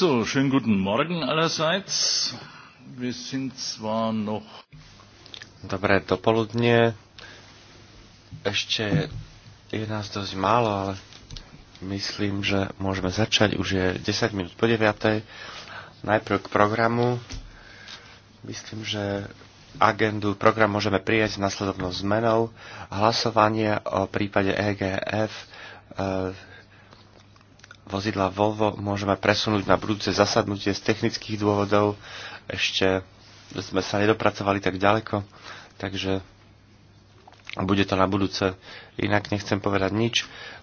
So, schönen guten Morgen allerseits. Wir sind zwar noch... Dobré dopoludne. Ešte je nás dosť málo, ale myslím, že môžeme začať. Už je 10 minút po 9. Najprv k programu. Myslím, že agendu, program môžeme prijať s nasledovnou zmenou. Hlasovanie o prípade EGF e, vozidla Volvo môžeme presunúť na budúce zasadnutie z technických dôvodov. Ešte sme sa nedopracovali tak ďaleko, takže bude to na budúce. Inak nechcem povedať nič.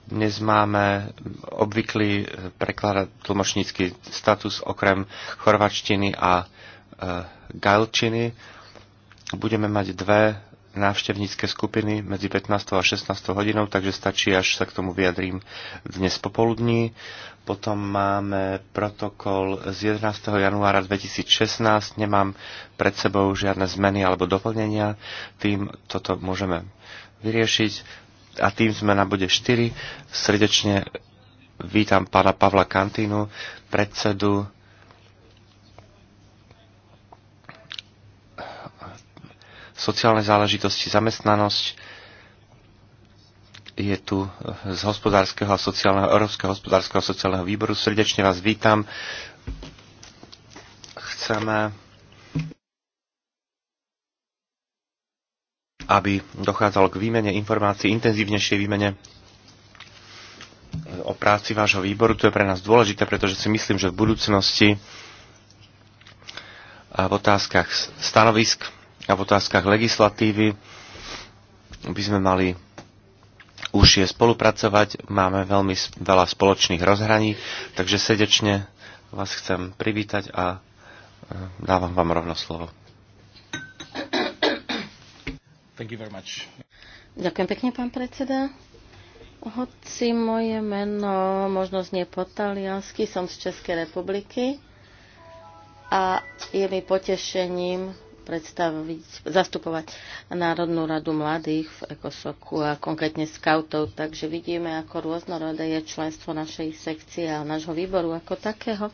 Dnes máme obvyklý e, prekladať tlmočnícky status okrem chorvačtiny a e, galčiny. Budeme mať dve návštevnícke skupiny medzi 15. a 16. hodinou, takže stačí, až sa k tomu vyjadrím dnes popoludní. Potom máme protokol z 11. januára 2016. Nemám pred sebou žiadne zmeny alebo doplnenia. Tým toto môžeme vyriešiť. A tým sme na bode 4. Srdečne vítam pána Pavla Kantínu, predsedu sociálne záležitosti, zamestnanosť. Je tu z hospodárskeho a sociálneho, Európskeho hospodárskeho a sociálneho výboru. Srdečne vás vítam. Chceme aby dochádzalo k výmene informácií, intenzívnejšej výmene o práci vášho výboru. To je pre nás dôležité, pretože si myslím, že v budúcnosti a v otázkach stanovisk a v otázkach legislatívy by sme mali už je spolupracovať. Máme veľmi veľa spoločných rozhraní, takže srdečne vás chcem privítať a e, dávam vám rovno slovo. Thank you very much. Ďakujem pekne, pán predseda. Hoci moje meno možno znie po taliansky, som z Českej republiky a je mi potešením predstaviť, zastupovať Národnú radu mladých v Ekosoku a konkrétne skautov, takže vidíme, ako rôznorodé je členstvo našej sekcie a nášho výboru ako takého. E,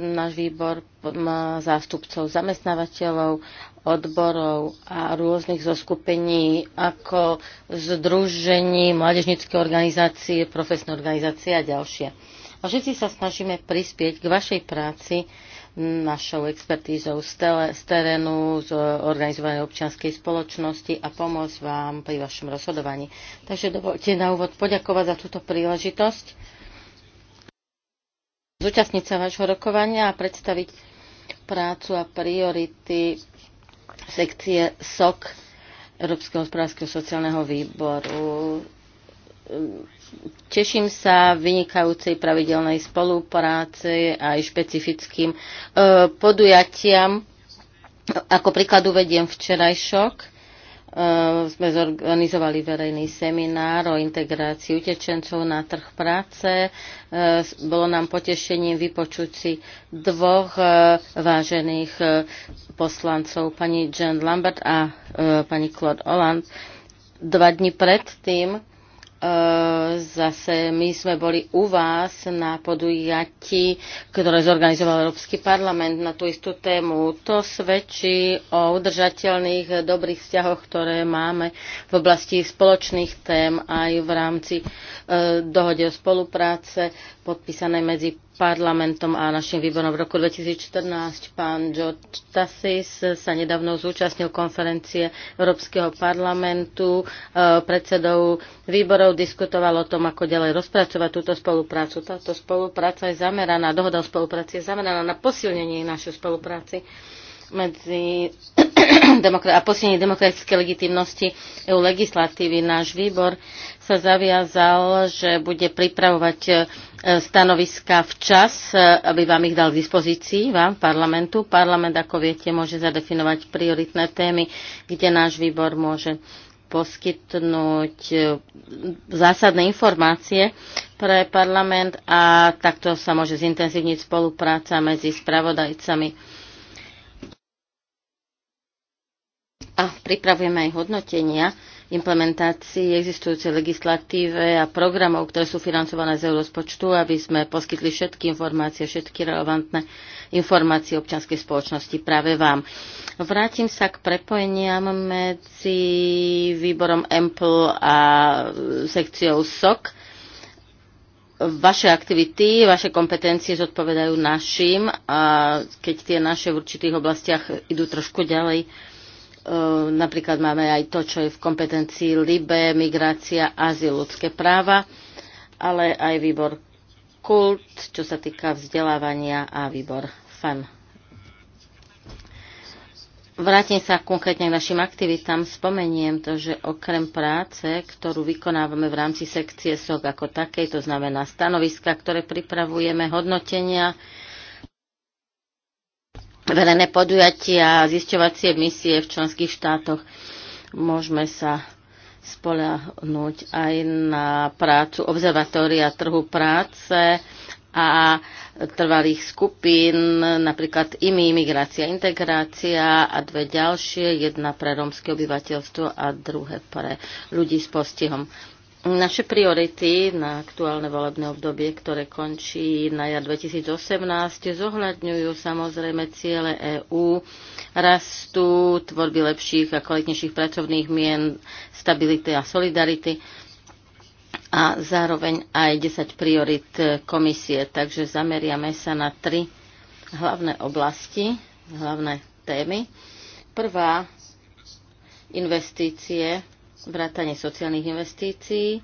náš výbor má zástupcov zamestnávateľov, odborov a rôznych zoskupení ako združení, mládežnické organizácie, profesné organizácie a ďalšie. A všetci sa snažíme prispieť k vašej práci našou expertízou z, tele, z terénu, z organizovanej občianskej spoločnosti a pomôcť vám pri vašom rozhodovaní. Takže dovolte na úvod poďakovať za túto príležitosť zúčastniť sa vášho rokovania a predstaviť prácu a priority sekcie SOK Európskeho hospodárskeho sociálneho výboru Teším sa vynikajúcej pravidelnej spolupráce aj špecifickým e, podujatiam. Ako príklad uvediem včerajšok. E, sme zorganizovali verejný seminár o integrácii utečencov na trh práce. E, bolo nám potešením vypočuť si dvoch vážených poslancov, pani Jen Lambert a pani Claude Holland. Dva dni predtým Eh, zase my sme boli u vás na podujati, ktoré zorganizoval Európsky parlament na tú istú tému. To svedčí o udržateľných dobrých vzťahoch, ktoré máme v oblasti spoločných tém aj v rámci eh, dohode o spolupráce podpísanej medzi parlamentom a našim výborom v roku 2014. Pán George Tassis sa nedávno zúčastnil konferencie Európskeho parlamentu. E, predsedov výborov diskutoval o tom, ako ďalej rozpracovať túto spoluprácu. Táto spolupráca je zameraná, dohoda o spolupráci je zameraná na posilnenie našej spolupráci medzi a posilnenie demokratické legitimnosti EU legislatívy. Náš výbor sa zaviazal, že bude pripravovať e, stanoviska včas, e, aby vám ich dal k dispozícii, vám, parlamentu. Parlament, ako viete, môže zadefinovať prioritné témy, kde náš výbor môže poskytnúť e, zásadné informácie pre parlament a takto sa môže zintenzívniť spolupráca medzi spravodajcami. A pripravujeme aj hodnotenia implementácii existujúcej legislatíve a programov, ktoré sú financované z eurozpočtu, aby sme poskytli všetky informácie, všetky relevantné informácie občianskej spoločnosti práve vám. Vrátim sa k prepojeniam medzi výborom EMPL a sekciou SOC vaše aktivity, vaše kompetencie zodpovedajú našim a keď tie naše v určitých oblastiach idú trošku ďalej Eh, napríklad máme aj to, čo je v kompetencii LIBE, migrácia, azyl, ľudské práva, ale aj výbor kult, čo sa týka vzdelávania a výbor fan. Vrátim sa konkrétne k našim aktivitám. Spomeniem to, že okrem práce, ktorú vykonávame v rámci sekcie SOG ako takej, to znamená stanoviska, ktoré pripravujeme, hodnotenia, verejné podujatia a zisťovacie misie v členských štátoch. Môžeme sa spolahnúť aj na prácu observatória trhu práce a trvalých skupín, napríklad IMI, imigrácia, integrácia a dve ďalšie, jedna pre rómske obyvateľstvo a druhé pre ľudí s postihom. Naše priority na aktuálne volebné obdobie, ktoré končí na jar 2018, zohľadňujú samozrejme ciele EÚ, rastu, tvorby lepších a kvalitnejších pracovných mien, stability a solidarity a zároveň aj 10 priorit komisie. Takže zameriame sa na tri hlavné oblasti, hlavné témy. Prvá, investície vrátanie sociálnych investícií, e,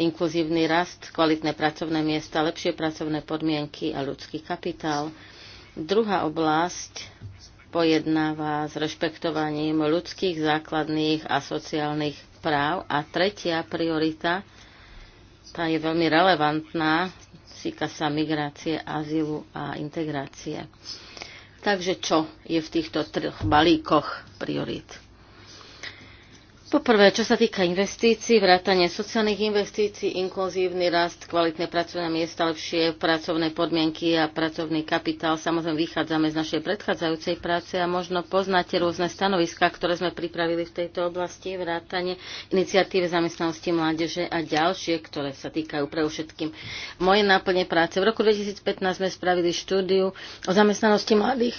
inkluzívny rast, kvalitné pracovné miesta, lepšie pracovné podmienky a ľudský kapitál. Druhá oblasť pojednáva s rešpektovaním ľudských základných a sociálnych práv. A tretia priorita, tá je veľmi relevantná, týka sa migrácie, azylu a integrácie. Takže čo je v týchto troch balíkoch priorit? Poprvé, čo sa týka investícií, vrátanie sociálnych investícií, inkluzívny rast, kvalitné pracovné miesta, lepšie pracovné podmienky a pracovný kapitál. Samozrejme, vychádzame z našej predchádzajúcej práce a možno poznáte rôzne stanoviská, ktoré sme pripravili v tejto oblasti, vrátanie iniciatíve zamestnanosti mládeže a ďalšie, ktoré sa týkajú pre všetkým moje náplne práce. V roku 2015 sme spravili štúdiu o zamestnanosti mladých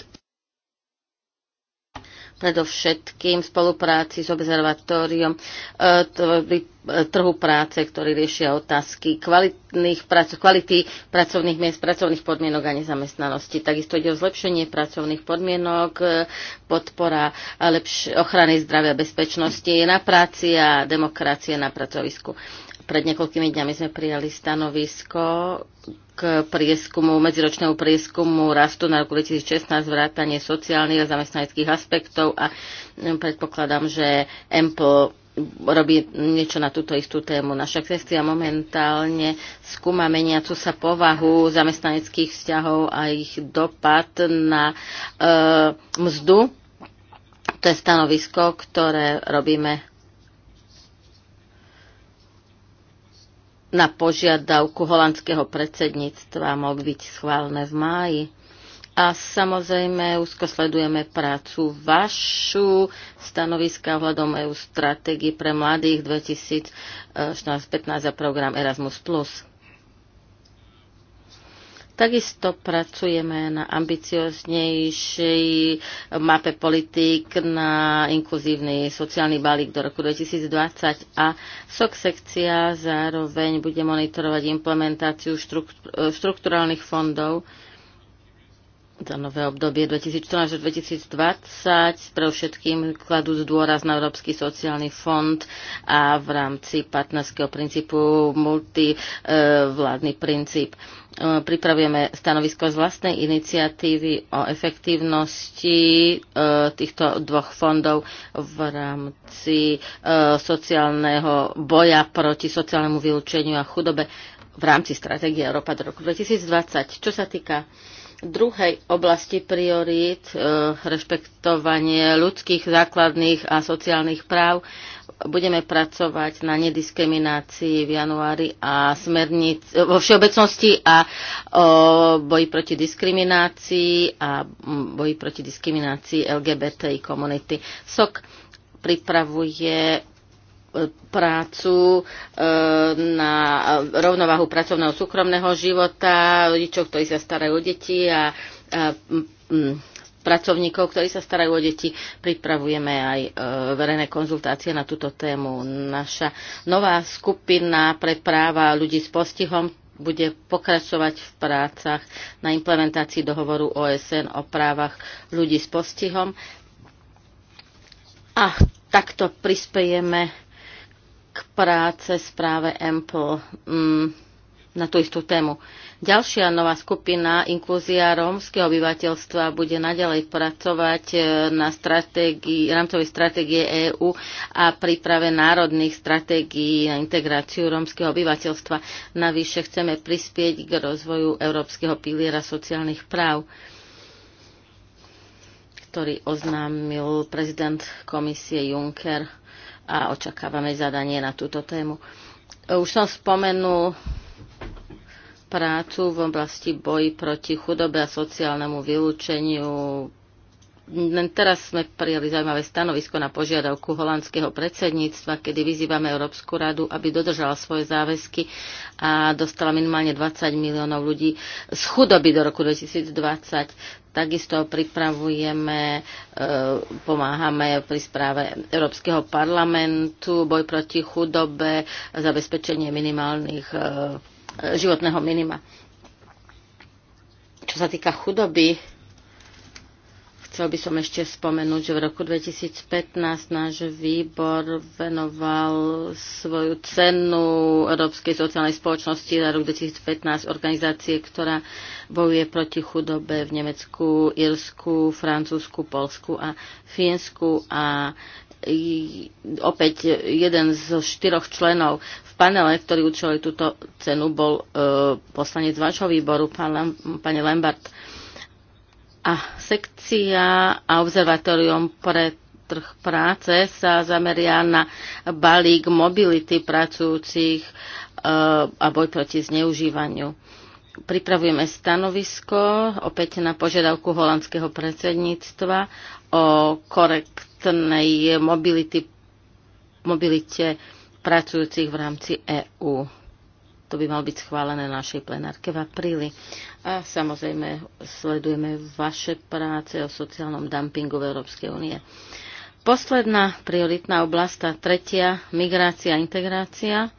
predovšetkým spolupráci s observatóriom e, e, trhu práce, ktorý riešia otázky kvalitných prac, kvality pracovných miest, pracovných podmienok a nezamestnanosti. Takisto ide o zlepšenie pracovných podmienok, e, podpora lepš- ochrany zdravia, a bezpečnosti na práci a demokracie na pracovisku. Pred niekoľkými dňami sme prijali stanovisko k prieskumu, medziročnému prieskumu rastu na roku 2016, vrátanie sociálnych a zamestnaneckých aspektov a mm, predpokladám, že EMPL robí niečo na túto istú tému. Naša kvestia momentálne skúma meniacu sa povahu zamestnaneckých vzťahov a ich dopad na e, mzdu. To je stanovisko, ktoré robíme na požiadavku holandského predsedníctva mohli byť schválené v máji. A samozrejme úzko sledujeme prácu vašu stanoviska ohľadom EU stratégii pre mladých 2014-15 a program Erasmus+. Takisto pracujeme na ambicioznejšej mape politík na inkluzívny sociálny balík do roku 2020 a SOC sekcia zároveň bude monitorovať implementáciu štrukturálnych fondov za nové obdobie 2014-2020, pre všetkým kladúc dôraz na Európsky sociálny fond a v rámci partnerského princípu multivládny princíp. Eh, pripravujeme stanovisko z vlastnej iniciatívy o efektívnosti eh, týchto dvoch fondov v rámci eh, sociálneho boja proti sociálnemu vylúčeniu a chudobe v rámci stratégie Európa do roku 2020. Čo sa týka druhej oblasti priorít, e, rešpektovanie ľudských základných a sociálnych práv, budeme pracovať na nediskriminácii v januári a smernic e, vo všeobecnosti a o boji proti diskriminácii a boji proti diskriminácii LGBTI komunity. SOK pripravuje prácu eh, na rovnováhu pracovného súkromného života, rodičov, ktorí sa starajú o deti a, pracovníkov, ktorí sa starajú o deti. Pripravujeme aj eh, verejné konzultácie na túto tému. Naša nová skupina pre práva ľudí s postihom bude pokračovať v prácach na implementácii dohovoru OSN o právach ľudí s postihom. A takto prispejeme k práce správe EMPL mm, na tú istú tému. Ďalšia nová skupina inklúzia rómskeho obyvateľstva bude naďalej pracovať e, na stratégii, rámcovej stratégie EÚ a príprave národných stratégií na integráciu rómskeho obyvateľstva. Navyše chceme prispieť k rozvoju Európskeho piliera sociálnych práv ktorý oznámil prezident komisie Juncker a očakávame zadanie na túto tému. Už som spomenul prácu v oblasti boji proti chudobe a sociálnemu vylúčeniu. Len teraz sme prijali zaujímavé stanovisko na požiadavku holandského predsedníctva, kedy vyzývame Európsku radu, aby dodržala svoje záväzky a dostala minimálne 20 miliónov ľudí z chudoby do roku 2020. Takisto pripravujeme, e, pomáhame pri správe Európskeho parlamentu, boj proti chudobe, zabezpečenie minimálnych e, e, životného minima. Čo sa týka chudoby, Chcel by som ešte spomenúť, že v roku 2015 náš výbor venoval svoju cenu Európskej sociálnej spoločnosti za rok 2015 organizácie, ktorá bojuje proti chudobe v Nemecku, Irsku, Francúzsku, Polsku a Fínsku a opäť jeden zo štyroch členov v panele, ktorý učili túto cenu, bol e, poslanec vášho výboru, pán, Lem, pani Lambert. A sekcia a observatórium pre trh práce sa zameria na balík mobility pracujúcich e, a boj proti zneužívaniu. Pripravujeme stanovisko opäť na požiadavku holandského predsedníctva o korektnej mobility, mobilite pracujúcich v rámci EÚ. To by malo byť schválené na našej plenárke v apríli. A samozrejme sledujeme vaše práce o sociálnom dumpingu v Európskej únie. Posledná prioritná oblasť, tá tretia, migrácia a integrácia.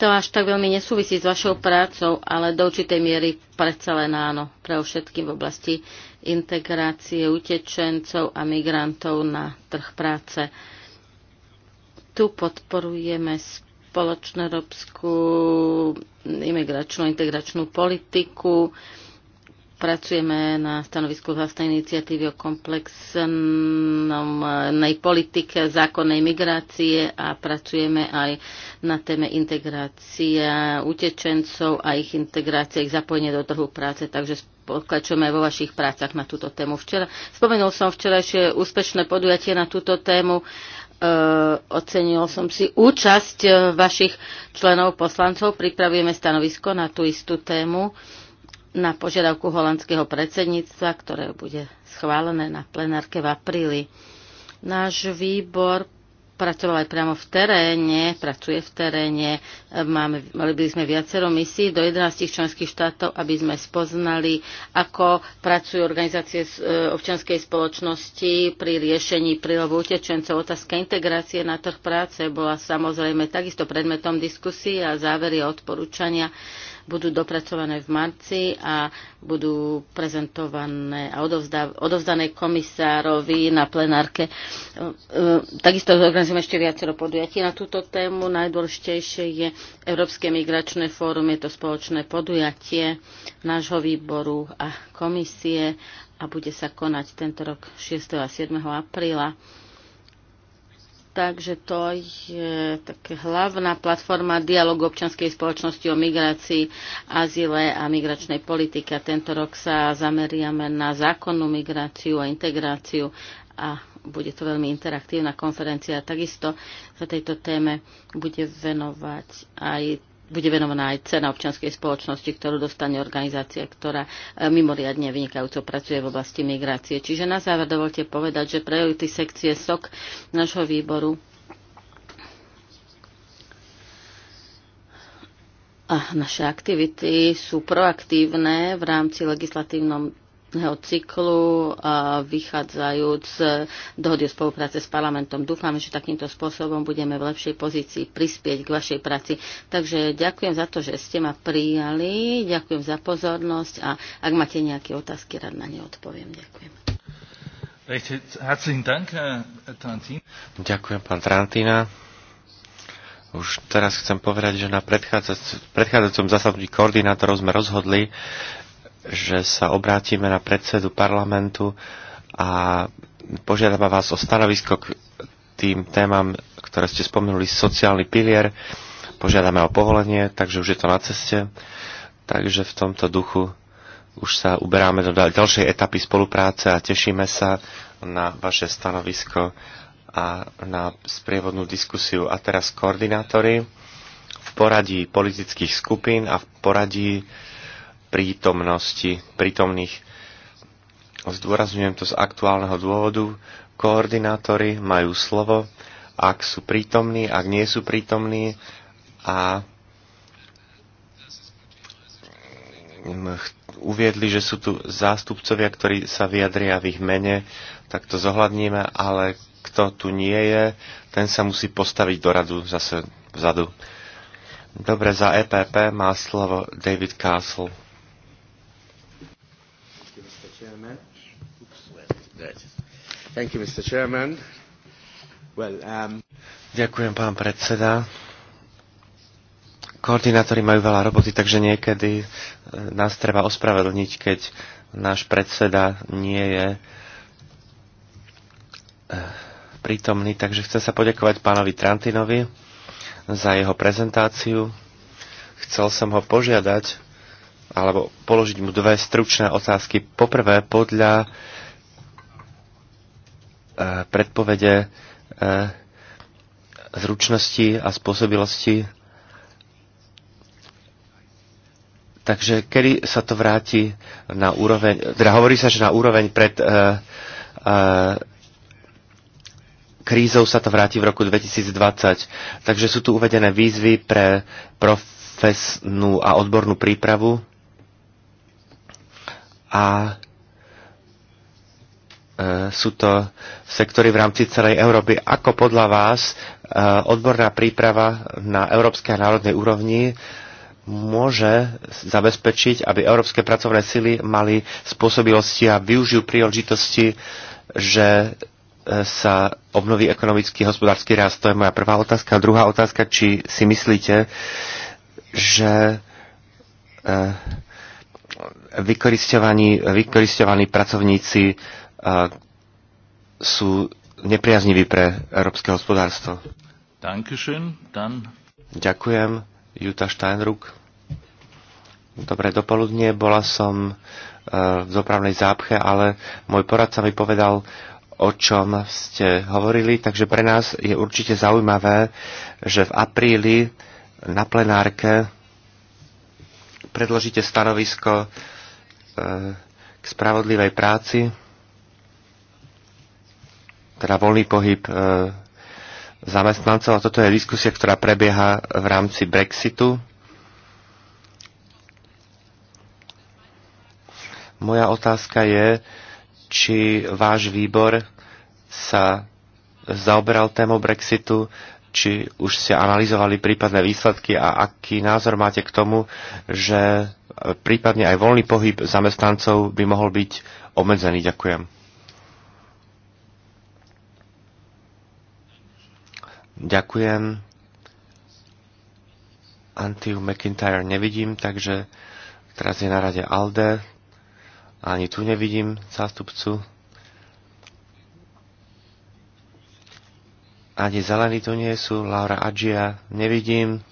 To až tak veľmi nesúvisí s vašou prácou, ale do určitej miery predsa len áno, pre všetkým v oblasti integrácie utečencov a migrantov na trh práce. Tu podporujeme spoločnú európsku imigračnú integračnú politiku. Pracujeme na stanovisku vlastnej iniciatívy o komplexnej politike zákonnej migrácie a pracujeme aj na téme integrácia utečencov a ich integrácia, ich zapojenie do trhu práce. Takže pokračujeme aj vo vašich prácach na túto tému. Včera, spomenul som včerajšie úspešné podujatie na túto tému Eh, ocenil som si účasť eh, vašich členov poslancov. Pripravujeme stanovisko na tú istú tému na požiadavku holandského predsedníctva, ktoré bude schválené na plenárke v apríli. Náš výbor pracoval aj priamo v teréne, pracuje v teréne. Máme, by sme viacero misií do 11 členských štátov, aby sme spoznali, ako pracujú organizácie e, občianskej spoločnosti pri riešení prílovu utečencov. Otázka integrácie na trh práce bola samozrejme takisto predmetom diskusie a závery a odporúčania budú dopracované v marci a budú prezentované a odovzdané komisárovi na plenárke. E, e, takisto zorganizujeme ešte viacero podujatí na túto tému. Najdôležitejšie je Európske migračné fórum, je to spoločné podujatie nášho výboru a komisie a bude sa konať tento rok 6. a 7. apríla Takže to je tak hlavná platforma dialogu občanskej spoločnosti o migrácii, azile a migračnej politike. Tento rok sa zameriame na zákonnú migráciu a integráciu a bude to veľmi interaktívna konferencia. Takisto sa tejto téme bude venovať aj bude venovaná aj cena občianskej spoločnosti, ktorú dostane organizácia, ktorá e, mimoriadne vynikajúco pracuje v oblasti migrácie. Čiže na záver dovolte povedať, že priority sekcie SOK nášho výboru a naše aktivity sú proaktívne v rámci legislatívnom životného cyklu, vychádzajúc z dohody o spolupráce s parlamentom. Dúfame, že takýmto spôsobom budeme v lepšej pozícii prispieť k vašej práci. Takže ďakujem za to, že ste ma prijali, ďakujem za pozornosť a ak máte nejaké otázky, rád na ne odpoviem. Ďakujem. Ďakujem, pán Trantina. Už teraz chcem povedať, že na predchádzajúcom zasadnutí koordinátorov sme rozhodli, že sa obrátime na predsedu parlamentu a požiadame vás o stanovisko k tým témam, ktoré ste spomenuli, sociálny pilier, požiadame o povolenie, takže už je to na ceste. Takže v tomto duchu už sa uberáme do ďalšej etapy spolupráce a tešíme sa na vaše stanovisko a na sprievodnú diskusiu. A teraz koordinátori v poradí politických skupín a v poradí prítomnosti prítomných. Zdôrazňujem to z aktuálneho dôvodu. Koordinátori majú slovo, ak sú prítomní, ak nie sú prítomní a uviedli, že sú tu zástupcovia, ktorí sa vyjadria v ich mene, tak to zohľadníme, ale kto tu nie je, ten sa musí postaviť do radu zase vzadu. Dobre, za EPP má slovo David Castle. Thank you, Mr. Chairman. Well, um... Ďakujem, pán predseda. Koordinátori majú veľa roboty, takže niekedy e, nás treba ospravedlniť, keď náš predseda nie je e, prítomný. Takže chcem sa poďakovať pánovi Trantinovi za jeho prezentáciu. Chcel som ho požiadať alebo položiť mu dve stručné otázky. Poprvé, podľa E, predpovede e, zručnosti a spôsobilosti. Takže kedy sa to vráti na úroveň, teda hovorí sa, že na úroveň pred uh, uh, krízou sa to vráti v roku 2020. Takže sú tu uvedené výzvy pre profesnú a odbornú prípravu a Eh, sú to sektory v rámci celej Európy. Ako podľa vás eh, odborná príprava na európskej a národnej úrovni môže zabezpečiť, aby európske pracovné sily mali spôsobilosti a využijú príležitosti, že eh, sa obnoví ekonomický a hospodársky rast. To je moja prvá otázka. A druhá otázka, či si myslíte, že vykoristovaní, vykoristovaní pracovníci sú nepriazniví pre európske hospodárstvo. Dankeschön, dann... Ďakujem, Juta Steinruck. Dobré dopoludne, bola som e, v dopravnej zápche, ale môj poradca mi povedal, o čom ste hovorili, takže pre nás je určite zaujímavé, že v apríli na plenárke predložíte stanovisko e, k spravodlivej práci teda voľný pohyb e, zamestnancov a toto je diskusia, ktorá prebieha v rámci Brexitu. Moja otázka je, či váš výbor sa zaoberal tému Brexitu, či už ste analyzovali prípadné výsledky a aký názor máte k tomu, že prípadne aj voľný pohyb zamestnancov by mohol byť obmedzený. Ďakujem. Ďakujem. Antiu McIntyre nevidím, takže teraz je na rade Alde. Ani tu nevidím zástupcu. Ani zelení tu nie sú. Laura Adžia nevidím.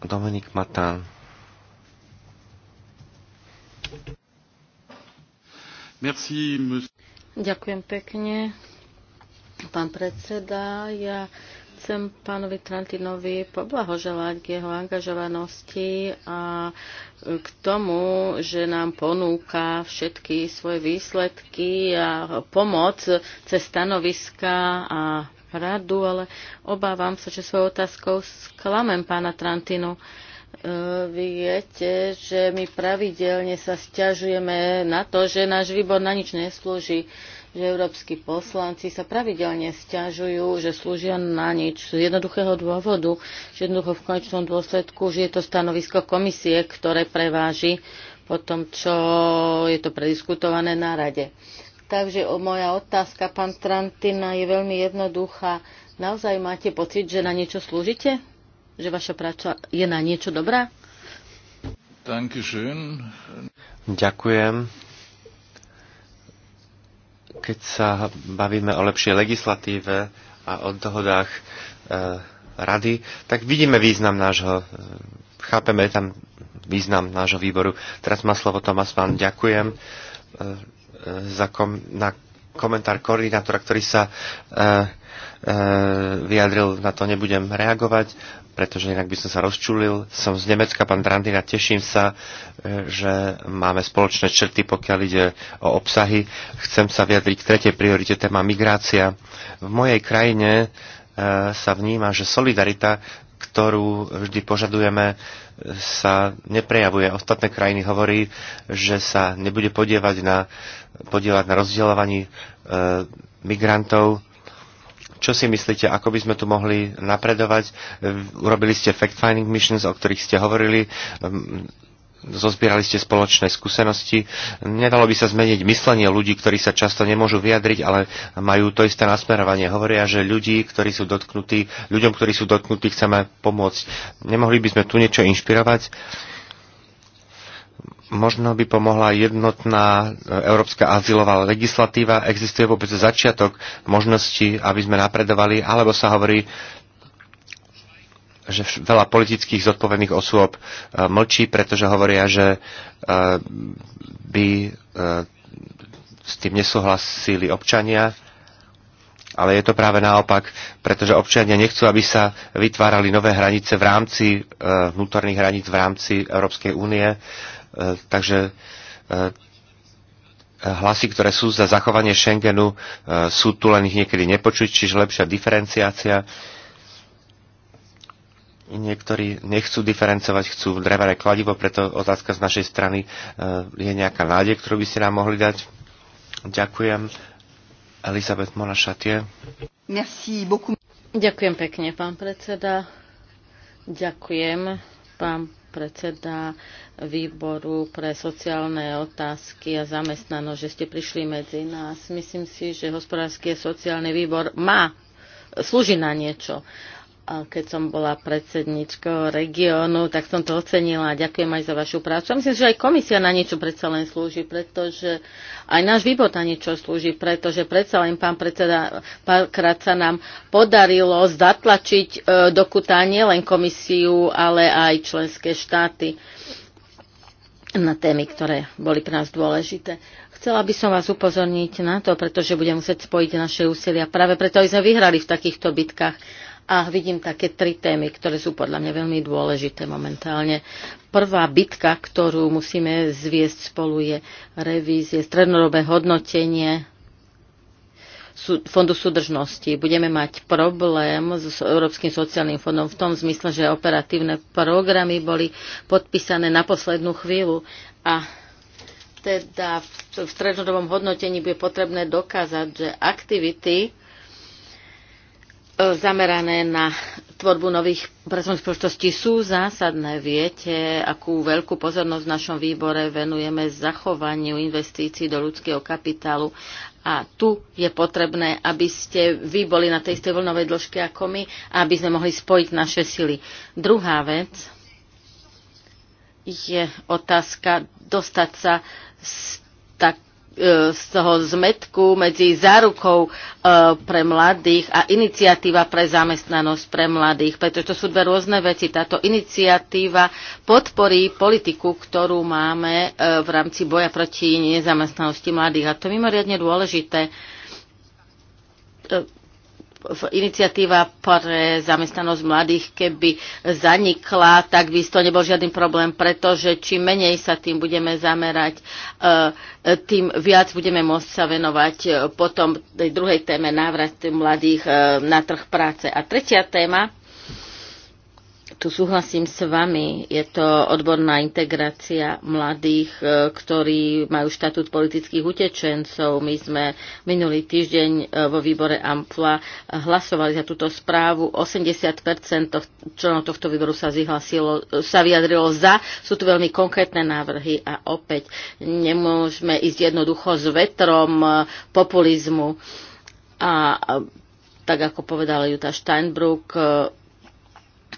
Dominik Matán. Merci, Ďakujem pekne. Pán predseda, ja chcem pánovi Trantinovi poblahoželať k jeho angažovanosti a k tomu, že nám ponúka všetky svoje výsledky a pomoc cez stanoviska a radu, ale obávam sa, že svojou otázkou sklamem pána Trantinu. E, viete, že my pravidelne sa stiažujeme na to, že náš výbor na nič neslúži že európsky poslanci sa pravidelne stiažujú, že slúžia na nič z jednoduchého dôvodu, že jednoducho v konečnom dôsledku, že je to stanovisko komisie, ktoré preváži po tom, čo je to prediskutované na rade. Takže moja otázka, pán Trantina, je veľmi jednoduchá. Naozaj máte pocit, že na niečo slúžite? Že vaša práca je na niečo dobrá? Ďakujem. Keď sa bavíme o lepšej legislatíve a o dohodách e, rady, tak vidíme význam nášho, e, chápeme tam význam nášho výboru. Teraz má slovo Tomás pán Ďakujem e, e, za kom, na komentár koordinátora, ktorý sa e, e, vyjadril, na to nebudem reagovať pretože inak by som sa rozčulil. Som z Nemecka, pán Drandina, teším sa, e, že máme spoločné črty, pokiaľ ide o obsahy. Chcem sa vyjadriť k tretej priorite, téma migrácia. V mojej krajine e, sa vníma, že solidarita, ktorú vždy požadujeme, sa neprejavuje. Ostatné krajiny hovorí, že sa nebude podievať na, podievať na rozdeľovaní e, migrantov čo si myslíte, ako by sme tu mohli napredovať? Urobili ste fact-finding missions, o ktorých ste hovorili ehm, zozbierali ste spoločné skúsenosti. Nedalo by sa zmeniť myslenie ľudí, ktorí sa často nemôžu vyjadriť, ale majú to isté nasmerovanie. Hovoria, že ľudí, ktorí sú dotknutí, ľuďom, ktorí sú dotknutí, chceme pomôcť. Nemohli by sme tu niečo inšpirovať? Možno by pomohla jednotná e, európska azylová legislatíva. Existuje vôbec začiatok možností, aby sme napredovali, alebo sa hovorí, že veľa politických zodpovedných osôb e, mlčí, pretože hovoria, že e, by s tým nesúhlasili občania, ale je to práve naopak, pretože občania nechcú, aby sa vytvárali nové hranice v rámci vnútorných hraníc v rámci Európskej únie E, takže e, hlasy, ktoré sú za zachovanie Schengenu, e, sú tu len ich niekedy nepočuť, čiže lepšia diferenciácia. Niektorí nechcú diferencovať, chcú drevare kladivo, preto otázka z našej strany je nejaká nádej, ktorú by ste nám mohli dať. Ďakujem. Elizabeth Monašatie. Ďakujem pekne, pán predseda. Ďakujem, pán predseda výboru pre sociálne otázky a zamestnanosť, že ste prišli medzi nás. Myslím si, že hospodársky a sociálny výbor má, slúži na niečo keď som bola predsedničkou regiónu, tak som to ocenila a ďakujem aj za vašu prácu. myslím, že aj komisia na niečo predsa len slúži, pretože aj náš výbor na niečo slúži, pretože predsa len pán predseda, párkrát sa nám podarilo zatlačiť e, do kuta nielen komisiu, ale aj členské štáty na témy, ktoré boli pre nás dôležité. Chcela by som vás upozorniť na to, pretože budem musieť spojiť naše úsilia práve preto, aby sme vyhrali v takýchto bitkách a vidím také tri témy, ktoré sú podľa mňa veľmi dôležité momentálne. Prvá bitka, ktorú musíme zviesť spolu, je revízie, strednodobé hodnotenie fondu súdržnosti. Budeme mať problém s Európskym sociálnym fondom v tom zmysle, že operatívne programy boli podpísané na poslednú chvíľu a teda v strednodobom hodnotení bude potrebné dokázať, že aktivity E, zamerané na tvorbu nových pracovných spoločností sú zásadné. Viete, akú veľkú pozornosť v našom výbore venujeme zachovaniu investícií do ľudského kapitálu a tu je potrebné, aby ste vy boli na tej istej vlnovej dĺžke ako my a aby sme mohli spojiť naše sily. Druhá vec je otázka dostať sa z tak E, z toho zmetku medzi zárukou e, pre mladých a iniciatíva pre zamestnanosť pre mladých, pretože to sú dve rôzne veci. Táto iniciatíva podporí politiku, ktorú máme e, v rámci boja proti nezamestnanosti mladých. A to je mimoriadne dôležité iniciatíva pre zamestnanosť mladých, keby zanikla, tak by to nebol žiadny problém, pretože čím menej sa tým budeme zamerať, e, tým viac budeme môcť sa venovať e, potom tej druhej téme návrat mladých e, na trh práce. A tretia téma, tu súhlasím s vami, je to odborná integrácia mladých, e, ktorí majú štatút politických utečencov. My sme minulý týždeň e, vo výbore Ampla hlasovali za túto správu. 80% členov tohto výboru sa, sa vyjadrilo za. Sú tu veľmi konkrétne návrhy a opäť nemôžeme ísť jednoducho s vetrom e, populizmu. A tak ako povedala Juta Steinbrück,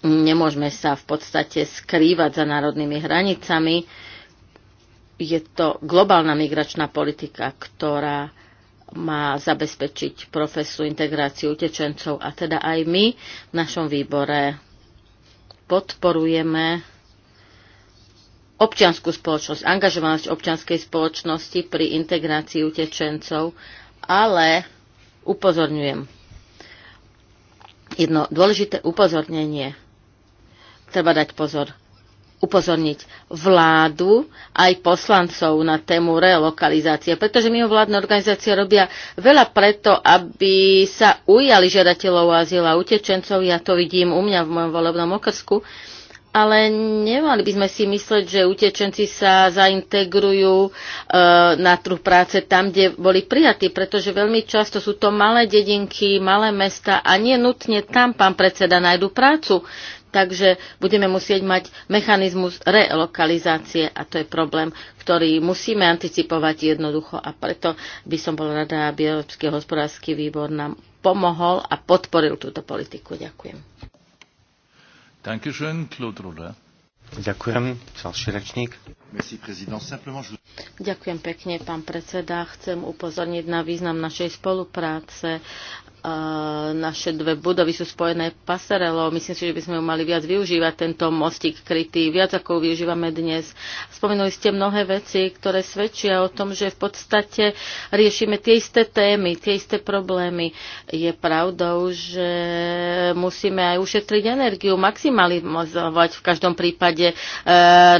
Nemôžeme sa v podstate skrývať za národnými hranicami. Je to globálna migračná politika, ktorá má zabezpečiť profesu integráciu utečencov a teda aj my v našom výbore podporujeme občianskú spoločnosť, angažovanosť občianskej spoločnosti pri integrácii utečencov, ale upozorňujem. Jedno dôležité upozornenie treba dať pozor upozorniť vládu aj poslancov na tému relokalizácie, pretože mimovládne organizácie robia veľa preto, aby sa ujali žiadateľov azyla, utečencov, ja to vidím u mňa v mojom volebnom okrsku, ale nemali by sme si mysleť, že utečenci sa zaintegrujú e, na trh práce tam, kde boli prijatí, pretože veľmi často sú to malé dedinky, malé mesta a nie nutne tam, pán predseda, nájdu prácu takže budeme musieť mať mechanizmus relokalizácie a to je problém, ktorý musíme anticipovať jednoducho a preto by som bol rada, aby Európsky hospodársky výbor nám pomohol a podporil túto politiku. Ďakujem. Dankeschön, Claude Ďakujem. Ďalší rečník. Ďakujem pekne, pán predseda. Chcem upozorniť na význam našej spolupráce naše dve budovy sú spojené pasarelou. Myslím si, že by sme ju mali viac využívať, tento mostík krytý, viac ako využívame dnes. Spomenuli ste mnohé veci, ktoré svedčia o tom, že v podstate riešime tie isté témy, tie isté problémy. Je pravdou, že musíme aj ušetriť energiu, maximalizovať v každom prípade e,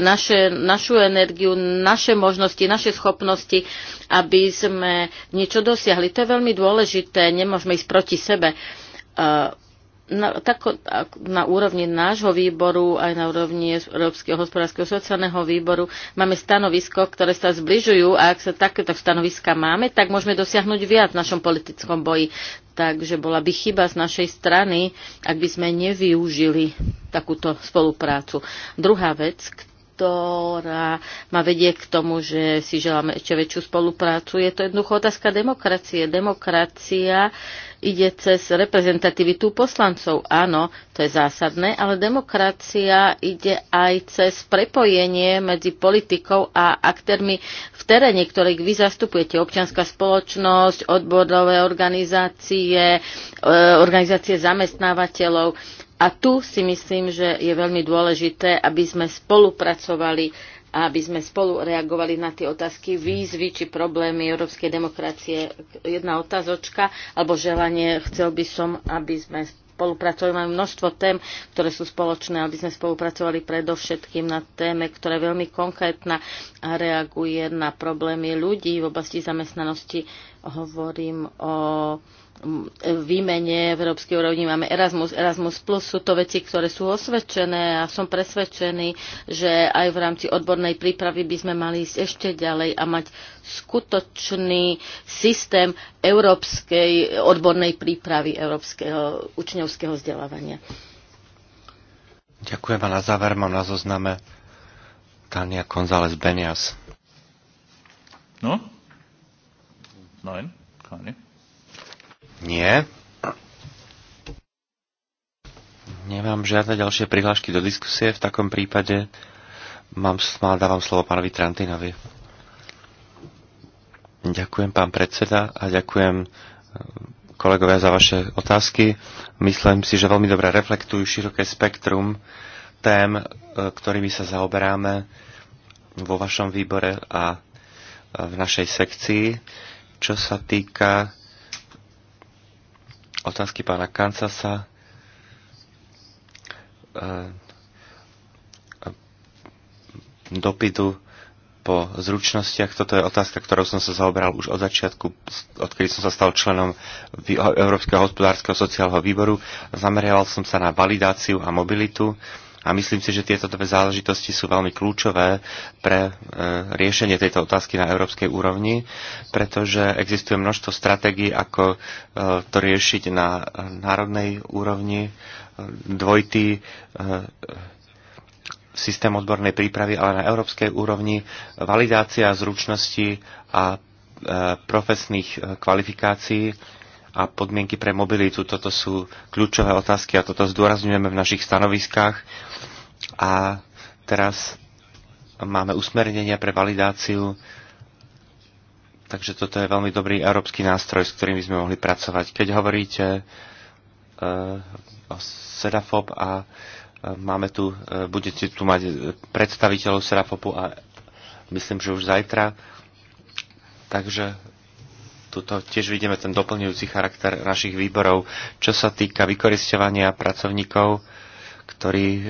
naše, našu energiu, naše možnosti, naše schopnosti, aby sme niečo dosiahli. To je veľmi dôležité. Nemôžeme ísť proti sebe. E, na, tako, na úrovni nášho výboru, aj na úrovni Európskeho hospodárskeho sociálneho výboru máme stanovisko, ktoré sa zbližujú a ak sa takéto stanoviska máme, tak môžeme dosiahnuť viac v našom politickom boji. Takže bola by chyba z našej strany, ak by sme nevyužili takúto spoluprácu. Druhá vec, ktorá ma vedie k tomu, že si želáme ešte väčšiu spoluprácu. Je to jednoducho otázka demokracie. Demokracia ide cez reprezentativitu poslancov. Áno, to je zásadné, ale demokracia ide aj cez prepojenie medzi politikou a aktérmi v teréne, ktorých vy zastupujete. Občianská spoločnosť, odborové organizácie, e, organizácie zamestnávateľov a tu si myslím, že je veľmi dôležité, aby sme spolupracovali a aby sme spolu reagovali na tie otázky, výzvy či problémy európskej demokracie. Jedna otázočka alebo želanie, chcel by som, aby sme spolupracovali. Máme množstvo tém, ktoré sú spoločné, aby sme spolupracovali predovšetkým na téme, ktorá je veľmi konkrétna a reaguje na problémy ľudí v oblasti zamestnanosti. Hovorím o výmene v európskej úrovni máme Erasmus, Erasmus+, plus, sú to veci, ktoré sú osvedčené a som presvedčený, že aj v rámci odbornej prípravy by sme mali ísť ešte ďalej a mať skutočný systém európskej odbornej prípravy európskeho učňovského vzdelávania. Ďakujem a na záver mám na zozname Tania González Benias. No? Nein, keine. Nie. Nemám žiadne ďalšie prihlášky do diskusie. V takom prípade mám, dávam slovo pánovi Trantinovi. Ďakujem, pán predseda, a ďakujem e, kolegovia za vaše otázky. Myslím si, že veľmi dobre reflektujú široké spektrum tém, e, ktorými sa zaoberáme vo vašom výbore a v našej sekcii. Čo sa týka otázky pána Kancasa. E, e, dopytu po zručnostiach. Toto je otázka, ktorou som sa zaoberal už od začiatku, odkedy som sa stal členom Európskeho hospodárskeho sociálneho výboru. Zameriaval som sa na validáciu a mobilitu. A myslím si, že tieto dve záležitosti sú veľmi kľúčové pre e, riešenie tejto otázky na európskej úrovni, pretože existuje množstvo stratégií, ako e, to riešiť na e, národnej úrovni, dvojitý systém odbornej prípravy, ale na európskej úrovni validácia zručnosti a profesných kvalifikácií a podmienky pre mobilitu. Toto sú kľúčové otázky a toto zdôrazňujeme v našich stanoviskách. A teraz máme usmernenia pre validáciu, takže toto je veľmi dobrý európsky nástroj, s ktorým by sme mohli pracovať. Keď hovoríte e, o Sedafob a e, máme tu, e, budete tu mať predstaviteľov Serafopu a myslím, že už zajtra. Takže tuto tiež vidíme ten doplňujúci charakter našich výborov, čo sa týka vykoristovania pracovníkov, ktorí e,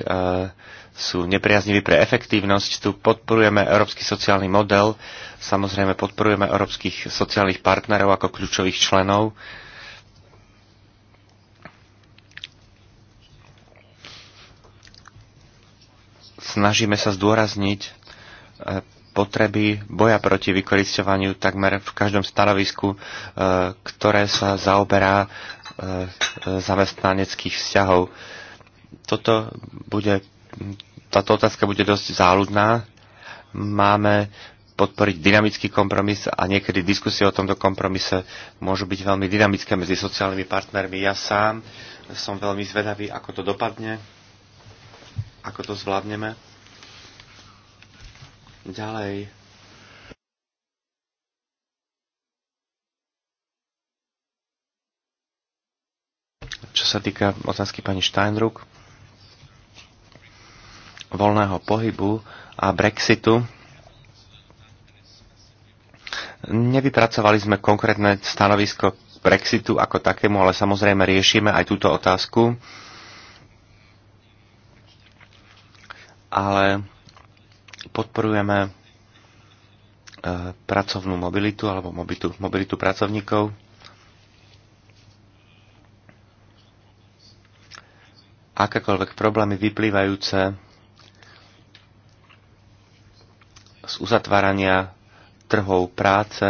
sú nepriazniví pre efektívnosť. Tu podporujeme európsky sociálny model, samozrejme podporujeme európskych sociálnych partnerov ako kľúčových členov. Snažíme sa zdôrazniť e, potreby boja proti vykoristovaniu takmer v každom stanovisku, e, ktoré sa zaoberá e, zamestnaneckých vzťahov. Toto bude, táto otázka bude dosť záľudná. Máme podporiť dynamický kompromis a niekedy diskusie o tomto kompromise môžu byť veľmi dynamické medzi sociálnymi partnermi. Ja sám som veľmi zvedavý, ako to dopadne, ako to zvládneme Ďalej. Čo sa týka otázky pani Steinruck, voľného pohybu a Brexitu, Nevypracovali sme konkrétne stanovisko k Brexitu ako takému, ale samozrejme riešime aj túto otázku. Ale podporujeme e, pracovnú mobilitu alebo mobilitu, mobilitu pracovníkov. Akékoľvek problémy vyplývajúce z uzatvárania trhov práce,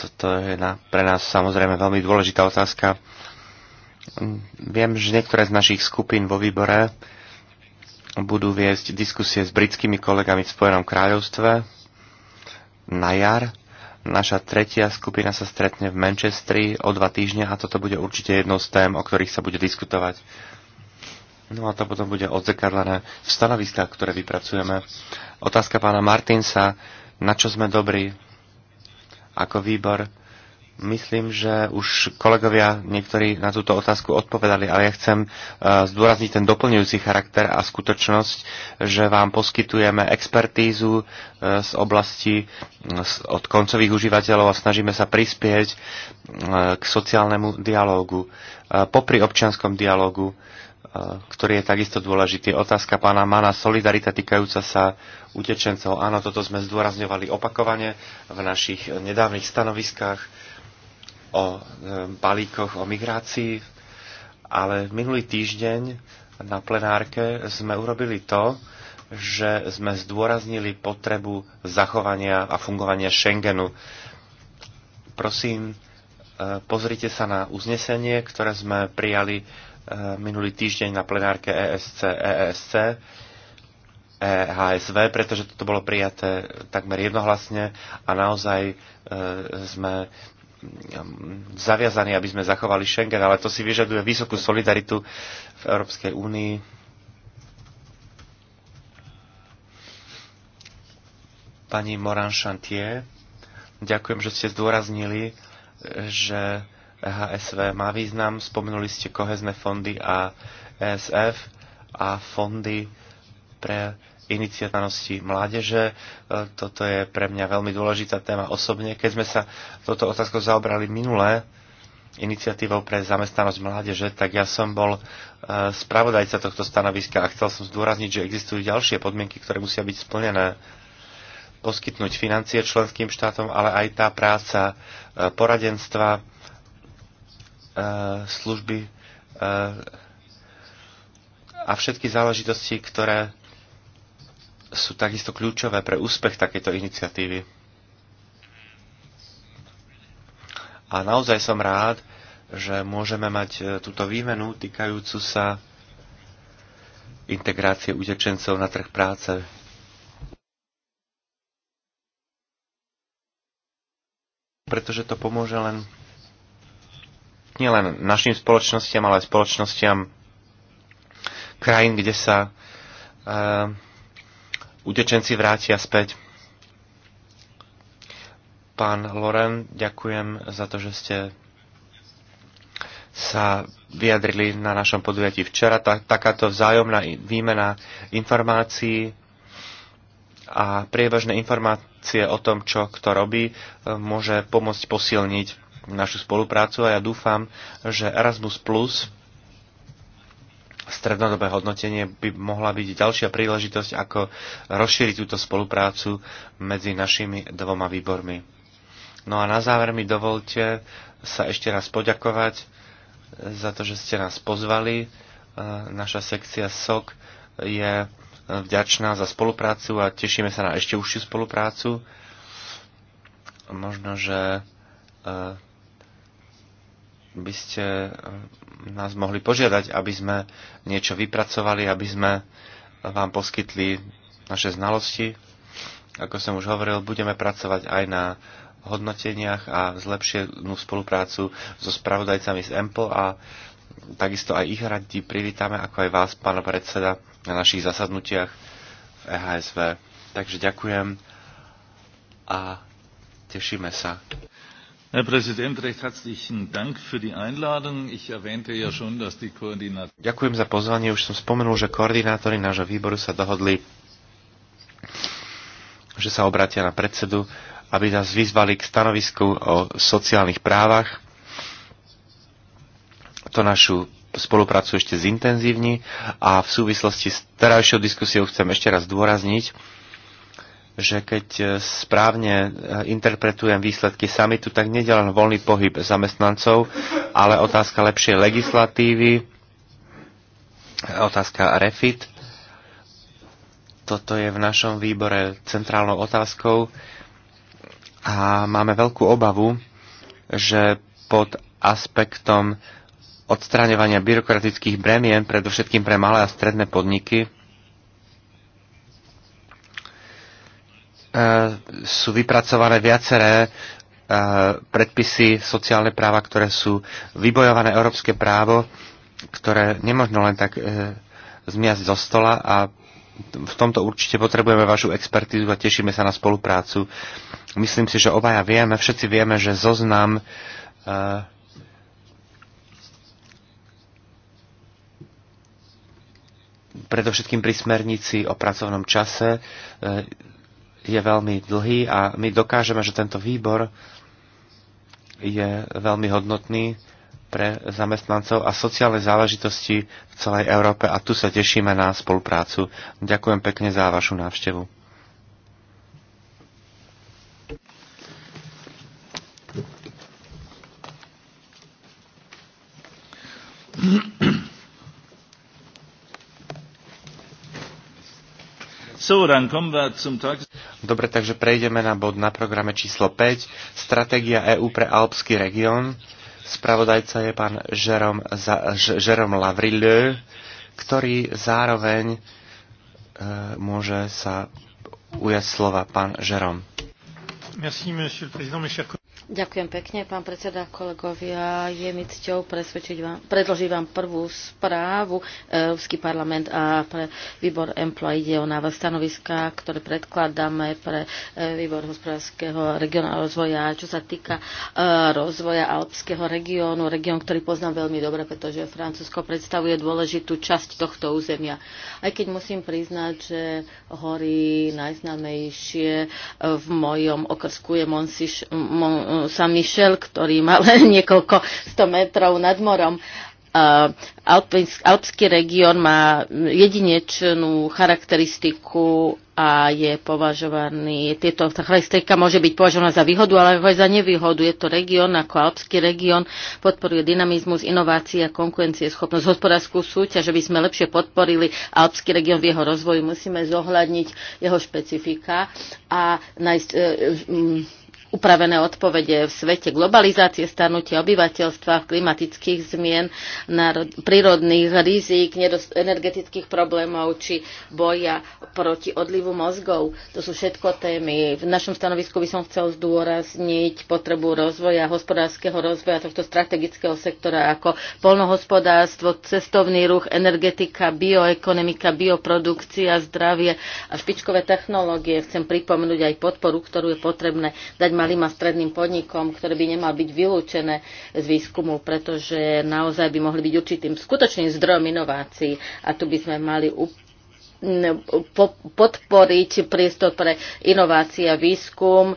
toto je na, pre nás samozrejme veľmi dôležitá otázka. Viem, že niektoré z našich skupín vo výbore budú viesť diskusie s britskými kolegami v Spojenom kráľovstve na jar. Naša tretia skupina sa stretne v Manchestri o dva týždne a toto bude určite jednou z tém, o ktorých sa bude diskutovať. No a to potom bude odzrkadlené v stanoviskách, ktoré vypracujeme. Otázka pána Martinsa, na čo sme dobrí ako výbor. Myslím, že už kolegovia niektorí na túto otázku odpovedali, ale ja chcem eh, zdôrazniť ten doplňujúci charakter a skutočnosť, že vám poskytujeme expertízu eh, z oblasti eh, od koncových užívateľov a snažíme sa prispieť k sociálnemu dialógu, popri občianskom dialógu, ktorý je takisto dôležitý. Otázka pána Mana, solidarita týkajúca sa utečencov. Áno, toto sme zdôrazňovali opakovane v našich nedávnych stanoviskách o balíkoch o migrácii, ale minulý týždeň na plenárke sme urobili to, že sme zdôraznili potrebu zachovania a fungovania Schengenu. Prosím, e, pozrite sa na uznesenie, ktoré sme prijali e, minulý týždeň na plenárke ESC, ESC, EHSV, pretože toto bolo prijaté takmer jednohlasne a naozaj e, sme Mm, zaviazaní, aby sme zachovali Schengen, ale to si vyžaduje vysokú solidaritu v Európskej únii. Pani Moran Chantier, ďakujem, že ste zdôraznili, že HSV má význam. Spomenuli ste kohezné fondy a ESF a fondy pre iniciatívnosti mládeže. E, toto je pre mňa veľmi dôležitá téma osobne. Keď sme sa toto otázkou zaobrali minulé, iniciatívou pre zamestnanosť mládeže, tak ja som bol e, spravodajca tohto stanoviska a chcel som zdôrazniť, že existujú ďalšie podmienky, ktoré musia byť splnené. Poskytnúť financie členským štátom, ale aj tá práca e, poradenstva, služby a všetky záležitosti, ktoré sú takisto kľúčové pre úspech takejto iniciatívy. A naozaj som rád, že môžeme mať e, túto výmenu týkajúcu sa integrácie utečencov na trh práce. Pretože to pomôže len nielen našim spoločnostiam, ale aj spoločnostiam krajín, kde sa uh, utečenci vrátia späť. Pán Loren, ďakujem za to, že ste sa vyjadrili na našom podujatí včera. Tak, takáto vzájomná výmena informácií a priebežné informácie o tom, čo kto robí, e, môže pomôcť posilniť našu spoluprácu a ja dúfam, že Erasmus Plus strednodobé hodnotenie by mohla byť ďalšia príležitosť, ako rozšíriť túto spoluprácu medzi našimi dvoma výbormi. No a na záver mi dovolte sa ešte raz poďakovať za to, že ste nás pozvali. E, naša sekcia SOK je e, vďačná za spoluprácu a tešíme sa na ešte užšiu spoluprácu. Možno, že e, by ste eh, nás mohli požiadať, aby sme niečo vypracovali, aby sme vám poskytli naše znalosti. Ako som už hovoril, budeme pracovať aj na hodnoteniach a zlepšenú spoluprácu so spravodajcami z EMPO a takisto aj ich radi privítame, ako aj vás, pán predseda, na našich zasadnutiach v EHSV. Takže ďakujem a tešíme sa. Herr Präsident, recht herzlichen Dank für die Einladung. Ich erwähnte ja schon, dass die Koordinator Ďakujem za pozvanie. Už som spomenul, že koordinátori nášho výboru sa dohodli, že sa obratia na predsedu, aby nás vyzvali k stanovisku o sociálnych právach. To našu spoluprácu ešte zintenzívni a v súvislosti s terajšou diskusiou chcem ešte raz dôrazniť, že keď e, správne e, interpretujem výsledky samitu, tak nedia len voľný pohyb zamestnancov, ale otázka lepšej legislatívy, e, otázka refit. Toto je v našom výbore centrálnou otázkou a máme veľkú obavu, že pod aspektom odstraňovania byrokratických bremien, predovšetkým pre malé a stredné podniky, E, sú vypracované viaceré e, predpisy, sociálne práva, ktoré sú vybojované európske právo, ktoré nemožno len tak e, zmiasť zo stola a v tomto určite potrebujeme vašu expertízu a tešíme sa na spoluprácu. Myslím si, že obaja vieme, všetci vieme, že zoznam predovšetkým pri smernici o pracovnom čase je veľmi dlhý a my dokážeme, že tento výbor je veľmi hodnotný pre zamestnancov a sociálne záležitosti v celej Európe a tu sa tešíme na spoluprácu. Ďakujem pekne za vašu návštevu. Mm-hmm. Dobre, takže prejdeme na bod na programe číslo 5. Stratégia EÚ pre Alpský región. Spravodajca je pán Žerom, za, ktorý zároveň e, môže sa ujať slova pán Žerom. Merci, Ďakujem pekne, pán predseda, kolegovia. Je mi cťou presvedčiť vám, predložiť vám prvú správu. Európsky parlament a pre výbor EMPLO ide o návrh stanoviska, ktoré predkladáme pre e, výbor hospodárskeho regionálneho rozvoja. Čo sa týka e, rozvoja alpského regiónu, región, ktorý poznám veľmi dobre, pretože Francúzsko predstavuje dôležitú časť tohto územia. Aj keď musím priznať, že hory najznámejšie v mojom okrsku je Monsiš, Mon, San Michel, ktorý má len niekoľko 100 metrov nad morom. Alpinsk, alpský región má jedinečnú charakteristiku a je považovaný, tieto charakteristika môže byť považovaná za výhodu, ale aj za nevýhodu. Je to región ako alpský región, podporuje dynamizmus, inovácie a schopnosť hospodárskú súťaž, aby sme lepšie podporili alpský región v jeho rozvoji. Musíme zohľadniť jeho špecifika a nájsť e, e, upravené odpovede v svete globalizácie, starnutia obyvateľstva, klimatických zmien, prírodných rizík, energetických problémov či boja proti odlivu mozgov. To sú všetko témy. V našom stanovisku by som chcel zdôrazniť potrebu rozvoja, hospodárskeho rozvoja tohto strategického sektora ako polnohospodárstvo, cestovný ruch, energetika, bioekonomika, bioprodukcia, zdravie a špičkové technológie. Chcem pripomenúť aj podporu, ktorú je potrebné dať malým a stredným podnikom, ktoré by nemal byť vylúčené z výskumu, pretože naozaj by mohli byť určitým skutočným zdrojom inovácií a tu by sme mali podporiť priestor pre inovácie a výskum, e,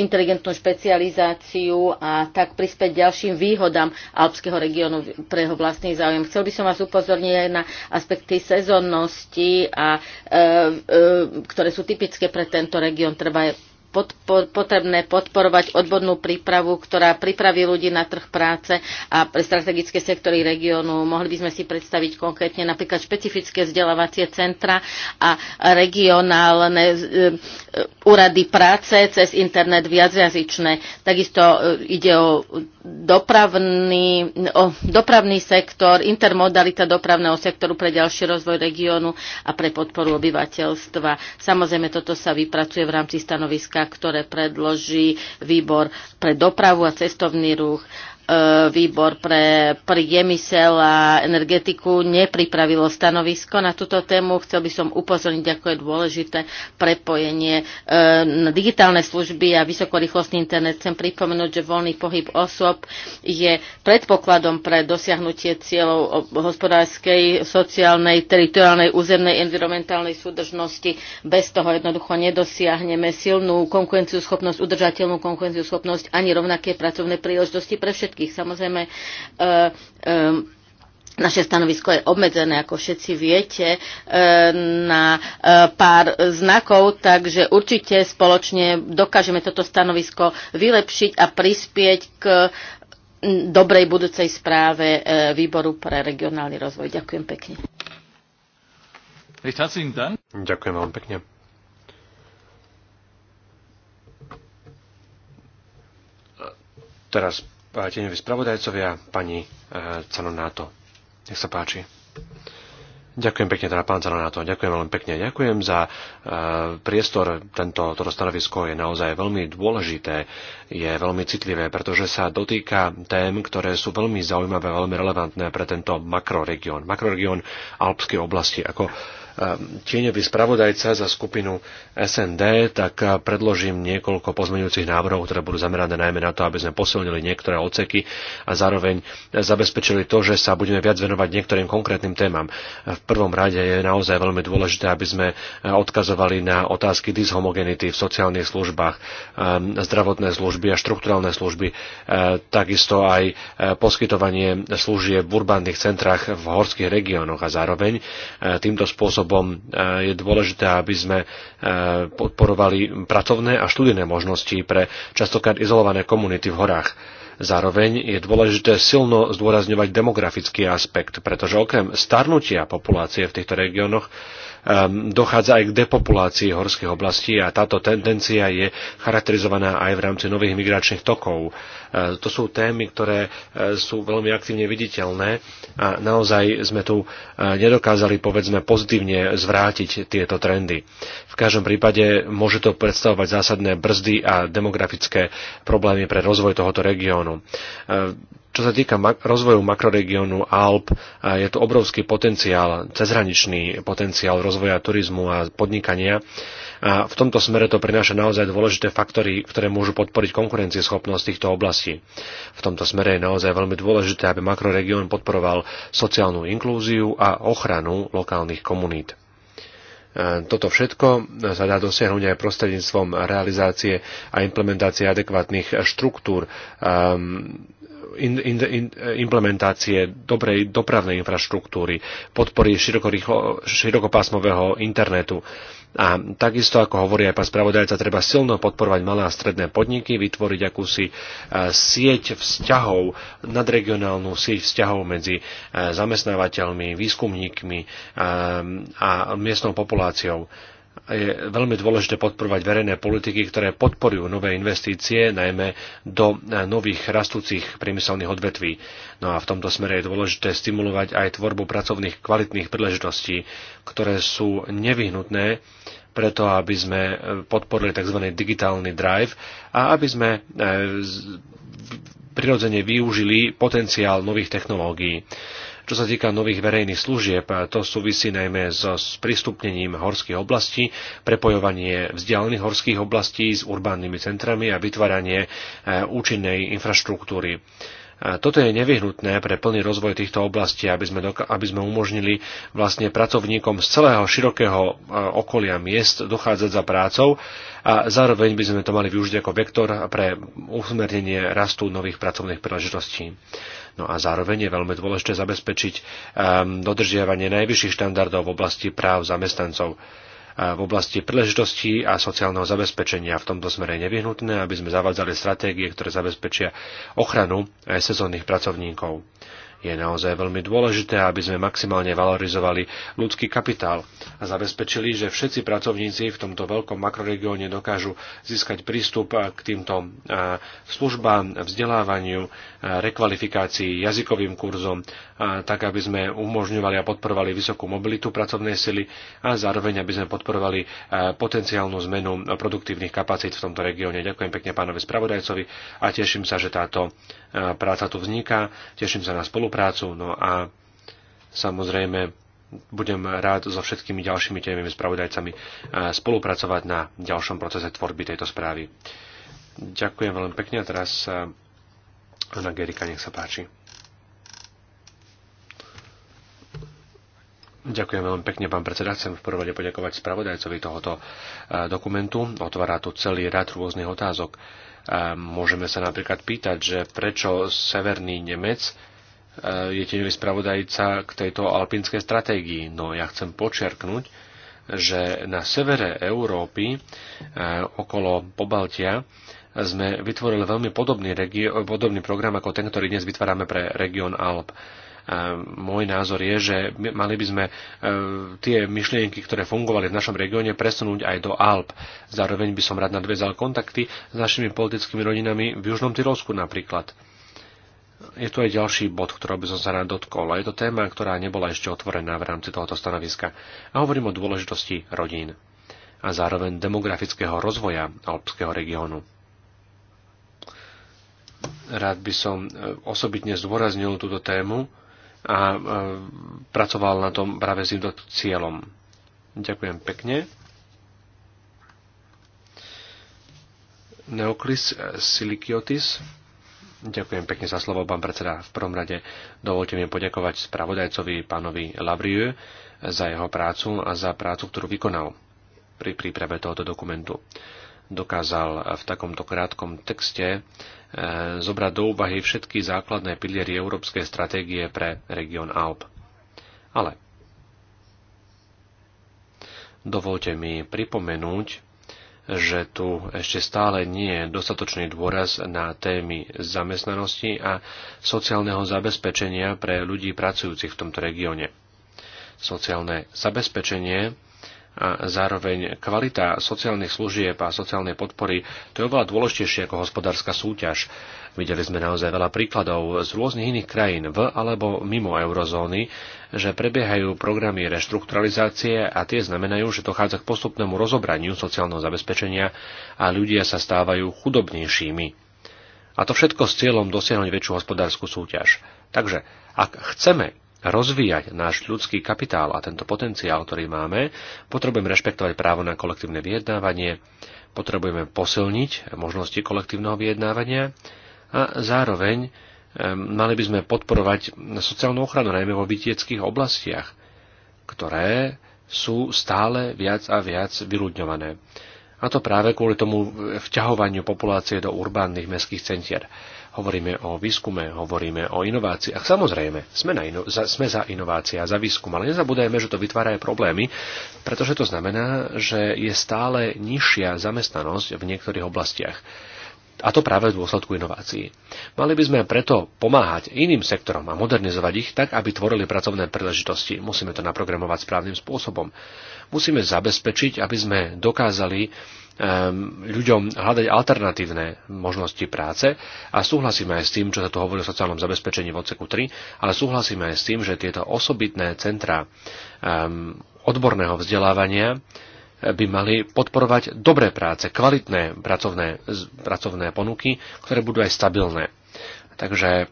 inteligentnú špecializáciu a tak prispieť ďalším výhodám Alpského regiónu pre jeho vlastný záujem. Chcel by som vás upozorniť aj na aspekty sezonnosti, a, e, e, ktoré sú typické pre tento región. Treba podpor, potrebné podporovať odbornú prípravu, ktorá pripraví ľudí na trh práce a pre strategické sektory regiónu. Mohli by sme si predstaviť konkrétne napríklad špecifické vzdelávacie centra a regionálne e, e, úrady práce cez internet viacjazyčné. Takisto e, ide o dopravný, o dopravný sektor, intermodalita dopravného sektoru pre ďalší rozvoj regiónu a pre podporu obyvateľstva. Samozrejme, toto sa vypracuje v rámci stanoviska ktoré predloží výbor pre dopravu a cestovný ruch E, výbor pre priemysel a energetiku nepripravilo stanovisko na túto tému. Chcel by som upozorniť, ako je dôležité prepojenie e, na digitálne služby a vysokorýchlostný internet. Chcem pripomenúť, že voľný pohyb osob je predpokladom pre dosiahnutie cieľov hospodárskej, sociálnej, teritoriálnej, územnej, environmentálnej súdržnosti. Bez toho jednoducho nedosiahneme silnú konkurenciu schopnosť, udržateľnú konkurenciu schopnosť ani rovnaké pracovné príležitosti pre všetkých všetkých. Samozrejme, e, e, naše stanovisko je obmedzené, ako všetci viete, e, na pár znakov, takže určite spoločne dokážeme toto stanovisko vylepšiť a prispieť k dobrej budúcej správe Výboru pre regionálny rozvoj. Ďakujem pekne. Ďakujem veľmi pekne. Teraz páteňovi spravodajcovia, pani eh, Canonáto. Nech sa páči. Ďakujem pekne, teda pán Canonáto. ďakujem veľmi pekne. Ďakujem za e, priestor. Tento, toto stanovisko je naozaj veľmi dôležité, je veľmi citlivé, pretože sa dotýka tém, ktoré sú veľmi zaujímavé, veľmi relevantné pre tento makroregión, makroregión Alpskej oblasti. Ako Ehm, tieňový spravodajca za skupinu SND, tak eh, predložím niekoľko pozmeňujúcich návrhov, ktoré budú zamerané najmä na to, aby sme posilnili niektoré oceky a zároveň zabezpečili to, že sa budeme viac venovať niektorým konkrétnym témam. Eh, v prvom rade je naozaj veľmi dôležité, aby sme eh, odkazovali na otázky dishomogenity v sociálnych službách, ehm, zdravotné služby a štruktúralné služby, takisto aj poskytovanie služieb v urbánnych centrách v horských regiónoch a zároveň týmto spôsobom spôsobom e, je dôležité, aby sme e, podporovali pracovné a študijné možnosti pre častokrát izolované komunity v horách. Zároveň je dôležité silno zdôrazňovať demografický aspekt, pretože okrem starnutia populácie v týchto regiónoch Ehm, dochádza aj k depopulácii horských oblastí a táto tendencia je charakterizovaná aj v rámci nových migračných tokov. Ehm, to sú témy, ktoré e, sú veľmi aktívne viditeľné a naozaj sme tu e, nedokázali povedzme pozitívne zvrátiť tieto trendy. V každom prípade môže to predstavovať zásadné brzdy a demografické problémy pre rozvoj tohoto regiónu ehm, čo sa týka rozvoju makroregiónu Alp, e, je to obrovský potenciál, cezhraničný potenciál rozvoja turizmu a podnikania. A e, v tomto smere to prináša naozaj dôležité faktory, ktoré môžu podporiť konkurencieschopnosť týchto oblastí. V tomto smere je naozaj veľmi dôležité, aby makroregión podporoval sociálnu inklúziu a ochranu lokálnych komunít. E, toto všetko sa dá dosiahnuť aj prostredníctvom realizácie a implementácie adekvátnych štruktúr um, in, in, in, implementácie dobrej dopravnej infraštruktúry, podpory široko, rýchlo, širokopásmového internetu. A takisto, ako hovorí aj pán spravodajca, treba silno podporovať malé a stredné podniky, vytvoriť akúsi e, sieť vzťahov, nadregionálnu sieť vzťahov medzi e, zamestnávateľmi, výskumníkmi e, a miestnou populáciou je veľmi dôležité podporovať verejné politiky, ktoré podporujú nové investície, najmä do eh, nových rastúcich priemyselných odvetví. No a v tomto smere je dôležité stimulovať aj tvorbu pracovných kvalitných príležitostí, ktoré sú nevyhnutné preto, aby sme eh, podporili tzv. digitálny drive a aby sme eh, prirodzene využili potenciál nových technológií. Čo sa týka nových verejných služieb, to súvisí najmä so sprístupnením horských oblastí, prepojovanie vzdialených horských oblastí s urbánnymi centrami a vytváranie e, účinnej infraštruktúry. E, toto je nevyhnutné pre plný rozvoj týchto oblastí, aby sme, doka- aby sme umožnili vlastne pracovníkom z celého širokého e, okolia miest dochádzať za prácou a zároveň by sme to mali využiť ako vektor pre usmernenie rastu nových pracovných príležitostí. No a zároveň je veľmi dôležité zabezpečiť um, dodržiavanie najvyšších štandardov v oblasti práv zamestnancov uh, v oblasti príležitostí a sociálneho zabezpečenia. V tomto smere je nevyhnutné, aby sme zavádzali stratégie, ktoré zabezpečia ochranu sezónnych pracovníkov. Je naozaj veľmi dôležité, aby sme maximálne valorizovali ľudský kapitál a zabezpečili, že všetci pracovníci v tomto veľkom makroregióne dokážu získať prístup k týmto službám, vzdelávaniu, rekvalifikácií, jazykovým kurzom, tak aby sme umožňovali a podporovali vysokú mobilitu pracovnej sily a zároveň aby sme podporovali potenciálnu zmenu produktívnych kapacít v tomto regióne. Ďakujem pekne pánovi spravodajcovi a teším sa, že táto práca tu vzniká. Teším sa na spoluprácu. No a samozrejme budem rád so všetkými ďalšími témami spravodajcami spolupracovať na ďalšom procese tvorby tejto správy. Ďakujem veľmi pekne a teraz Anna Gerika, nech sa páči. Ďakujem veľmi pekne, pán predseda. Chcem v prvom rade poďakovať spravodajcovi tohoto e, dokumentu. Otvára tu celý rad rôznych otázok. E, môžeme sa napríklad pýtať, že prečo severný Nemec e, je tieňový spravodajca k tejto alpínskej stratégii. No ja chcem počiarknúť, že na severe Európy okolo Pobaltia sme vytvorili veľmi podobný, regi- podobný program ako ten, ktorý dnes vytvárame pre región Alp môj názor je, že mali by sme e, tie myšlienky, ktoré fungovali v našom regióne, presunúť aj do Alp. Zároveň by som rád nadviezal kontakty s našimi politickými rodinami v Južnom Tyrolsku napríklad. Je tu aj ďalší bod, ktorého by som sa rád dotkol, a je to téma, ktorá nebola ešte otvorená v rámci tohoto stanoviska. A hovorím o dôležitosti rodín a zároveň demografického rozvoja alpského regiónu rád by som e, osobitne zdôraznil túto tému a e, pracoval na tom práve s týmto cieľom. Ďakujem pekne. Neoklis Silikiotis. Ďakujem pekne za slovo, pán predseda. V prvom rade dovolte mi poďakovať spravodajcovi pánovi Lavrieux za jeho prácu a za prácu, ktorú vykonal pri príprave tohoto dokumentu dokázal v takomto krátkom texte e, zobrať do úvahy všetky základné piliery európskej stratégie pre región Alp. Ale dovolte mi pripomenúť, že tu ešte stále nie je dostatočný dôraz na témy zamestnanosti a sociálneho zabezpečenia pre ľudí pracujúcich v tomto regióne. Sociálne zabezpečenie a zároveň kvalita sociálnych služieb a sociálnej podpory, to je oveľa dôležitejšie ako hospodárska súťaž. Videli sme naozaj veľa príkladov z rôznych iných krajín v alebo mimo eurozóny, že prebiehajú programy reštrukturalizácie a tie znamenajú, že dochádza k postupnému rozobraniu sociálneho zabezpečenia a ľudia sa stávajú chudobnejšími. A to všetko s cieľom dosiahnuť väčšiu hospodárskú súťaž. Takže, ak chceme rozvíjať náš ľudský kapitál a tento potenciál, ktorý máme, potrebujeme rešpektovať právo na kolektívne vyjednávanie, potrebujeme posilniť možnosti kolektívneho vyjednávania a zároveň mali by sme podporovať sociálnu ochranu, najmä vo vidieckých oblastiach, ktoré sú stále viac a viac vyľudňované. A to práve kvôli tomu vťahovaniu populácie do urbánnych mestských centier. Hovoríme o výskume, hovoríme o inováciách. Samozrejme, sme, na ino- za, sme za inovácia, za výskum, ale nezabúdajme, že to vytvára aj problémy, pretože to znamená, že je stále nižšia zamestnanosť v niektorých oblastiach. A to práve v dôsledku inovácií. Mali by sme preto pomáhať iným sektorom a modernizovať ich tak, aby tvorili pracovné príležitosti. Musíme to naprogramovať správnym spôsobom. Musíme zabezpečiť, aby sme dokázali Ehm, ľuďom hľadať alternatívne možnosti práce a súhlasíme aj s tým, čo sa tu hovorí o sociálnom zabezpečení v odseku 3, ale súhlasíme aj s tým, že tieto osobitné centra ehm, odborného vzdelávania eh, by mali podporovať dobré práce, kvalitné pracovné, pracovné ponuky, ktoré budú aj stabilné. Takže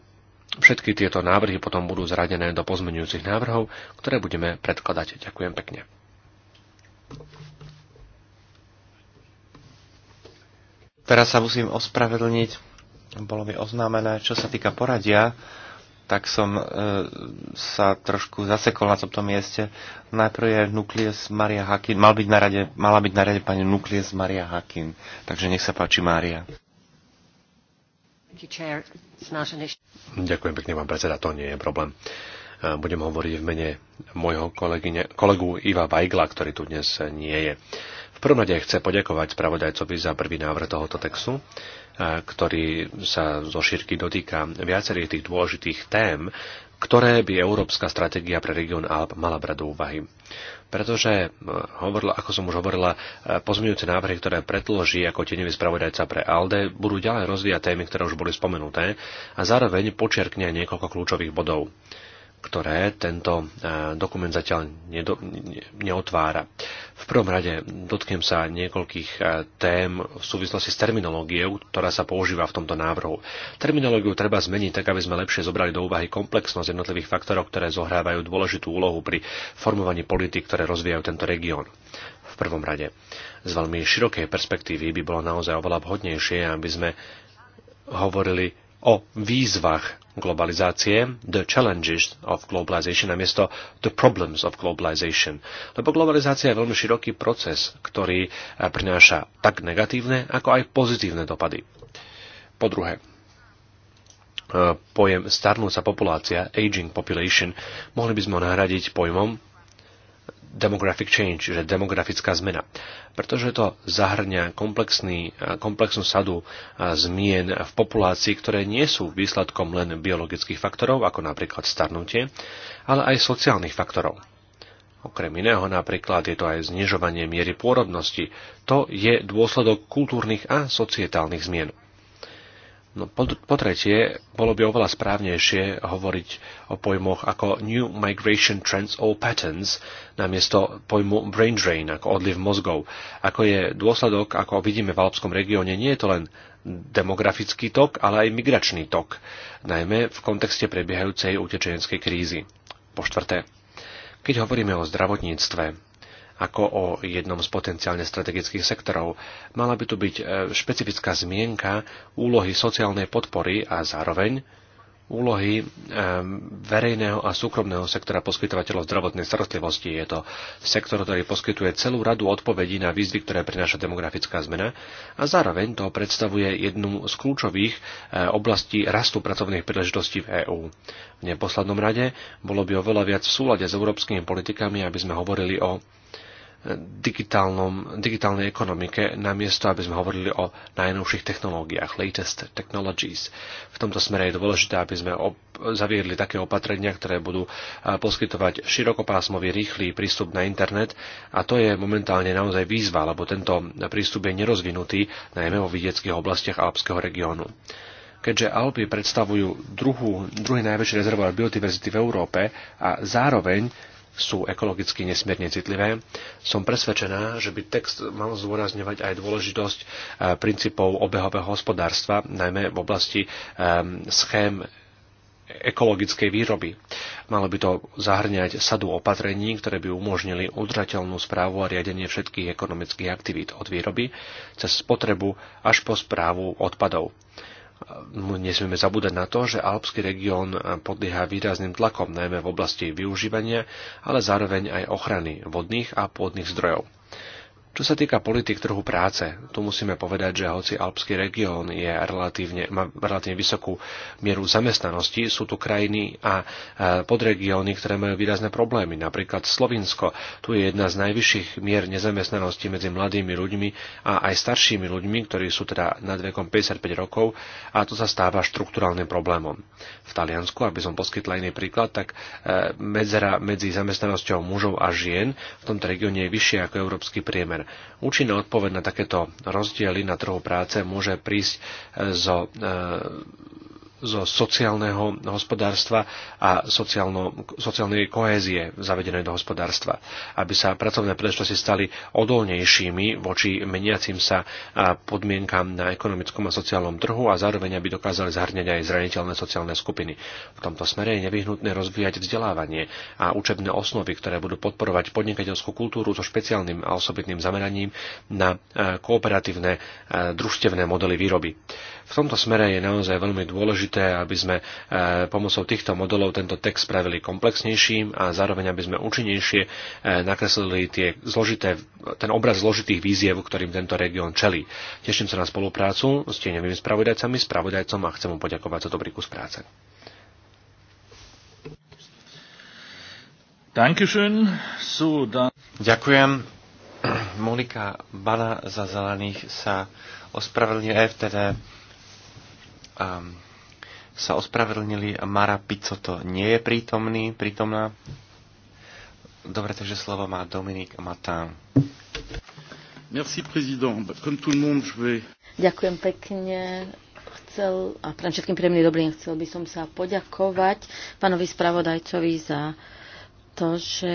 všetky tieto návrhy potom budú zradené do pozmenujúcich návrhov, ktoré budeme predkladať. Ďakujem pekne. Teraz sa musím ospravedlniť. Bolo mi oznámené, čo sa týka poradia, tak som e, sa trošku zasekol na tomto mieste. Najprv je Nuklies Maria Hakin. Mal byť na rade, mala byť na rade pani Nuklies Maria Hakin. Takže nech sa páči, Mária. Ďakujem pekne, pán predseda, to nie je problém. Uh, budem hovoriť v mene môjho kolegyne, kolegu Iva Vajgla, ktorý tu dnes nie je. V prvom rade chcem poďakovať spravodajcovi za prvý návrh tohoto textu, ktorý sa zo šírky dotýka viacerých tých dôležitých tém, ktoré by Európska stratégia pre región Alp mala brať do úvahy. Pretože, e, hovorila, ako som už hovorila, e, pozmeňujúce návrhy, ktoré predloží ako tenevý spravodajca pre ALDE, budú ďalej rozvíjať témy, ktoré už boli spomenuté a zároveň počiarkne niekoľko kľúčových bodov ktoré tento e, dokument zatiaľ neotvára. V prvom rade dotknem sa niekoľkých e, tém v súvislosti s terminológiou, ktorá sa používa v tomto návrhu. Terminológiu treba zmeniť tak, aby sme lepšie zobrali do úvahy komplexnosť jednotlivých faktorov, ktoré zohrávajú dôležitú úlohu pri formovaní politik, ktoré rozvíjajú tento región. V prvom rade z veľmi širokej perspektívy by bolo naozaj oveľa vhodnejšie, aby sme hovorili o výzvach globalizácie, The Challenges of Globalization, namiesto The Problems of Globalization. Lebo globalizácia je veľmi široký proces, ktorý eh, prináša tak negatívne, ako aj pozitívne dopady. Po druhé, eh, pojem starnúca populácia, aging population, mohli by sme ho nahradiť pojmom demographic change, že demografická zmena. Pretože to zahrňa komplexný, komplexnú sadu zmien v populácii, ktoré nie sú výsledkom len biologických faktorov, ako napríklad starnutie, ale aj sociálnych faktorov. Okrem iného napríklad je to aj znižovanie miery pôrodnosti. To je dôsledok kultúrnych a societálnych zmien. No po tretie, bolo by oveľa správnejšie hovoriť o pojmoch ako New Migration Trends or Patterns namiesto pojmu Brain Drain ako odliv mozgov. Ako je dôsledok, ako vidíme v Alpskom regióne, nie je to len demografický tok, ale aj migračný tok, najmä v kontexte prebiehajúcej utečenskej krízy. Po štvrté, keď hovoríme o zdravotníctve, ako o jednom z potenciálne strategických sektorov. Mala by tu byť e, špecifická zmienka úlohy sociálnej podpory a zároveň úlohy e, verejného a súkromného sektora poskytovateľov zdravotnej starostlivosti. Je to sektor, ktorý poskytuje celú radu odpovedí na výzvy, ktoré prináša demografická zmena a zároveň to predstavuje jednu z kľúčových e, oblastí rastu pracovných príležitostí v EÚ. V neposlednom rade bolo by oveľa viac v súlade s európskymi politikami, aby sme hovorili o digitálnej ekonomike, namiesto aby sme hovorili o najnovších technológiách, latest technologies. V tomto smere je dôležité, aby sme zaviedli také opatrenia, ktoré budú poskytovať širokopásmový rýchly prístup na internet a to je momentálne naozaj výzva, lebo tento prístup je nerozvinutý, najmä vo vidieckých oblastiach alpského regiónu keďže Alpy predstavujú druhú, druhý najväčší rezervoár biodiverzity v Európe a zároveň sú ekologicky nesmierne citlivé. Som presvedčená, že by text mal zdôrazňovať aj dôležitosť e, princípov obehového hospodárstva, najmä v oblasti e, schém ekologickej výroby. Malo by to zahrňať sadu opatrení, ktoré by umožnili udržateľnú správu a riadenie všetkých ekonomických aktivít od výroby cez spotrebu až po správu odpadov. No, nesmieme zabúdať na to, že alpský región podlieha výrazným tlakom, najmä v oblasti využívania, ale zároveň aj ochrany vodných a pôdnych zdrojov. Čo sa týka politik trhu práce, tu musíme povedať, že hoci Alpský región je relatívne, má relatívne vysokú mieru zamestnanosti, sú tu krajiny a podregióny, ktoré majú výrazné problémy. Napríklad Slovinsko, tu je jedna z najvyšších mier nezamestnanosti medzi mladými ľuďmi a aj staršími ľuďmi, ktorí sú teda nad vekom 55 rokov a to sa stáva štruktúrálnym problémom. V Taliansku, aby som poskytla iný príklad, tak e, medzera medzi zamestnanosťou mužov a žien v tomto regióne je vyššia ako európsky priemer. Účinná odpoveď na takéto rozdiely na trhu práce môže prísť e, zo e, zo sociálneho hospodárstva a sociálno, sociálnej kohézie zavedenej do hospodárstva, aby sa pracovné príležitosti stali odolnejšími voči meniacim sa podmienkam na ekonomickom a sociálnom trhu a zároveň aby dokázali zahrňať aj zraniteľné sociálne skupiny. V tomto smere je nevyhnutné rozvíjať vzdelávanie a učebné osnovy, ktoré budú podporovať podnikateľskú kultúru so špeciálnym a osobitným zameraním na kooperatívne družstevné modely výroby. V tomto smere je naozaj veľmi dôležité dôležité, aby sme e, pomocou týchto modelov tento text spravili komplexnejším a zároveň, aby sme účinnejšie e, nakreslili tie zložité, ten obraz zložitých víziev, ktorým tento región čelí. Teším sa na spoluprácu s tieňovými spravodajcami, spravodajcom a chcem mu poďakovať za dobrý kus práce. Ďakujem. Monika Bana za zelených sa ospravedlňuje FTD. Um, sa ospravedlnili. Mara Picoto nie je prítomný, prítomná. Dobre, takže slovo má Dominik Matán. Merci, prezident. Comme tout le monde, je vais... Ďakujem pekne chcel, a pre všetkým príjemný dobrý deň, chcel by som sa poďakovať pánovi spravodajcovi za to, že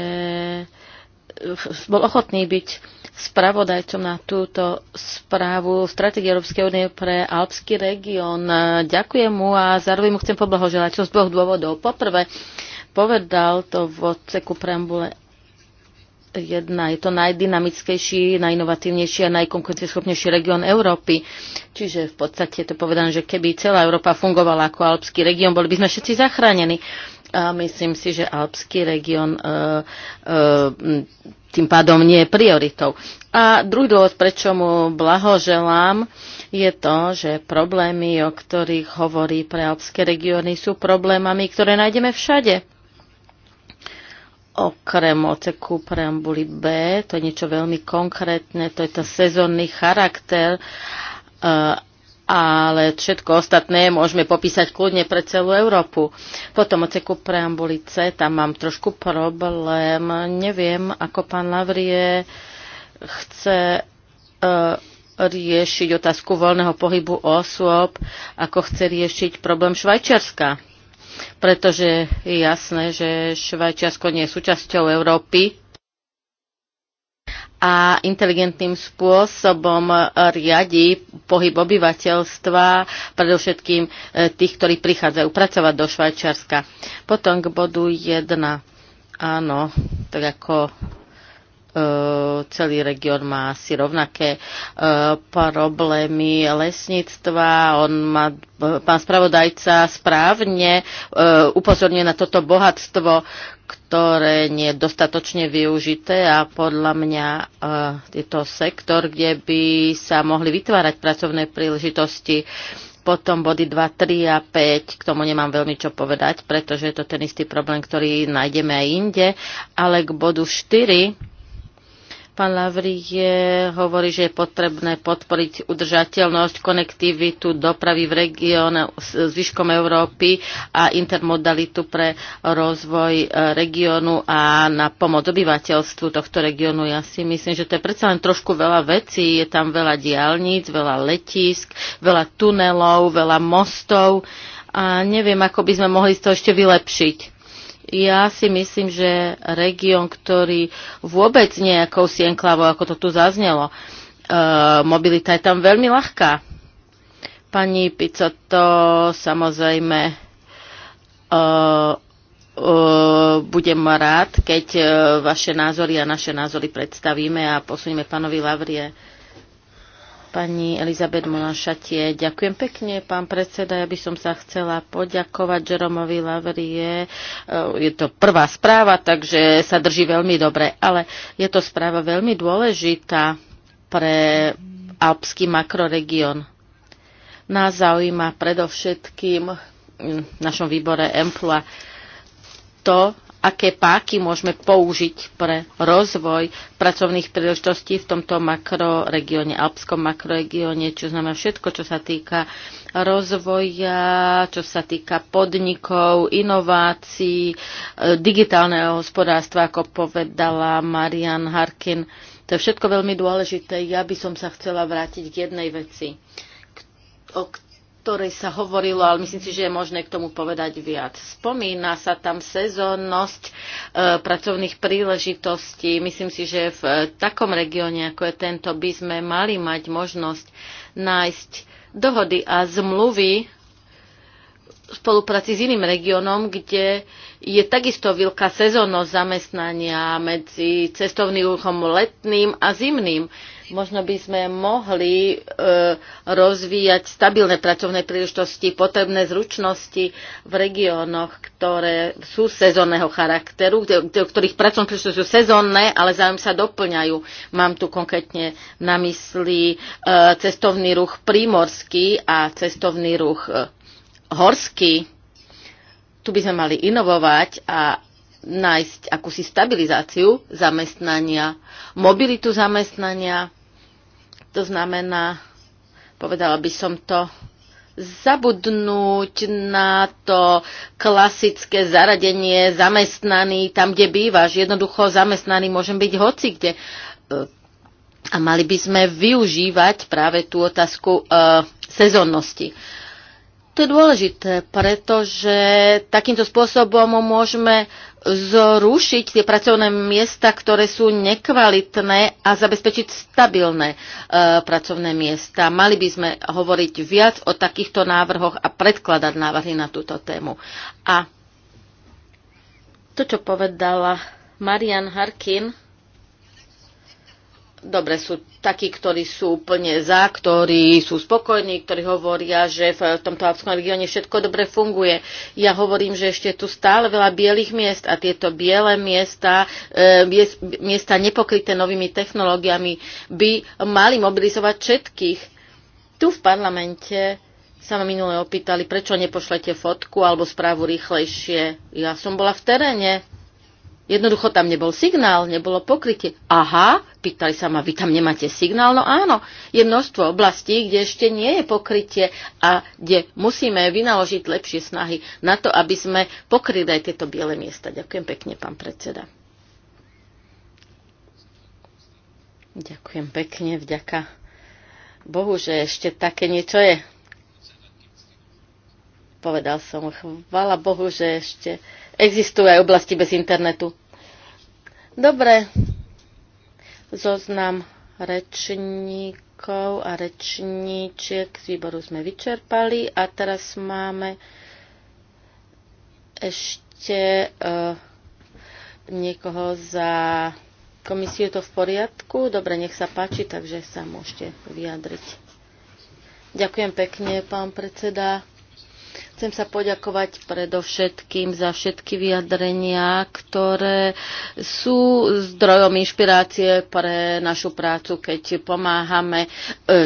bol ochotný byť spravodajcom na túto správu Stratégie Európskej únie pre Alpský región. Ďakujem mu a zároveň mu chcem poblahoželať, čo z dvoch dôvodov. Poprvé, povedal to v odseku preambule jedna. Je to najdynamickejší, najinovatívnejší a najkonkurencieschopnejší región Európy. Čiže v podstate je to povedané, že keby celá Európa fungovala ako alpský región, boli by sme všetci zachránení a myslím si, že Alpský región e, e, tým pádom nie je prioritou. A druhý dôvod, prečo mu blahoželám, je to, že problémy, o ktorých hovorí pre alpské regióny, sú problémami, ktoré nájdeme všade. Okrem oceku preambuly B, to je niečo veľmi konkrétne, to je to sezónny charakter e, ale všetko ostatné môžeme popísať kľudne pre celú Európu. Potom oceku preambulice, tam mám trošku problém. Neviem, ako pán Lavrie chce e, riešiť otázku voľného pohybu osôb, ako chce riešiť problém Švajčiarska. Pretože je jasné, že Švajčiarsko nie je súčasťou Európy, a inteligentným spôsobom riadi pohyb obyvateľstva, predovšetkým e, tých, ktorí prichádzajú pracovať do Švajčiarska. Potom k bodu 1. Áno, tak ako Eh, celý región má asi rovnaké eh, problémy lesníctva. On má, eh, pán spravodajca správne upozorňuje na toto bohatstvo, ktoré nie je dostatočne využité a podľa mňa je to sektor, kde by sa mohli vytvárať pracovné príležitosti. Potom body 2, 3 a 5, k tomu nemám veľmi čo povedať, pretože je to ten istý problém, ktorý nájdeme aj inde, ale k bodu 4 Pán Lavrie hovorí, že je potrebné podporiť udržateľnosť, konektivitu dopravy v regióne s výškom Európy a intermodalitu pre rozvoj e, regiónu a na pomoc obyvateľstvu tohto regiónu. Ja si myslím, že to je predsa len trošku veľa vecí. Je tam veľa diálnic, veľa letísk, veľa tunelov, veľa mostov a neviem, ako by sme mohli to ešte vylepšiť. Ja si myslím, že región, ktorý vôbec nie je ako to tu zaznelo, e, mobilita je tam veľmi ľahká. Pani to samozrejme, e, e, budem rád, keď e, vaše názory a naše názory predstavíme a posuníme pánovi Lavrie. Pani Elizabeth Monašatie, ďakujem pekne, pán predseda. Ja by som sa chcela poďakovať Jeromovi Lavrie. E, je to prvá správa, takže sa drží veľmi dobre, ale je to správa veľmi dôležitá pre alpský makroregión. Nás zaujíma predovšetkým v našom výbore EMPLA to, aké páky môžeme použiť pre rozvoj pracovných príležitostí v tomto makroregióne, alpskom makroregióne, čo znamená všetko, čo sa týka rozvoja, čo sa týka podnikov, inovácií, e, digitálneho hospodárstva, ako povedala Marian Harkin. To je všetko veľmi dôležité. Ja by som sa chcela vrátiť k jednej veci, o ktorej sa hovorilo, ale myslím si, že je možné k tomu povedať viac. Spomína sa tam sezónnosť e, pracovných príležitostí. Myslím si, že v e, takom regióne, ako je tento, by sme mali mať možnosť nájsť dohody a zmluvy v spolupráci s iným regiónom, kde je takisto veľká sezónnosť zamestnania medzi cestovným ruchom letným a zimným. E, Možno by sme mohli e, rozvíjať stabilné pracovné príležitosti, potrebné zručnosti v regiónoch, ktoré sú sezónneho charakteru, kde, ktorých pracovné príležitosti sú sezónne, ale zájom sa doplňajú. Mám tu konkrétne na mysli e, cestovný ruch prímorský a cestovný ruch e, horský. Tu by sme mali inovovať a nájsť akúsi stabilizáciu zamestnania, mobilitu zamestnania, to znamená, povedala by som to, zabudnúť na to klasické zaradenie zamestnaný tam, kde bývaš. Jednoducho zamestnaný môžem byť hoci kde. E, a mali by sme využívať práve tú otázku e, sezonnosti. To je dôležité, pretože takýmto spôsobom môžeme zrušiť tie pracovné miesta, ktoré sú nekvalitné a zabezpečiť stabilné e, pracovné miesta. Mali by sme hovoriť viac o takýchto návrhoch a predkladať návrhy na túto tému. A to, čo povedala Marian Harkin, Dobre, sú takí, ktorí sú úplne za, ktorí sú spokojní, ktorí hovoria, že v tomto alpskom regióne všetko dobre funguje. Ja hovorím, že ešte tu stále veľa bielých miest a tieto biele miesta, e, miesta nepokryté novými technológiami, by mali mobilizovať všetkých. Tu v parlamente sa ma minule opýtali, prečo nepošlete fotku alebo správu rýchlejšie. Ja som bola v teréne, Jednoducho tam nebol signál, nebolo pokrytie. Aha, pýtali sa ma, vy tam nemáte signál? No áno, je množstvo oblastí, kde ešte nie je pokrytie a kde musíme vynaložiť lepšie snahy na to, aby sme pokryli aj tieto biele miesta. Ďakujem pekne, pán predseda. Ďakujem pekne, vďaka Bohu, že ešte také niečo je. Povedal som, chvala Bohu, že ešte existujú aj oblasti bez internetu. Dobre, zoznam rečníkov a rečníčiek z výboru sme vyčerpali a teraz máme ešte eh, niekoho za komisiu je to v poriadku. Dobre, nech sa páči, takže sa môžete vyjadriť. Ďakujem pekne, pán predseda. Chcem sa poďakovať predovšetkým za všetky vyjadrenia, ktoré sú zdrojom inšpirácie pre našu prácu, keď pomáhame e,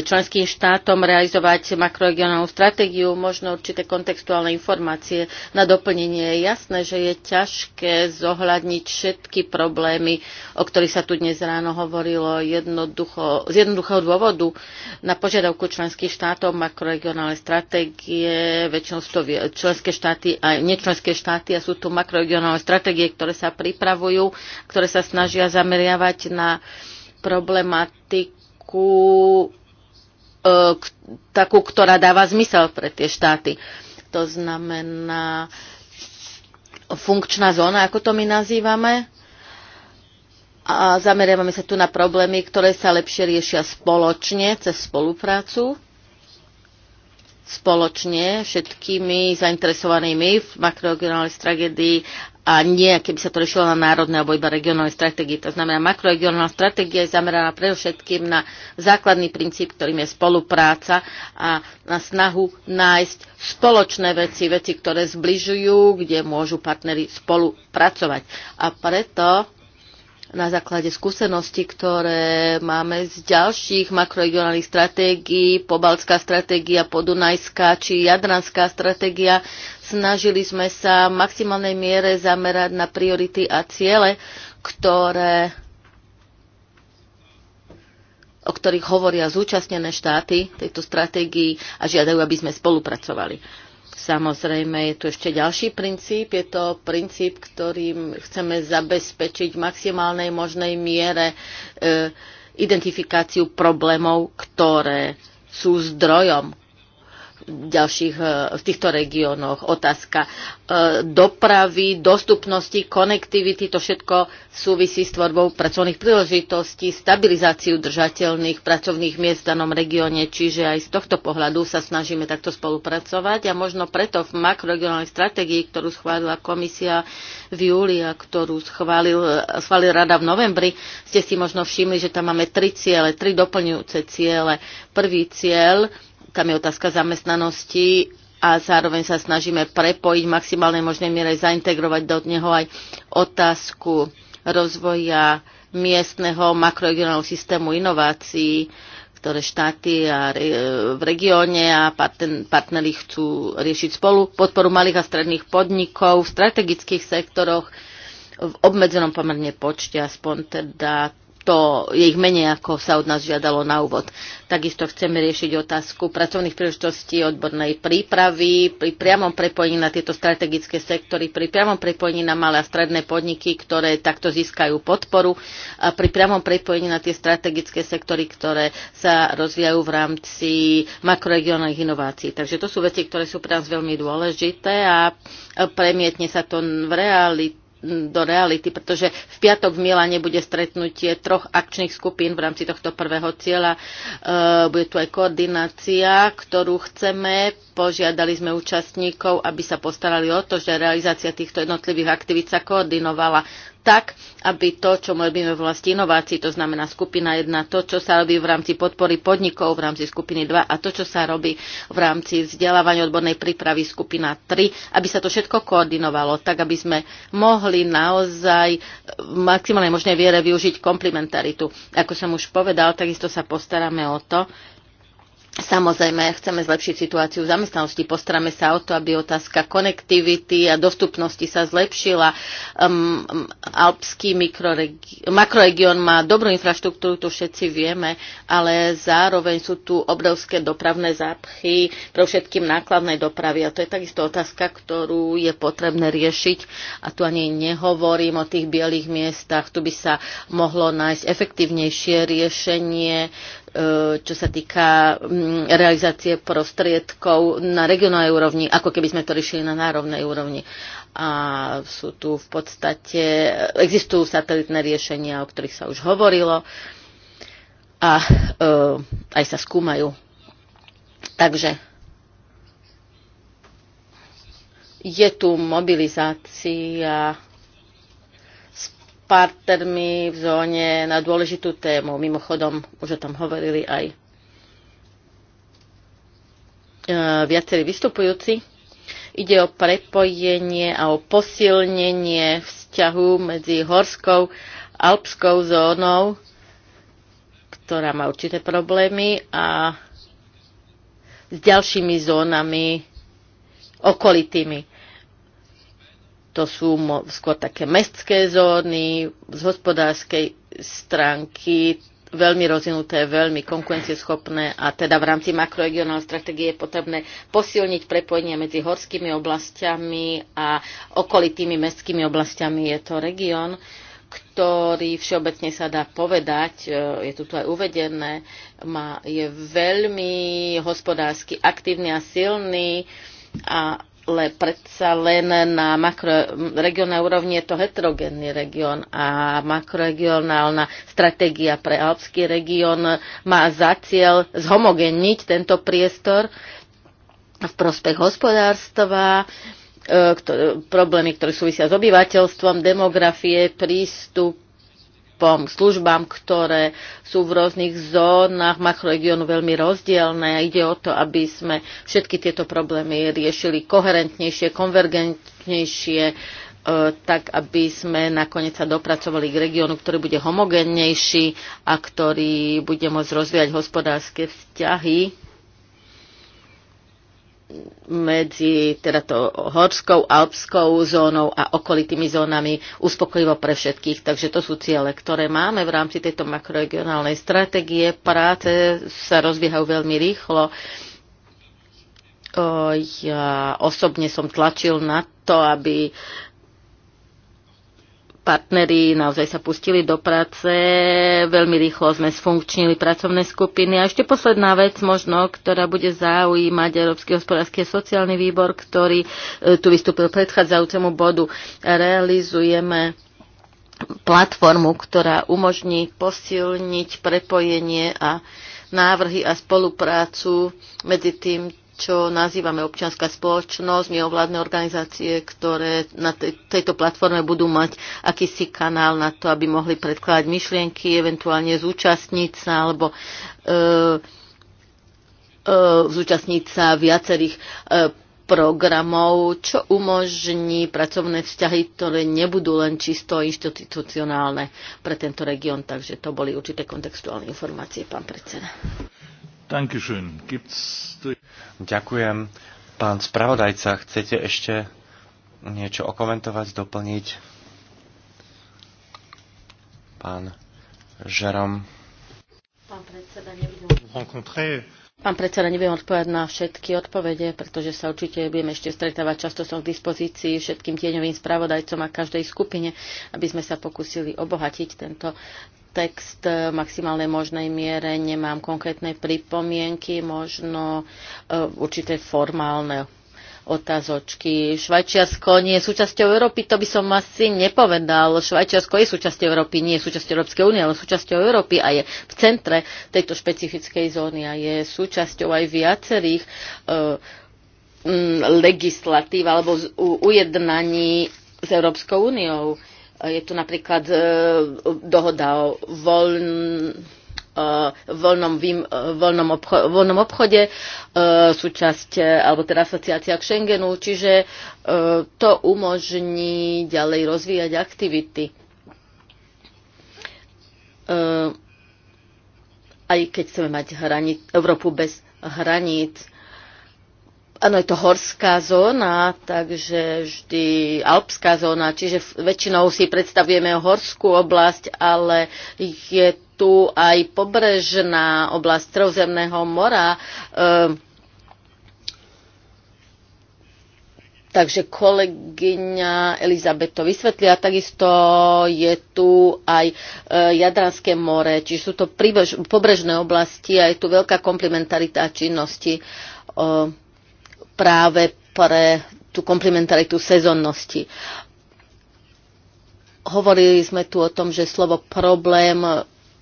členským štátom realizovať makroregionálnu stratégiu, možno určité kontextuálne informácie na doplnenie. Je jasné, že je ťažké zohľadniť všetky problémy, o ktorých sa tu dnes ráno hovorilo jednoducho, z jednoduchého dôvodu. Na požiadavku členských štátov makroregionálnej stratégie väčšinou členské štáty a nečlenské štáty a sú tu makroregionálne stratégie, ktoré sa pripravujú, ktoré sa snažia zameriavať na problematiku e, takú, ktorá dáva zmysel pre tie štáty. To znamená funkčná zóna, ako to my nazývame, a zameriavame sa tu na problémy, ktoré sa lepšie riešia spoločne cez spoluprácu spoločne všetkými zainteresovanými v makroregionálnej stratégii a nie, keby sa to riešilo na národnej alebo iba regionálnej stratégii. To znamená, makroregionálna stratégia je zameraná predovšetkým na základný princíp, ktorým je spolupráca a na snahu nájsť spoločné veci, veci, ktoré zbližujú, kde môžu partnery spolupracovať. A preto na základe skúseností, ktoré máme z ďalších makroregionálnych stratégií, pobaltská stratégia, podunajská či jadranská stratégia, snažili sme sa v maximálnej miere zamerať na priority a ciele, ktoré, o ktorých hovoria zúčastnené štáty tejto stratégii a žiadajú, aby sme spolupracovali. Samozrejme, je tu ešte ďalší princíp. Je to princíp, ktorým chceme zabezpečiť v maximálnej možnej miere e, identifikáciu problémov, ktoré sú zdrojom ďalších e, v týchto regiónoch. Otázka e, dopravy, dostupnosti, konektivity, to všetko súvisí s tvorbou pracovných príležitostí, stabilizáciu držateľných pracovných miest v danom regióne, čiže aj z tohto pohľadu sa snažíme takto spolupracovať a možno preto v makroregionálnej stratégii, ktorú schválila komisia v júli a ktorú schválil, schválil rada v novembri, ste si možno všimli, že tam máme tri ciele, tri doplňujúce ciele. Prvý cieľ tam je otázka zamestnanosti a zároveň sa snažíme prepojiť v maximálnej možnej miere, zaintegrovať do neho aj otázku rozvoja miestneho makroregionálneho systému inovácií, ktoré štáty a re, e, v regióne a parten, partneri chcú riešiť spolu, podporu malých a stredných podnikov v strategických sektoroch v obmedzenom pomerne počte, aspoň teda to je ich menej, ako sa od nás žiadalo na úvod. Takisto chceme riešiť otázku pracovných príležitostí, odbornej prípravy, pri priamom prepojení na tieto strategické sektory, pri priamom prepojení na malé a stredné podniky, ktoré takto získajú podporu, a pri priamom prepojení na tie strategické sektory, ktoré sa rozvíjajú v rámci makroregionálnych inovácií. Takže to sú veci, ktoré sú pre nás veľmi dôležité a premietne sa to v realite do reality, pretože v piatok v Milane bude stretnutie troch akčných skupín v rámci tohto prvého cieľa. E, bude tu aj koordinácia, ktorú chceme. Požiadali sme účastníkov, aby sa postarali o to, že realizácia týchto jednotlivých aktivít sa koordinovala tak, aby to, čo robíme v vlasti inovácií, to znamená skupina 1, to, čo sa robí v rámci podpory podnikov v rámci skupiny 2 a to, čo sa robí v rámci vzdelávania odbornej prípravy skupina 3, aby sa to všetko koordinovalo, tak aby sme mohli naozaj v maximálnej možnej viere využiť komplementaritu. Ako som už povedal, takisto sa postaráme o to, Samozrejme, chceme zlepšiť situáciu v zamestnanosti. Postaráme sa o to, aby otázka konektivity a dostupnosti sa zlepšila. Um, um Alpský makroregión má dobrú infraštruktúru, to všetci vieme, ale zároveň sú tu obrovské dopravné zápchy pre všetkým nákladnej dopravy. A to je takisto otázka, ktorú je potrebné riešiť. A tu ani nehovorím o tých bielých miestach. Tu by sa mohlo nájsť efektívnejšie riešenie E, čo sa týka mm, realizácie prostriedkov na regionálnej úrovni, ako keby sme to riešili na národnej úrovni. A sú tu v podstate, existujú satelitné riešenia, o ktorých sa už hovorilo a e, aj sa skúmajú. Takže je tu mobilizácia partnermi v zóne na dôležitú tému. Mimochodom, už o tom hovorili aj e, viacerí vystupujúci. Ide o prepojenie a o posilnenie vzťahu medzi horskou a alpskou zónou, ktorá má určité problémy, a s ďalšími zónami okolitými to sú skôr také mestské zóny z hospodárskej stránky, veľmi rozvinuté, veľmi konkurencieschopné a teda v rámci makroregionálnej stratégie je potrebné posilniť prepojenie medzi horskými oblastiami a okolitými mestskými oblastiami. Je to región, ktorý všeobecne sa dá povedať, e, je tu aj uvedené, má, je veľmi hospodársky aktívny a silný a ale predsa len na makroregionálnej úrovni je to heterogénny región a makroregionálna stratégia pre alpský región má za cieľ zhomogeniť tento priestor v prospech hospodárstva, e, ktoré, problémy, ktoré súvisia s obyvateľstvom, demografie, prístup typom, službám, ktoré sú v rôznych zónach makroregiónu veľmi rozdielne a ide o to, aby sme všetky tieto problémy riešili koherentnejšie, konvergentnejšie, e, tak aby sme nakoniec sa dopracovali k regiónu, ktorý bude homogénnejší a ktorý bude môcť rozvíjať hospodárske vzťahy medzi teda to horskou, alpskou zónou a okolitými zónami uspokojivo pre všetkých. Takže to sú ciele, ktoré máme v rámci tejto makroregionálnej stratégie. Práce sa rozbiehajú veľmi rýchlo. Ja osobne som tlačil na to, aby partneri naozaj sa pustili do práce, veľmi rýchlo sme sfunkčnili pracovné skupiny. A ešte posledná vec možno, ktorá bude zaujímať Európsky hospodársky a sociálny výbor, ktorý e, tu vystúpil predchádzajúcemu bodu. Realizujeme platformu, ktorá umožní posilniť prepojenie a návrhy a spoluprácu medzi tým, čo nazývame občianská spoločnosť, neovládne organizácie, ktoré na tejto platforme budú mať akýsi kanál na to, aby mohli predkladať myšlienky, eventuálne zúčastniť sa alebo e, e, zúčastniť sa viacerých e, programov, čo umožní pracovné vzťahy, ktoré nebudú len čisto inštitucionálne pre tento región. Takže to boli určité kontextuálne informácie, pán predseda. Ďakujem. Pán spravodajca, chcete ešte niečo okomentovať, doplniť? Pán Žerom. Pán predseda, nebudem... Pán predseda, neviem odpovedať na všetky odpovede, pretože sa určite budeme ešte stretávať. Často som k dispozícii všetkým tieňovým spravodajcom a každej skupine, aby sme sa pokúsili obohatiť tento text v maximálnej možnej miere, nemám konkrétne pripomienky, možno e, určité formálne otázočky. Švajčiarsko nie je súčasťou Európy, to by som asi nepovedal. Švajčiarsko je súčasťou Európy, nie je súčasťou Európskej únie, ale súčasťou Európy a je v centre tejto špecifickej zóny a je súčasťou aj viacerých uh, legislatív alebo ujednaní s Európskou úniou. Uh, je tu napríklad e, dohoda o voľn e, voľnom, vým, e, voľnom, obcho, voľnom obchode, súčasť alebo teda asociácia k Schengenu, čiže to umožní ďalej rozvíjať aktivity. Aj keď chceme mať hranic, Európu bez hraníc, Áno, je to horská zóna, takže vždy alpská zóna, čiže väčšinou si predstavujeme horskú oblasť, ale je tu aj pobrežná oblasť Trozemného mora. Ehm, Takže kolegyňa Elizabet to vysvetlila. Takisto je tu aj eh, Jadranské more, čiže sú to pobrežné oblasti a je tu veľká komplementarita činnosti. Ehm, práve pre tú komplementaritu sezonnosti. Hovorili sme tu o tom, že slovo problém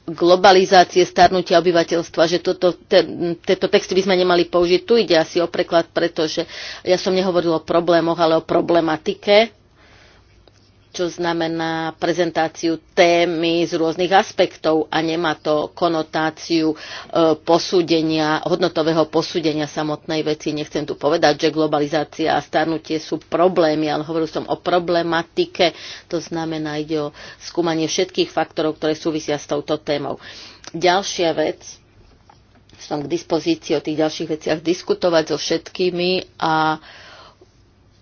globalizácie, starnutia obyvateľstva, že toto, te, tieto texty by sme nemali použiť. Tu ide asi o preklad, pretože ja som nehovoril o problémoch, ale o problematike čo znamená prezentáciu témy z rôznych aspektov a nemá to konotáciu e, posúdenia, hodnotového posúdenia samotnej veci. Nechcem tu povedať, že globalizácia a starnutie sú problémy, ale hovoril som o problematike, to znamená ide o skúmanie všetkých faktorov, ktoré súvisia s touto témou. Ďalšia vec, som k dispozícii o tých ďalších veciach diskutovať so všetkými a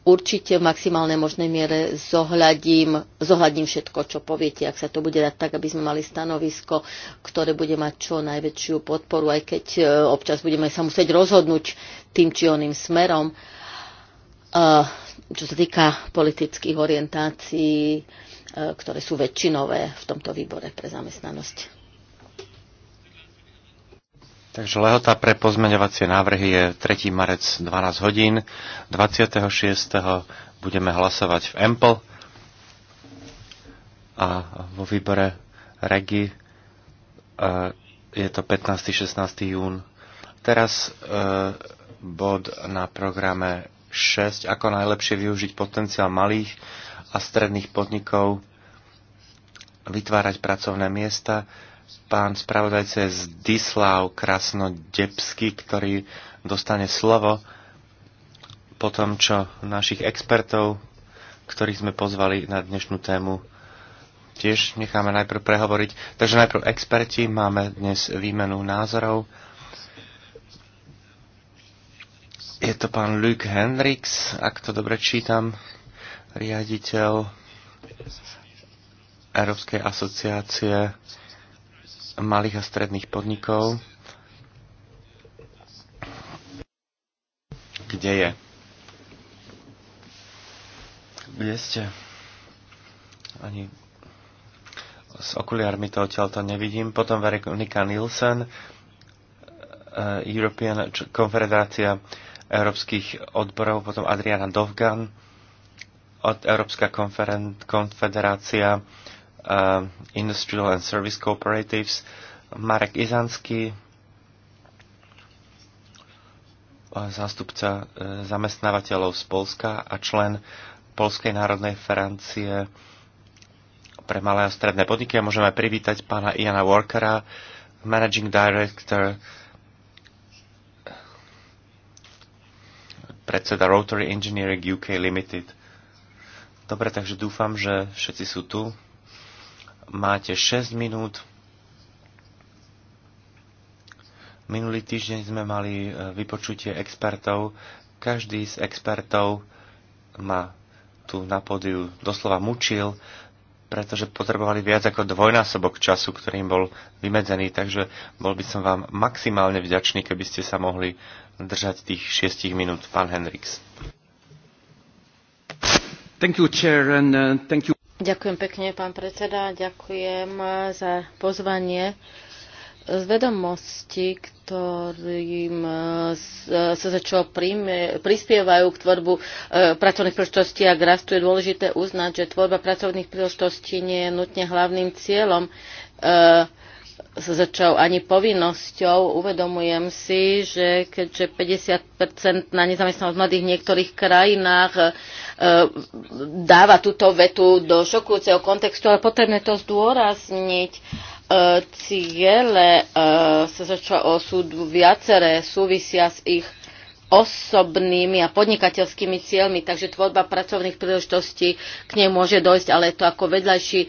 určite v maximálnej možnej miere zohľadím, zohľadím všetko, čo poviete, ak sa to bude dať tak, aby sme mali stanovisko, ktoré bude mať čo najväčšiu podporu, aj keď e, občas budeme sa musieť rozhodnúť tým či oným smerom. E, čo sa týka politických orientácií, e, ktoré sú väčšinové v tomto výbore pre zamestnanosť. Takže lehota pre pozmeňovacie návrhy je 3. marec 12 hodín. 26. budeme hlasovať v EMPL a vo výbore REGI e, je to 15. 16. jún. Teraz e, bod na programe 6. Ako najlepšie využiť potenciál malých a stredných podnikov, vytvárať pracovné miesta, pán spravodajca Zdislav Krasnodebský, ktorý dostane slovo po tom, čo našich expertov, ktorých sme pozvali na dnešnú tému, tiež necháme najprv prehovoriť. Takže najprv experti, máme dnes výmenu názorov. Je to pán Luke Hendricks, ak to dobre čítam, riaditeľ Európskej asociácie malých a stredných podnikov, kde je? Kde ste? Ani s okuliármi to odtiaľ to nevidím. Potom Veronika Nielsen, e, European konfederácia európskych odborov, potom Adriana Dovgan, od Európska konfederácia uh, Industrial and Service Cooperatives, Marek Izanský, uh, zástupca uh, zamestnávateľov z Polska a člen Polskej národnej Francie pre malé a stredné podniky. A môžeme privítať pána Iana Workera, Managing Director, predseda Rotary Engineering UK Limited. Dobre, takže dúfam, že všetci sú tu. Máte 6 minút. Minulý týždeň sme mali e, vypočutie expertov. Každý z expertov ma tu na pódiu doslova mučil, pretože potrebovali viac ako dvojnásobok času, ktorým bol vymedzený, takže bol by som vám maximálne vďačný, keby ste sa mohli držať tých 6 minút. Pán Hendrix. Thank you, chair, and, uh, thank you. Ďakujem pekne, pán predseda. Ďakujem za pozvanie. Z vedomosti, ktorým sa začalo prispievajú k tvorbu e, pracovných príležitostí a k rastu, je dôležité uznať, že tvorba pracovných príležitostí nie je nutne hlavným cieľom e, SZČou ani povinnosťou. Uvedomujem si, že keďže 50% na nezamestnanosť mladých niektorých krajinách e, dáva túto vetu do šokujúceho kontextu, ale potrebné to zdôrazniť. E, ciele e, SZČO sú viaceré, súvisia s ich osobnými a podnikateľskými cieľmi, takže tvorba pracovných príležitostí k nej môže dojsť, ale je to ako vedľajší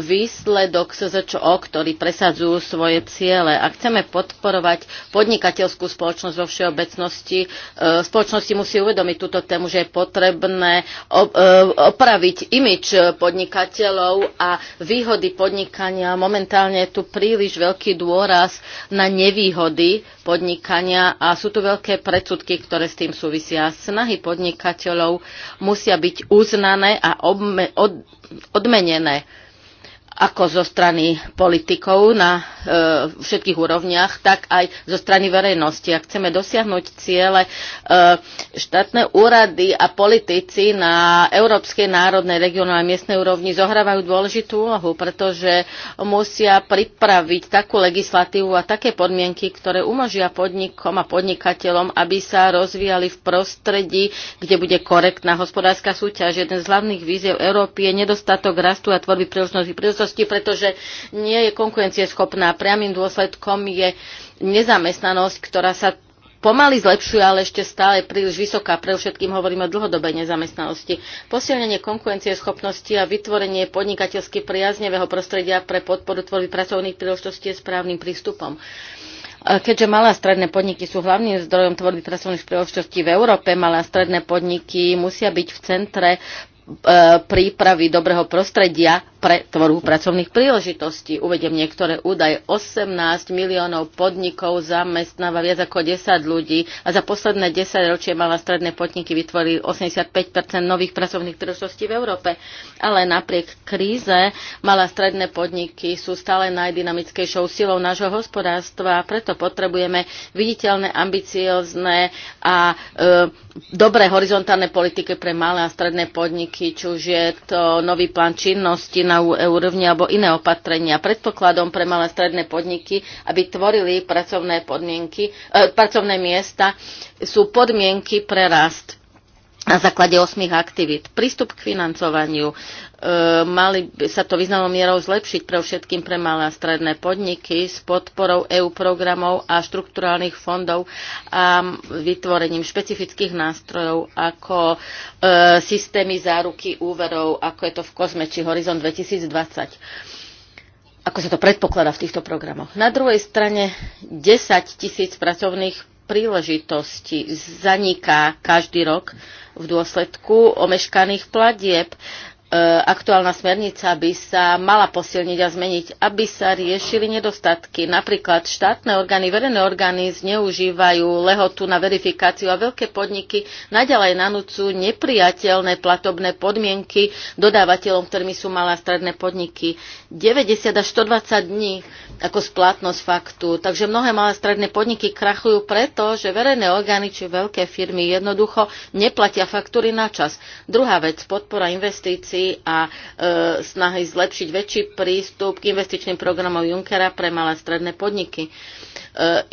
výsledok SZČO, ktorí presadzujú svoje ciele. A chceme podporovať podnikateľskú spoločnosť vo všeobecnosti. E, spoločnosti musí uvedomiť túto tému, že je potrebné e, opraviť imič podnikateľov a výhody podnikania. Momentálne je tu príliš veľký dôraz na nevýhody podnikania a sú tu veľké predsudky, ktoré s tým súvisia. Snahy podnikateľov musia byť uznané a odmenené ako zo strany politikov na e, všetkých úrovniach, tak aj zo strany verejnosti. Ak chceme dosiahnuť ciele, e, štátne úrady a politici na európskej, národnej, regionálnej a miestnej úrovni zohrávajú dôležitú úlohu, pretože musia pripraviť takú legislatívu a také podmienky, ktoré umožia podnikom a podnikateľom, aby sa rozvíjali v prostredí, kde bude korektná hospodárska súťaž. Jeden z hlavných víziev Európy je nedostatok rastu a tvorby príležitosti príležitosti, pretože nie je konkurencieschopná. Priamým dôsledkom je nezamestnanosť, ktorá sa pomaly zlepšuje, ale ešte stále príliš vysoká. Pre všetkým hovoríme o dlhodobej nezamestnanosti. Posilnenie konkurencie schopnosti a vytvorenie podnikateľsky priaznevého prostredia pre podporu tvorby pracovných príležitostí je správnym prístupom. Keďže malé a stredné podniky sú hlavným zdrojom tvorby pracovných príležitostí v Európe, malé a stredné podniky musia byť v centre E, prípravy dobrého prostredia pre tvorbu pracovných príležitostí. Uvediem niektoré údaje. 18 miliónov podnikov zamestnáva viac ako 10 ľudí a za posledné 10 ročie malé stredné podniky vytvorili 85 nových pracovných príležitostí v Európe. Ale napriek kríze malé stredné podniky sú stále najdynamickejšou silou nášho hospodárstva a preto potrebujeme viditeľné, ambiciozne a e, dobré horizontálne politiky pre malé a stredné podniky kroky, či už je to nový plán činnosti na úrovni alebo iné opatrenia. Predpokladom pre malé stredné podniky, aby tvorili pracovné, podmienky, eh, pracovné miesta, sú podmienky pre rast na základe osmých aktivít. Prístup k financovaniu. E, mali by sa to významnou mierou zlepšiť pre všetkým pre malé a stredné podniky s podporou EU programov a štrukturálnych fondov a vytvorením špecifických nástrojov ako e, systémy záruky úverov, ako je to v Kozme či Horizon 2020 ako sa to predpokladá v týchto programoch. Na druhej strane 10 tisíc pracovných príležitosti zaniká každý rok v dôsledku omeškaných platieb. E, aktuálna smernica by sa mala posilniť a zmeniť, aby sa riešili nedostatky. Napríklad štátne orgány, verejné orgány zneužívajú lehotu na verifikáciu a veľké podniky naďalej nanúcu nepriateľné platobné podmienky dodávateľom, ktorými sú malé a stredné podniky. 90 až 120 dní ako splatnosť faktu. Takže mnohé malé a stredné podniky krachujú preto, že verejné orgány či veľké firmy jednoducho neplatia faktúry na čas. Druhá vec, podpora investícií fondy a e, snahy zlepšiť väčší prístup k investičným programom Junckera pre malé stredné podniky. E,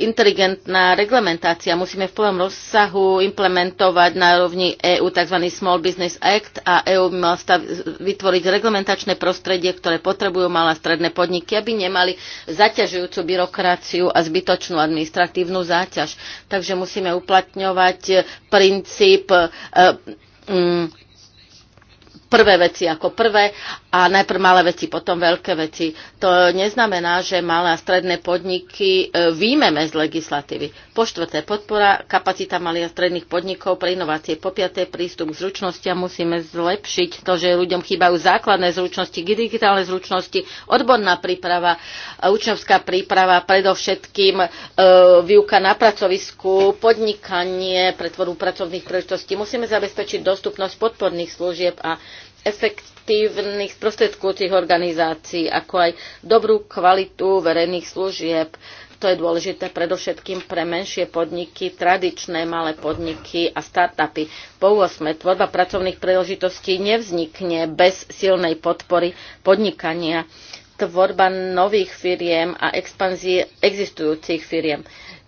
inteligentná reglementácia musíme v plnom rozsahu implementovať na rovni EU tzv. Small Business Act a EU by mal stav- vytvoriť reglementačné prostredie, ktoré potrebujú malé stredné podniky, aby nemali zaťažujúcu byrokraciu a zbytočnú administratívnu záťaž. Takže musíme uplatňovať princíp e, prvé veci ako prvé a najprv malé veci, potom veľké veci. To neznamená, že malé a stredné podniky e, výjmeme z legislatívy. Po štvrté, podpora kapacita malých a stredných podnikov pre inovácie. Po piaté, prístup k zručnostiam musíme zlepšiť to, že ľuďom chýbajú základné zručnosti, digitálne zručnosti, odborná príprava, e, učňovská príprava, predovšetkým e, výuka na pracovisku, podnikanie, pretvorbu pracovných príležitostí. Musíme zabezpečiť dostupnosť podporných služieb a efektívnych prostriedkov tých organizácií, ako aj dobrú kvalitu verejných služieb. To je dôležité predovšetkým pre menšie podniky, tradičné malé podniky a startupy. Po 8. tvorba pracovných príležitostí nevznikne bez silnej podpory podnikania, tvorba nových firiem a expanzie existujúcich firiem.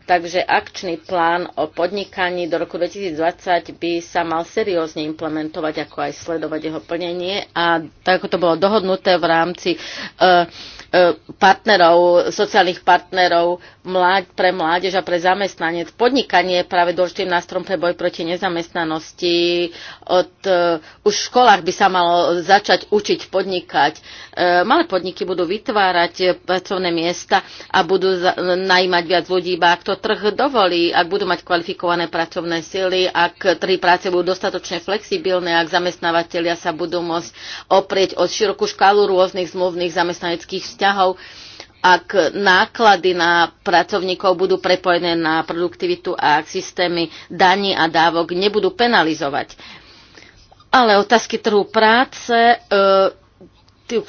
Takže akčný plán o podnikaní do roku 2020 by sa mal seriózne implementovať, ako aj sledovať jeho plnenie. A tak ako to bolo dohodnuté v rámci uh, E, partnerov, sociálnych partnerov mláď, pre mládež a pre zamestnanie. Podnikanie je práve dôležitým nástrom pre boj proti nezamestnanosti. Od, uh, už v školách by sa malo začať učiť podnikať. Uh, malé podniky budú vytvárať pracovné miesta a budú za, najímať viac ľudí, iba ak to trh dovolí, ak budú mať kvalifikované pracovné sily, ak trhy práce budú dostatočne flexibilné, ak zamestnávateľia sa budú môcť oprieť od širokú škálu rôznych zmluvných zamestnaneckých vzťahov, ak náklady na pracovníkov budú prepojené na produktivitu a ak systémy daní a dávok nebudú penalizovať. Ale otázky trhu práce e,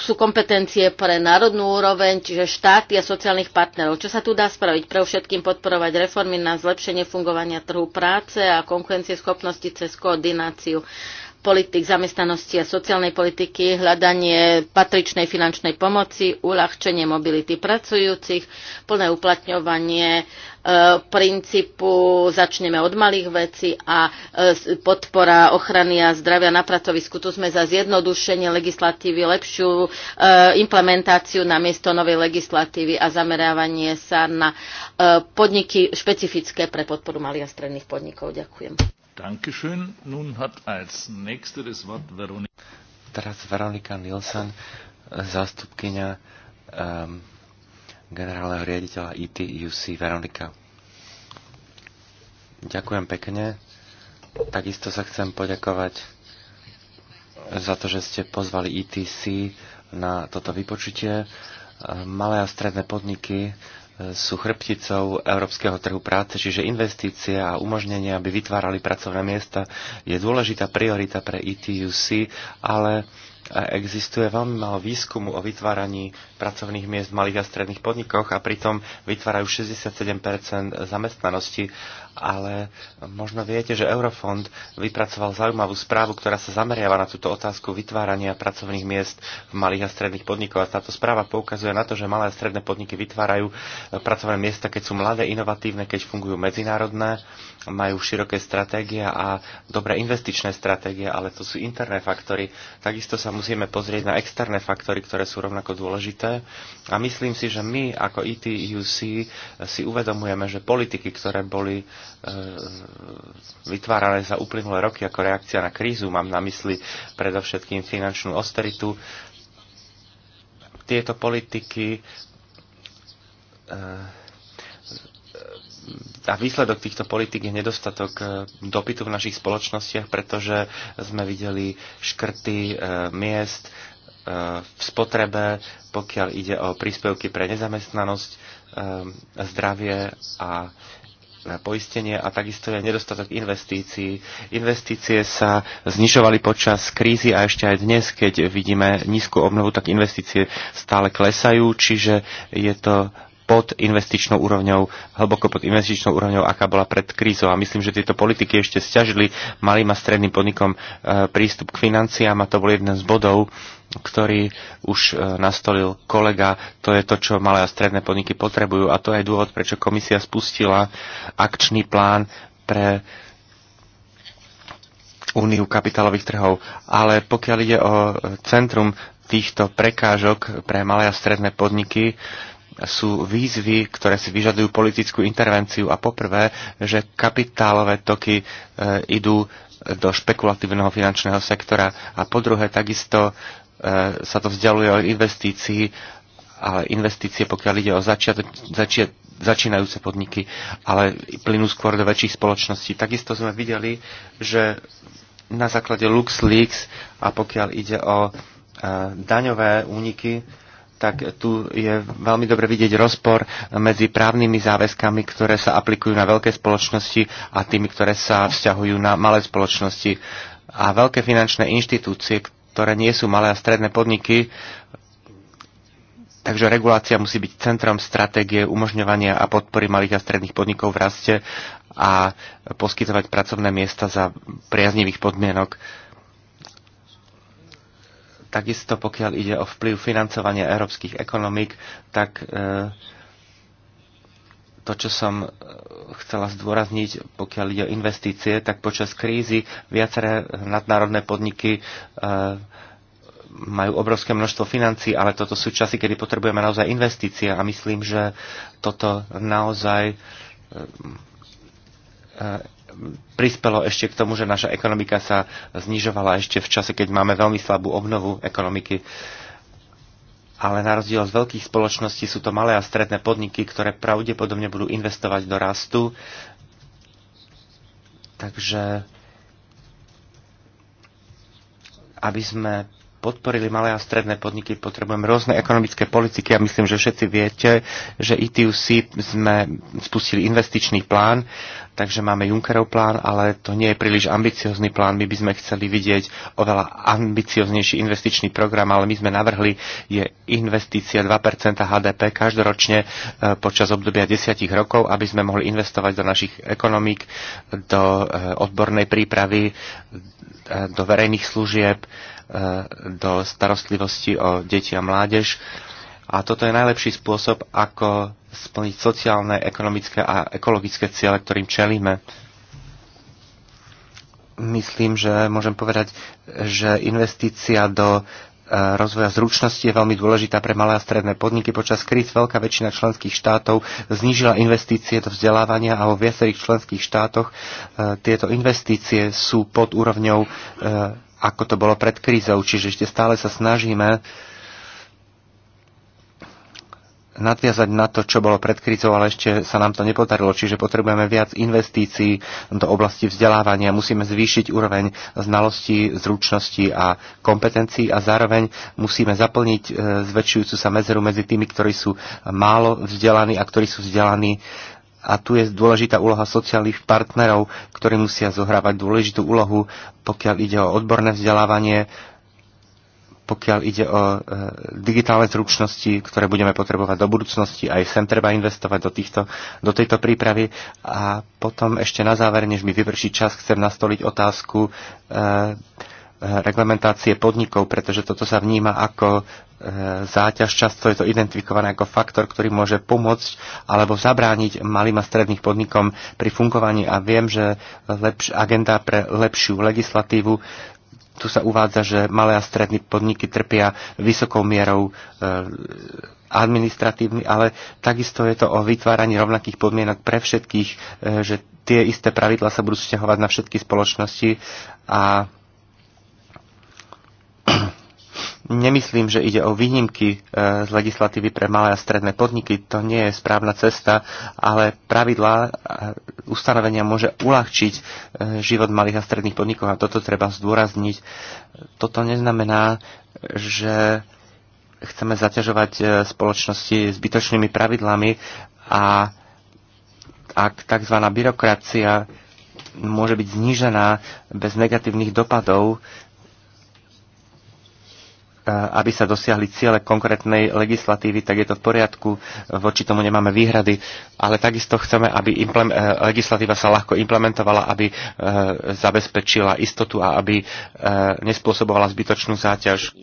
sú kompetencie pre národnú úroveň, čiže štáty a sociálnych partnerov. Čo sa tu dá spraviť? Pre všetkým podporovať reformy na zlepšenie fungovania trhu práce a konkurencieschopnosti cez koordináciu politik zamestnanosti a sociálnej politiky, hľadanie patričnej finančnej pomoci, uľahčenie mobility pracujúcich, plné uplatňovanie e, princípu začneme od malých vecí a e, podpora ochrany a zdravia na pracovisku. Tu sme za zjednodušenie legislatívy, lepšiu e, implementáciu na miesto novej legislatívy a zamerávanie sa na e, podniky špecifické pre podporu malých a stredných podnikov. Ďakujem. Dankeschön. Nun hat als nächste das Wort Veronika. Teraz Veronika Nilsson, zástupkynia um, generálneho riaditeľa ITUC e Veronika. Ďakujem pekne. Takisto sa chcem poďakovať za to, že ste pozvali ITC e na toto vypočutie. Ehm, malé a stredné podniky sú chrbticou európskeho trhu práce, čiže investície a umožnenie, aby vytvárali pracovné miesta, je dôležitá priorita pre ETUC, ale Existuje veľmi málo výskumu o vytváraní pracovných miest v malých a stredných podnikoch a pritom vytvárajú 67 zamestnanosti, ale možno viete, že Eurofond vypracoval zaujímavú správu, ktorá sa zameriava na túto otázku vytvárania pracovných miest v malých a stredných podnikoch. A táto správa poukazuje na to, že malé a stredné podniky vytvárajú pracovné miesta, keď sú mladé, inovatívne, keď fungujú medzinárodné, majú široké stratégie a dobré investičné stratégie, ale to sú interné faktory. Takisto sa musíme pozrieť na externé faktory, ktoré sú rovnako dôležité. A myslím si, že my ako ETUC si uvedomujeme, že politiky, ktoré boli e, vytvárané za uplynulé roky ako reakcia na krízu, mám na mysli predovšetkým finančnú austeritu, tieto politiky e, a výsledok týchto politik je nedostatok eh, dopytu v našich spoločnostiach, pretože sme videli škrty eh, miest eh, v spotrebe, pokiaľ ide o príspevky pre nezamestnanosť, zdravie a poistenie a takisto je nedostatok investícií. Investície sa znižovali počas krízy a ešte aj dnes, keď vidíme nízku obnovu, tak investície stále klesajú, čiže je to pod investičnou úrovňou, hlboko pod investičnou úrovňou, aká bola pred krízou. A myslím, že tieto politiky ešte stiažili malým a stredným podnikom e, prístup k financiám a to bol jeden z bodov, ktorý už e, nastolil kolega. To je to, čo malé a stredné podniky potrebujú a to je dôvod, prečo komisia spustila akčný plán pre úniu kapitálových trhov. Ale pokiaľ ide o e, centrum týchto prekážok pre malé a stredné podniky, sú výzvy, ktoré si vyžadujú politickú intervenciu a poprvé, že kapitálové toky e, idú do špekulatívneho finančného sektora a po druhé takisto e, sa to vzdialuje od investícií, ale investície, pokiaľ ide o začiat, začiat, začínajúce podniky, ale plynú skôr do väčších spoločností. Takisto sme videli, že na základe LuxLeaks a pokiaľ ide o e, daňové úniky, tak tu je veľmi dobre vidieť rozpor medzi právnymi záväzkami, ktoré sa aplikujú na veľké spoločnosti a tými, ktoré sa vzťahujú na malé spoločnosti. A veľké finančné inštitúcie, ktoré nie sú malé a stredné podniky, Takže regulácia musí byť centrom stratégie umožňovania a podpory malých a stredných podnikov v raste a poskytovať pracovné miesta za priaznivých podmienok. Takisto pokiaľ ide o vplyv financovania európskych ekonomík, tak e, to, čo som e, chcela zdôrazniť, pokiaľ ide o investície, tak počas krízy viaceré nadnárodné podniky e, majú obrovské množstvo financí, ale toto sú časy, kedy potrebujeme naozaj investície a myslím, že toto naozaj prispelo ešte k tomu, že naša ekonomika sa znižovala ešte v čase, keď máme veľmi slabú obnovu ekonomiky. Ale na rozdiel z veľkých spoločností sú to malé a stredné podniky, ktoré pravdepodobne budú investovať do rastu. Takže aby sme podporili malé a stredné podniky, potrebujeme rôzne ekonomické politiky a myslím, že všetci viete, že ETUC sme spustili investičný plán, takže máme Junckerov plán, ale to nie je príliš ambiciozný plán. My by sme chceli vidieť oveľa ambicioznejší investičný program, ale my sme navrhli je investícia 2% HDP každoročne e, počas obdobia 10 rokov, aby sme mohli investovať do našich ekonomík, do e, odbornej prípravy, e, do verejných služieb Eh, do starostlivosti o deti a mládež. A toto je najlepší spôsob, ako splniť sociálne, ekonomické a ekologické ciele, ktorým čelíme. Myslím, že môžem povedať, že investícia do eh, rozvoja zručnosti je veľmi dôležitá pre malé a stredné podniky. Počas kríz veľká väčšina členských štátov znížila investície do vzdelávania a vo viacerých členských štátoch eh, tieto investície sú pod úrovňou ako to bolo pred krízou. Čiže ešte stále sa snažíme nadviazať na to, čo bolo pred krízou, ale ešte sa nám to nepodarilo. Čiže potrebujeme viac investícií do oblasti vzdelávania. Musíme zvýšiť úroveň znalostí, zručnosti a kompetencií a zároveň musíme zaplniť e, zväčšujúcu sa medzeru medzi tými, ktorí sú málo vzdelaní a ktorí sú vzdelaní a tu je dôležitá úloha sociálnych partnerov, ktorí musia zohrávať dôležitú úlohu, pokiaľ ide o odborné vzdelávanie, pokiaľ ide o e, digitálne zručnosti, ktoré budeme potrebovať do budúcnosti, aj sem treba investovať do, týchto, do tejto prípravy. A potom ešte na záver, než mi vyvrší čas, chcem nastoliť otázku e, reglementácie podnikov, pretože toto sa vníma ako e, záťaž. Často je to identifikované ako faktor, ktorý môže pomôcť alebo zabrániť malým a stredným podnikom pri fungovaní. A viem, že lepš- agenda pre lepšiu legislatívu tu sa uvádza, že malé a stredné podniky trpia vysokou mierou e, administratívny, ale takisto je to o vytváraní rovnakých podmienok pre všetkých, e, že tie isté pravidla sa budú vzťahovať na všetky spoločnosti a Nemyslím, že ide o výnimky e, z legislatívy pre malé a stredné podniky. To nie je správna cesta, ale pravidlá e, ustanovenia môže uľahčiť e, život malých a stredných podnikov a toto treba zdôrazniť. Toto neznamená, že chceme zaťažovať spoločnosti zbytočnými pravidlami a ak tzv. byrokracia môže byť znížená bez negatívnych dopadov, aby sa dosiahli ciele konkrétnej legislatívy, tak je to v poriadku, voči tomu nemáme výhrady, ale takisto chceme, aby e, legislatíva sa ľahko implementovala, aby e, zabezpečila istotu a aby e, nespôsobovala zbytočnú záťaž.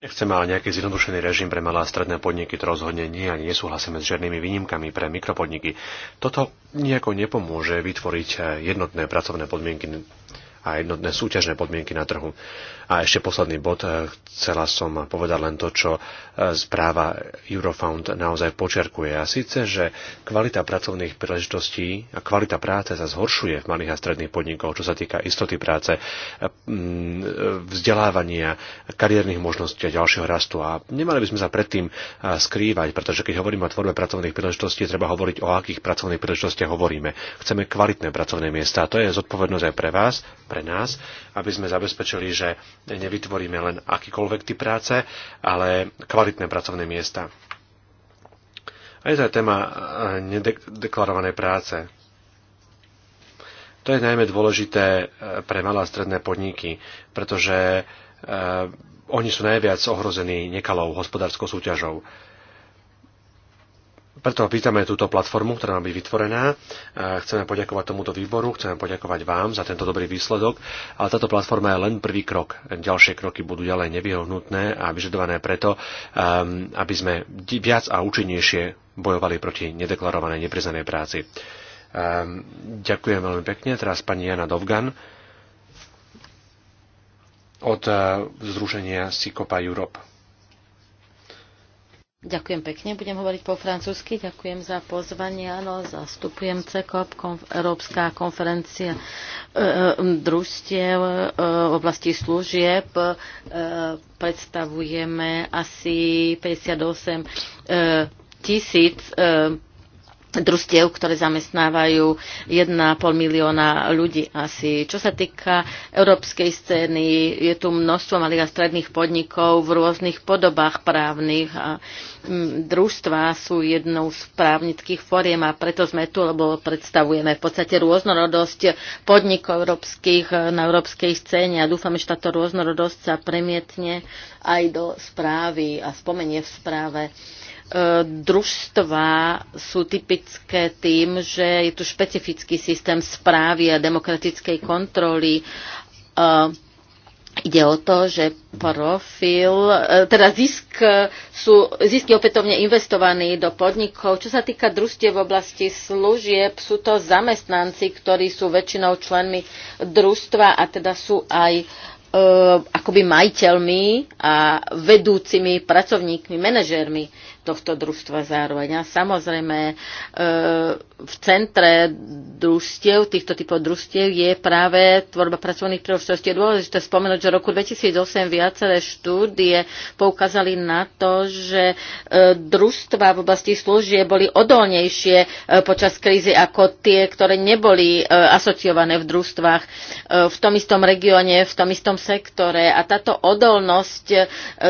Nechceme ale nejaký zjednodušený režim pre malé a stredné podniky, to rozhodne nie a nesúhlasíme s žiadnymi výnimkami pre mikropodniky. Toto nejako nepomôže vytvoriť jednotné pracovné podmienky a jednotné súťažné podmienky na trhu. A ešte posledný bod, eh, chcela som povedať len to, čo eh, správa Eurofound naozaj počerkuje. A síce, že kvalita pracovných príležitostí a kvalita práce sa zhoršuje v malých a stredných podnikoch, čo sa týka istoty práce, eh, vzdelávania, kariérnych možností a ďalšieho rastu. A nemali by sme sa predtým skrývať, pretože keď hovoríme o tvorbe pracovných príležitostí, treba hovoriť o akých pracovných príležitostiach hovoríme. Chceme kvalitné pracovné miesta. A to je zodpovednosť aj pre vás, pre nás, aby sme zabezpečili, že nevytvoríme len akýkoľvek typ práce, ale kvalitné pracovné miesta. A je to aj téma eh, nedeklarovanej práce. To je najmä dôležité eh, pre malé a stredné podniky, pretože eh, oni sú najviac ohrození nekalou hospodárskou súťažou. Preto vítame túto platformu, ktorá má byť vytvorená. E, chceme poďakovať tomuto výboru, chceme poďakovať vám za tento dobrý výsledok, ale táto platforma je len prvý krok. Ďalšie kroky budú ďalej nevyhnutné a vyžadované preto, e, aby sme viac a účinnejšie bojovali proti nedeklarovanej nepriznanej práci. E, ďakujem veľmi pekne. Teraz pani Jana Dovgan od zrušenia Sikopa Europe. Ďakujem pekne, budem hovoriť po francúzsky. Ďakujem za pozvanie. Áno, zastupujem CECOP, konf- Európska konferencia e, e, družstiev e, v oblasti služieb. E, predstavujeme asi 58 e, tisíc e, družstiev, ktoré zamestnávajú 1,5 milióna ľudí asi. Čo sa týka európskej scény, je tu množstvo malých a stredných podnikov v rôznych podobách právnych a e, družstva sú jednou z právnických foriem a preto sme tu, lebo predstavujeme v podstate rôznorodosť podnikov európskych e, na európskej scéne a dúfame, že táto rôznorodosť sa premietne aj do správy a spomenie v správe e, družstva sú typické tým, že je tu špecifický systém správy a demokratickej kontroly. E, Ide o to, že profil, e, teda zisk, sú zisky opätovne investovaní do podnikov. Čo sa týka družstiev v oblasti služieb, sú to zamestnanci, ktorí sú väčšinou členmi družstva a teda sú aj e, akoby majiteľmi a vedúcimi pracovníkmi, manažérmi tohto družstva zároveň. A samozrejme e, v centre družstiev, týchto typov družstiev je práve tvorba pracovných príležitostí. Je dôležité spomenúť, že v roku 2008 viaceré štúdie poukázali na to, že e, družstva v oblasti služie boli odolnejšie e, počas krízy ako tie, ktoré neboli asociované v družstvách v tom istom regióne, v tom istom sektore. A táto odolnosť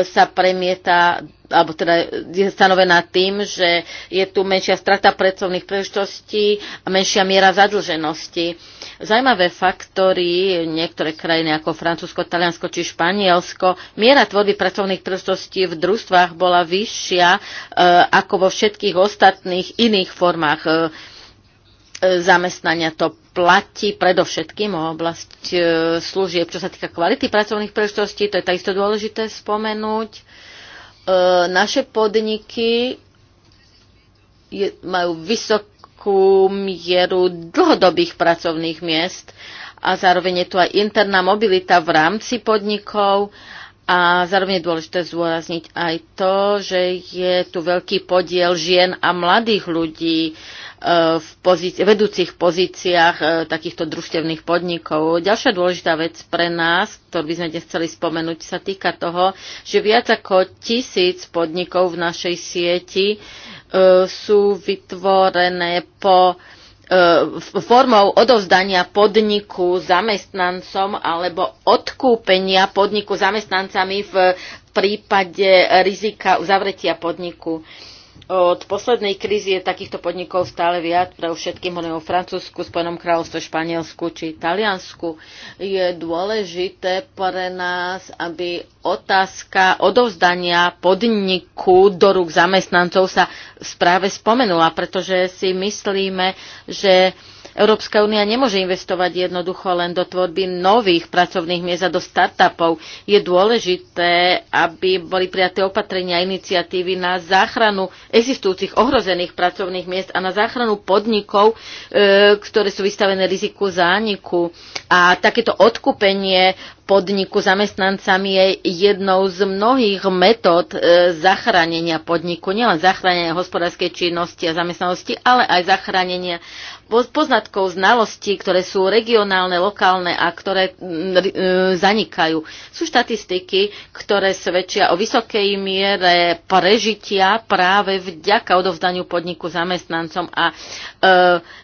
sa premieta alebo teda je stanovená tým, že je tu menšia strata pracovných príležitostí a menšia miera zadlženosti. Zajímavé faktory, niektoré krajiny ako Francúzsko, Taliansko či Španielsko, miera tvorby pracovných príležitostí v družstvách bola vyššia e, ako vo všetkých ostatných iných formách e, e zamestnania. To platí predovšetkým o oblasť e, služieb, čo sa týka kvality pracovných príležitostí, to je takisto dôležité spomenúť E, naše podniky je, majú vysokú mieru dlhodobých pracovných miest a zároveň je tu aj interná mobilita v rámci podnikov a zároveň je dôležité zdôrazniť aj to, že je tu veľký podiel žien a mladých ľudí. Uh, Eh, v pozíci- vedúcich pozíciách eh, takýchto družstevných podnikov. Ďalšia dôležitá vec pre nás, ktorú by sme dnes chceli spomenúť, sa týka toho, že viac ako tisíc podnikov v našej sieti eh, sú vytvorené po formou odovzdania podniku zamestnancom alebo odkúpenia podniku zamestnancami v prípade rizika uzavretia podniku. Uh, od poslednej krízy je takýchto podnikov stále viac, pre všetkým hovorím o Francúzsku, Spojenom kráľovstve, Španielsku či Taliansku. Je dôležité pre nás, aby otázka odovzdania podniku do rúk zamestnancov sa správe spomenula, pretože si myslíme, že Európska únia nemôže investovať jednoducho len do tvorby nových pracovných miest a do startupov. Je dôležité, aby boli prijaté opatrenia a iniciatívy na záchranu existujúcich ohrozených pracovných miest a na záchranu podnikov, e, ktoré sú vystavené riziku zániku. A takéto odkúpenie podniku zamestnancami je jednou z mnohých metód e, zachránenia podniku, nielen zachránenia hospodárskej činnosti a zamestnanosti, ale aj zachránenia poznatkov, znalostí, ktoré sú regionálne, lokálne a ktoré mm, e, zanikajú. Sú štatistiky, ktoré svedčia o vysokej miere prežitia práve vďaka odovzdaniu podniku zamestnancom a e,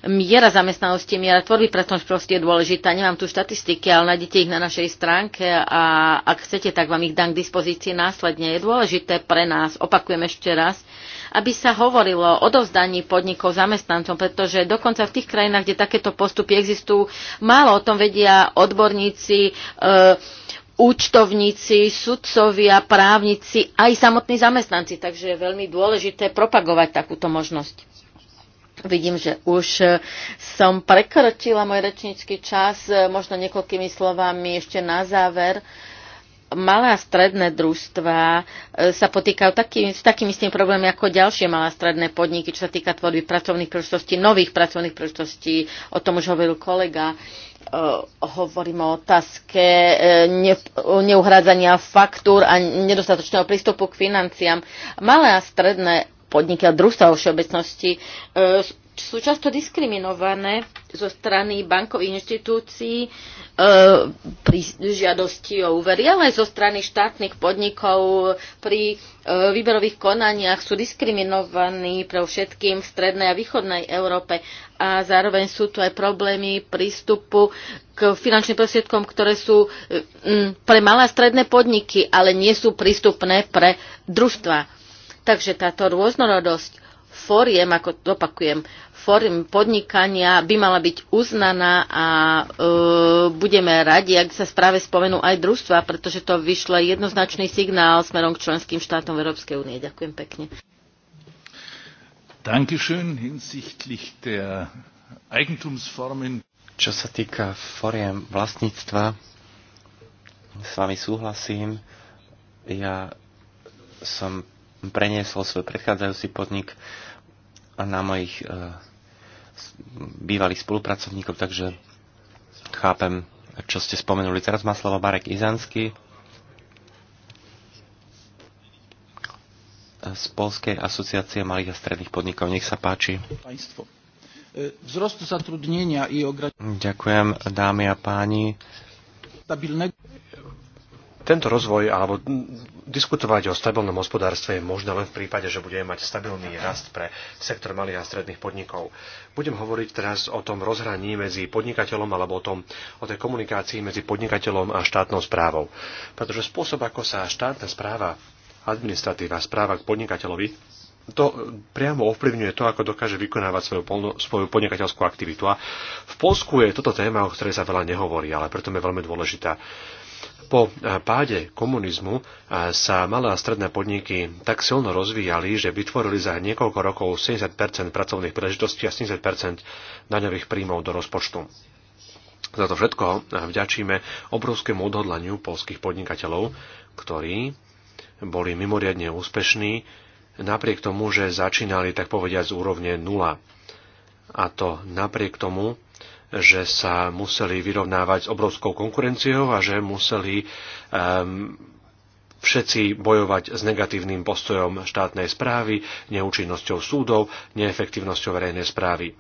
miera zamestnanosti, miera tvorby proste je dôležitá. Nemám tu štatistiky, ale nájdete ich na našej stránke a ak chcete, tak vám ich dám k dispozícii následne. Je dôležité pre nás, opakujem ešte raz, aby sa hovorilo o odovzdaní podnikov zamestnancom, pretože dokonca v tých krajinách, kde takéto postupy existujú, málo o tom vedia odborníci, e, účtovníci, sudcovia, právnici, aj samotní zamestnanci. Takže je veľmi dôležité propagovať takúto možnosť. Vidím, že už e, som prekročila môj rečnícky čas e, možno niekoľkými slovami ešte na záver. Uh, malé a stredné družstva e, sa potýkajú taký, s takým istým problémami ako ďalšie malé a stredné podniky, čo sa týka tvorby pracovných príležitostí, nových pracovných príležitostí, o tom už hovoril kolega. Uh, hovorím o otázke e, ne, neuhrádzania faktúr a nedostatočného prístupu k financiám. Malé a stredné podniky a družstva vo všeobecnosti uh, sú často diskriminované zo strany bankových inštitúcií e, pri žiadosti o úvery, ale aj zo strany štátnych podnikov pri e, výberových konaniach sú diskriminovaní pre všetkým v strednej a východnej Európe a zároveň sú tu aj problémy prístupu k finančným prostriedkom, ktoré sú e, m, pre malé a stredné podniky, ale nie sú prístupné pre družstva. Takže táto rôznorodosť foriem, ako opakujem, form podnikania by mala byť uznaná a e, budeme radi, ak sa správe spomenú aj družstva, pretože to vyšlo jednoznačný signál smerom k členským štátom Európskej únie. Ďakujem pekne. Dankeschön hinsichtlich der Eigentumsformen. Čo sa týka foriem vlastníctva, s vami súhlasím. Ja som preniesol svoj predchádzajúci podnik na mojich e, bývalých spolupracovníkov, takže chápem, čo ste spomenuli. Teraz má slovo Marek Izanský z Polskej asociácie malých a stredných podnikov. Nech sa páči. Vzrostu zatrudnenia i ograničenia. Ďakujem, dámy a páni. Tento rozvoj alebo diskutovať o stabilnom hospodárstve je možné len v prípade, že budeme mať stabilný rast pre sektor malých a stredných podnikov. Budem hovoriť teraz o tom rozhraní medzi podnikateľom alebo o, tom, o tej komunikácii medzi podnikateľom a štátnou správou. Pretože spôsob, ako sa štátna správa, administratíva správa k podnikateľovi, to priamo ovplyvňuje to, ako dokáže vykonávať svoju, polno, svoju podnikateľskú aktivitu. A v Polsku je toto téma, o ktorej sa veľa nehovorí, ale preto je veľmi dôležitá. Po e, páde komunizmu e, sa malé a stredné podniky tak silno rozvíjali, že vytvorili za niekoľko rokov 70 pracovných príležitostí a 70 daňových príjmov do rozpočtu. Za to všetko e, vďačíme obrovskému odhodlaniu polských podnikateľov, ktorí boli mimoriadne úspešní, napriek tomu, že začínali tak povediať z úrovne nula. A to napriek tomu, že sa museli vyrovnávať s obrovskou konkurenciou a že museli um, všetci bojovať s negatívnym postojom štátnej správy, neúčinnosťou súdov, neefektívnosťou verejnej správy.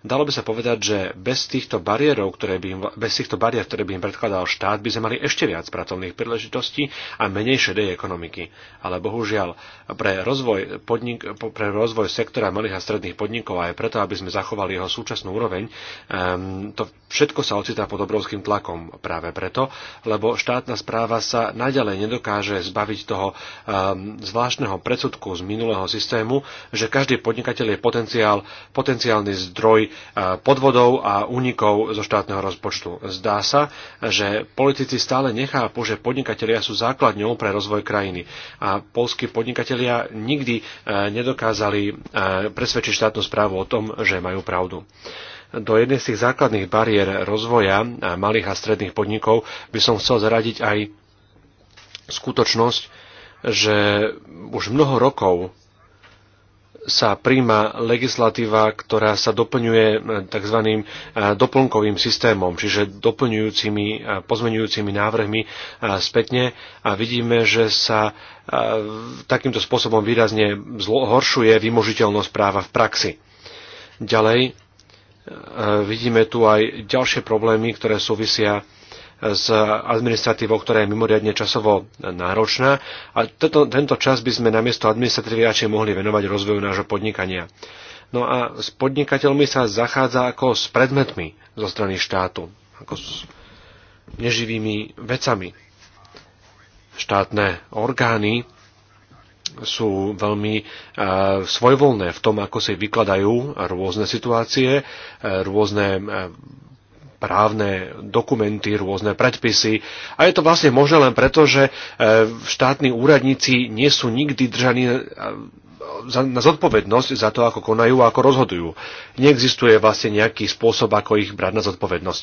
Dalo by sa povedať, že bez týchto, bariérov, ktoré by im, bez týchto bariér, ktoré by im predkladal štát, by sme mali ešte viac pracovných príležitostí a menej šedej ekonomiky. Ale bohužiaľ, pre rozvoj, podnik, pre rozvoj sektora malých a stredných podnikov a aj preto, aby sme zachovali jeho súčasnú úroveň, um, to všetko sa ocitá pod obrovským tlakom práve preto, lebo štátna správa sa naďalej nedokáže zbaviť toho um, zvláštneho predsudku z minulého systému, že každý podnikateľ je potenciál, potenciálny zdroj podvodov a únikov zo štátneho rozpočtu. Zdá sa, že politici stále nechápu, že podnikatelia sú základňou pre rozvoj krajiny a polskí podnikatelia nikdy e, nedokázali e, presvedčiť štátnu správu o tom, že majú pravdu do jednej z tých základných bariér rozvoja e, malých a stredných podnikov by som chcel zaradiť aj skutočnosť, že už mnoho rokov sa príjma legislatíva, ktorá sa doplňuje eh, tzv. Eh, doplnkovým systémom, čiže doplňujúcimi, eh, pozmenujúcimi návrhmi spätne a vidíme, že sa takýmto spôsobom výrazne zhoršuje vymožiteľnosť práva v praxi. Ďalej vidíme tu aj ďalšie problémy, ktoré súvisia s administratívou, ktorá je mimoriadne časovo náročná a tento, tento čas by sme namiesto administratívy radšej mohli venovať rozvoju nášho podnikania. No a s podnikateľmi sa zachádza ako s predmetmi zo strany štátu, ako s neživými vecami. Štátne orgány sú veľmi uh, svojvoľné v tom, ako si vykladajú rôzne situácie, e, rôzne e, právne dokumenty, rôzne predpisy. A je to vlastne možné len preto, že e, štátni úradníci nie sú nikdy držaní e, na zodpovednosť za to, ako konajú a ako rozhodujú. Neexistuje vlastne nejaký spôsob, ako ich brať na zodpovednosť.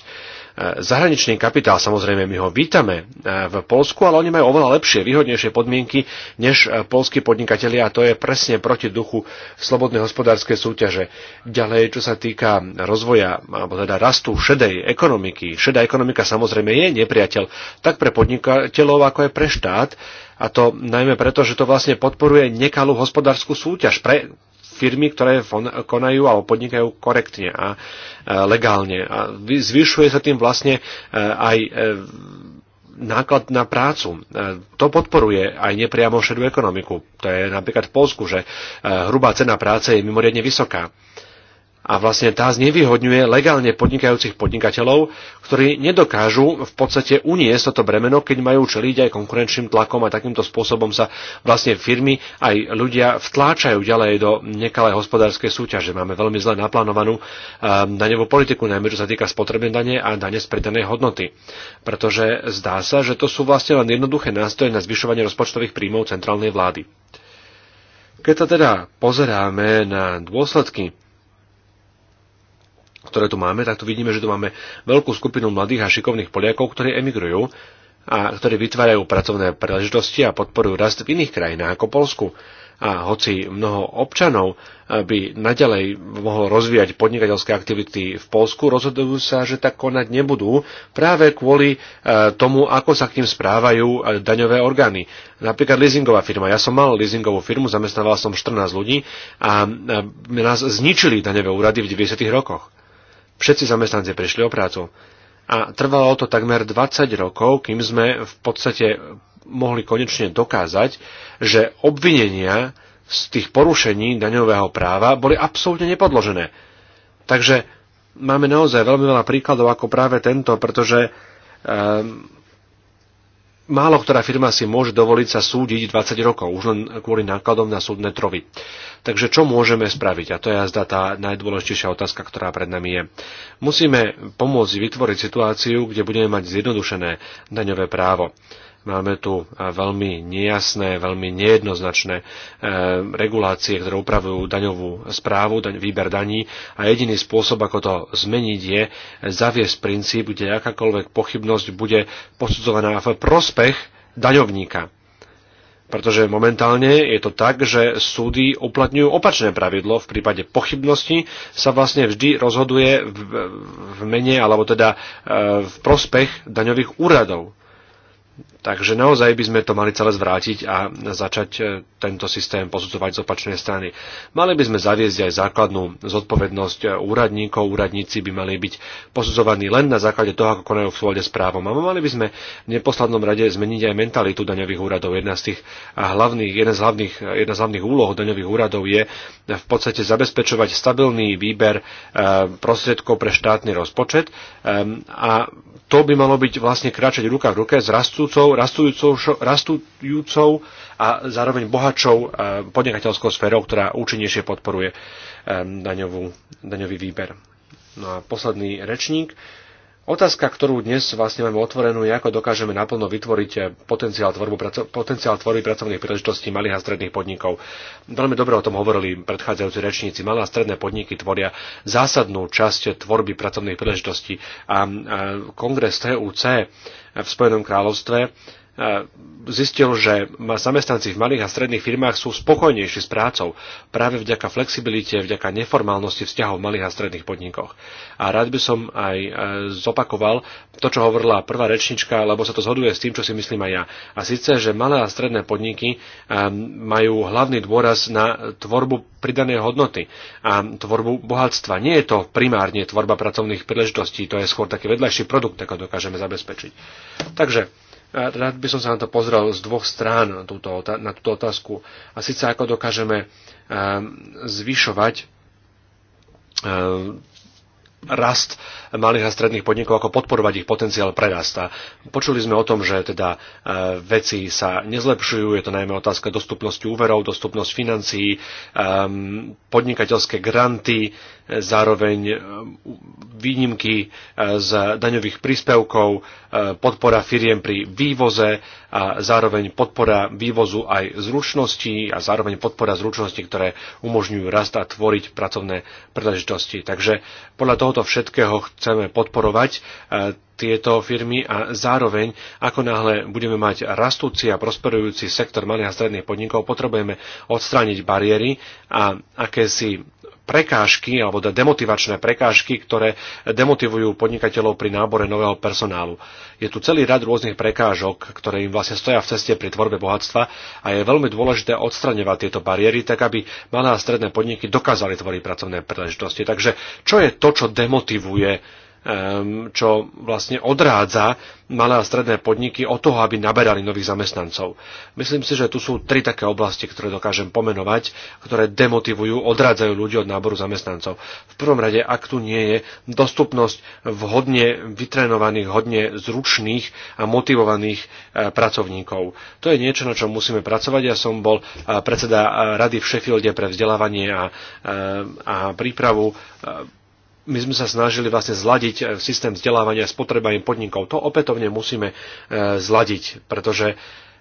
Zahraničný kapitál, samozrejme, my ho vítame e, v Polsku, ale oni majú oveľa lepšie, výhodnejšie podmienky než e, polskí podnikatelia a to je presne proti duchu slobodnej hospodárskej súťaže. Ďalej, čo sa týka rozvoja, alebo teda rastu šedej ekonomiky, šedá ekonomika samozrejme je nepriateľ tak pre podnikateľov, ako aj pre štát, a to najmä preto, že to vlastne podporuje nekalú hospodárskú súťaž pre firmy, ktoré konajú alebo podnikajú korektne a e, legálne. A zvyšuje sa tým vlastne e, aj e, náklad na prácu. To podporuje aj nepriamo šedú ekonomiku. To je napríklad v Polsku, že hrubá cena práce je mimoriadne vysoká a vlastne tá znevýhodňuje legálne podnikajúcich podnikateľov, ktorí nedokážu v podstate uniesť toto bremeno, keď majú čeliť aj konkurenčným tlakom a takýmto spôsobom sa vlastne firmy aj ľudia vtláčajú ďalej do nekalej hospodárskej súťaže. Máme veľmi zle naplánovanú um, daňovú politiku, najmä čo sa týka spotrebné dane a dane z pridanej hodnoty. Pretože zdá sa, že to sú vlastne len jednoduché nástroje na zvyšovanie rozpočtových príjmov centrálnej vlády. Keď sa teda pozeráme na dôsledky ktoré tu máme, tak tu vidíme, že tu máme veľkú skupinu mladých a šikovných Poliakov, ktorí emigrujú a ktorí vytvárajú pracovné príležitosti a podporujú rast v iných krajinách ako Polsku. A hoci mnoho občanov eh, by naďalej mohlo rozvíjať podnikateľské aktivity v Polsku, rozhodujú sa, že tak konať nebudú práve kvôli eh, tomu, ako sa k ním správajú eh, daňové orgány. Napríklad leasingová firma. Ja som mal leasingovú firmu, zamestnával som 14 ľudí a nás zničili daňové úrady v 90. rokoch. Všetci zamestnanci prišli o prácu. A trvalo to takmer 20 rokov, kým sme v podstate mohli konečne dokázať, že obvinenia z tých porušení daňového práva boli absolútne nepodložené. Takže máme naozaj veľmi veľa príkladov ako práve tento, pretože um, Málo ktorá firma si môže dovoliť sa súdiť 20 rokov, už len kvôli nákladom na súdne trovy. Takže čo môžeme spraviť? A to je zda tá najdôležitejšia otázka, ktorá pred nami je. Musíme pomôcť vytvoriť situáciu, kde budeme mať zjednodušené daňové právo. Máme tu veľmi nejasné, veľmi nejednoznačné e, regulácie, ktoré upravujú daňovú správu, daň, výber daní a jediný spôsob, ako to zmeniť, je zaviesť princíp, kde akákoľvek pochybnosť bude posudzovaná v prospech daňovníka. Pretože momentálne je to tak, že súdy uplatňujú opačné pravidlo. V prípade pochybnosti sa vlastne vždy rozhoduje v, v mene alebo teda e, v prospech daňových úradov. Takže naozaj by sme to mali celé zvrátiť a začať e, tento systém posudzovať z opačnej strany. Mali by sme zaviesť aj základnú zodpovednosť e, úradníkov. Úradníci by mali byť posudzovaní len na základe toho, ako konajú v súlade s právom. A mali by sme v neposlednom rade zmeniť aj mentalitu daňových úradov. Jedna z tých hlavných, jeden z hlavných, e, jedna z hlavných úloh daňových úradov je v podstate zabezpečovať stabilný výber prostriedkov pre štátny rozpočet a to by malo byť vlastne kráčať ruka v ruke s rastúcou rastujúcou, rastujúcou a zároveň bohatšou eh, podnikateľskou sférou, ktorá účinnejšie podporuje eh, daňovú, daňový výber. No a posledný rečník, Otázka, ktorú dnes vlastne máme otvorenú, je, ako dokážeme naplno vytvoriť eh, potenciál, tvorbu, potenciál tvorby pracovných príležitostí malých a stredných podnikov. Veľmi dobre o tom hovorili predchádzajúci rečníci. Malé a stredné podniky tvoria zásadnú časť tvorby pracovných príležitostí a eh, kongres TUC v Spojenom kráľovstve E, zistil, že zamestnanci v malých a stredných firmách sú spokojnejší s prácou práve vďaka flexibilite, vďaka neformálnosti vzťahov v malých a stredných podnikoch. A rád by som aj e, zopakoval to, čo hovorila prvá rečnička, lebo sa to zhoduje s tým, čo si myslím aj ja. A síce, že malé a stredné podniky e, majú hlavný dôraz na tvorbu pridanej hodnoty a tvorbu bohatstva. Nie je to primárne tvorba pracovných príležitostí, to je skôr taký vedľajší produkt, ako dokážeme zabezpečiť. Takže Rád by som sa na to pozrel z dvoch strán, na túto, na túto otázku. A síce ako dokážeme ehm, zvyšovať ehm, rast malých a stredných podnikov, ako podporovať ich potenciál prerasta. Počuli sme o tom, že teda e, veci sa nezlepšujú, je to najmä otázka dostupnosti úverov, dostupnosť financií, ehm, podnikateľské granty, e, zároveň e, výnimky z daňových príspevkov, podpora firiem pri vývoze, a zároveň podpora vývozu aj zručností a zároveň podpora zručností, ktoré umožňujú rast a tvoriť pracovné príležitosti. Takže podľa tohoto všetkého chceme podporovať e, tieto firmy a zároveň, ako náhle budeme mať rastúci a prosperujúci sektor malých a stredných podnikov, potrebujeme odstrániť bariéry a akési prekážky alebo teda demotivačné prekážky, ktoré demotivujú podnikateľov pri nábore nového personálu. Je tu celý rad rôznych prekážok, ktoré im vlastne stoja v ceste pri tvorbe bohatstva a je veľmi dôležité odstraňovať tieto bariéry, tak aby malé a stredné podniky dokázali tvoriť pracovné príležitosti. Takže čo je to, čo demotivuje Ehm, čo vlastne odrádza malé a stredné podniky od toho, aby naberali nových zamestnancov. Myslím si, že tu sú tri také oblasti, ktoré dokážem pomenovať, ktoré demotivujú, odrádzajú ľudí od náboru zamestnancov. V prvom rade, ak tu nie je dostupnosť vhodne vytrenovaných, hodne zručných a motivovaných e, pracovníkov. To je niečo, na čo musíme pracovať. Ja som bol e, predseda e, rady v Sheffielde pre vzdelávanie a, a prípravu my sme sa snažili vlastne zladiť e, systém vzdelávania s potrebami podnikov. To opätovne musíme e, zladiť, pretože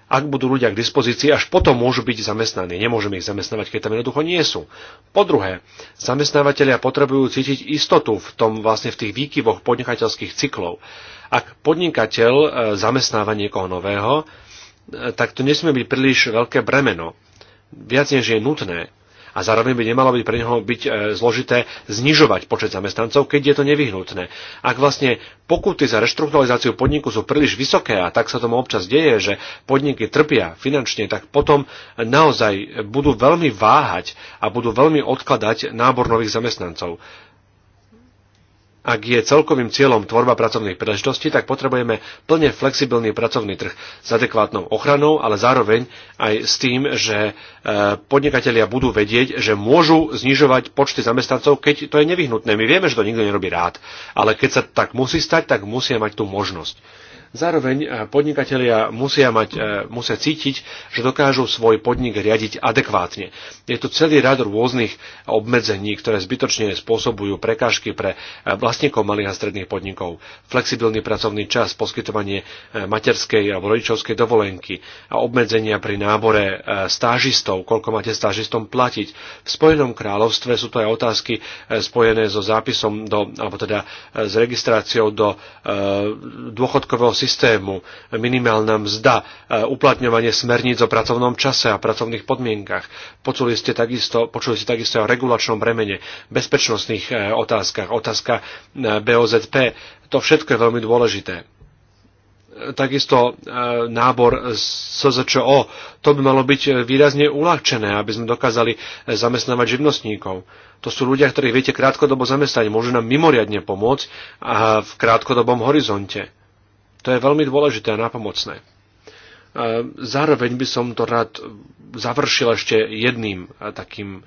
ak budú ľudia k dispozícii, až potom môžu byť zamestnaní. Nemôžeme ich zamestnávať, keď tam jednoducho nie sú. Po druhé, zamestnávateľia potrebujú cítiť istotu v tom vlastne v tých výkyvoch podnikateľských cyklov. Ak podnikateľ e, zamestnáva niekoho nového, tak to nesmie byť príliš veľké bremeno. Viac než je nutné a zároveň by nemalo byť pre neho byť e, zložité znižovať počet zamestnancov, keď je to nevyhnutné. Ak vlastne pokuty za reštrukturalizáciu podniku sú príliš vysoké a tak sa tomu občas deje, že podniky trpia finančne, tak potom naozaj budú veľmi váhať a budú veľmi odkladať nábor nových zamestnancov. Ak je celkovým cieľom tvorba pracovných príležitosti, tak potrebujeme plne flexibilný pracovný trh s adekvátnou ochranou, ale zároveň aj s tým, že e, podnikatelia budú vedieť, že môžu znižovať počty zamestnancov, keď to je nevyhnutné. My vieme, že to nikto nerobí rád, ale keď sa tak musí stať, tak musia mať tú možnosť. Zároveň e, podnikatelia musia, mať, e, musia cítiť, že dokážu svoj podnik riadiť adekvátne. Je tu celý rad rôznych obmedzení, ktoré zbytočne spôsobujú prekážky pre e, vlastníkov malých a stredných podnikov. Flexibilný pracovný čas, poskytovanie materskej alebo rodičovskej dovolenky a obmedzenia pri nábore stážistov, koľko máte stážistom platiť. V Spojenom kráľovstve sú to aj otázky spojené so zápisom do, alebo teda s registráciou do dôchodkového systému, minimálna mzda, e, uplatňovanie smerníc o pracovnom čase a pracovných podmienkach. Počuli ste takisto, počuli ste takisto o regulačnom bremene, bezpečnostných e, otázkach, otázka e, BOZP. To všetko je veľmi dôležité takisto nábor SZČO. To by malo byť výrazne uľahčené, aby sme dokázali zamestnávať živnostníkov. To sú ľudia, ktorých viete krátkodobo zamestnať, môžu nám mimoriadne pomôcť v krátkodobom horizonte. To je veľmi dôležité a napomocné. E, zároveň by som to rád završil ešte jedným e, takým e,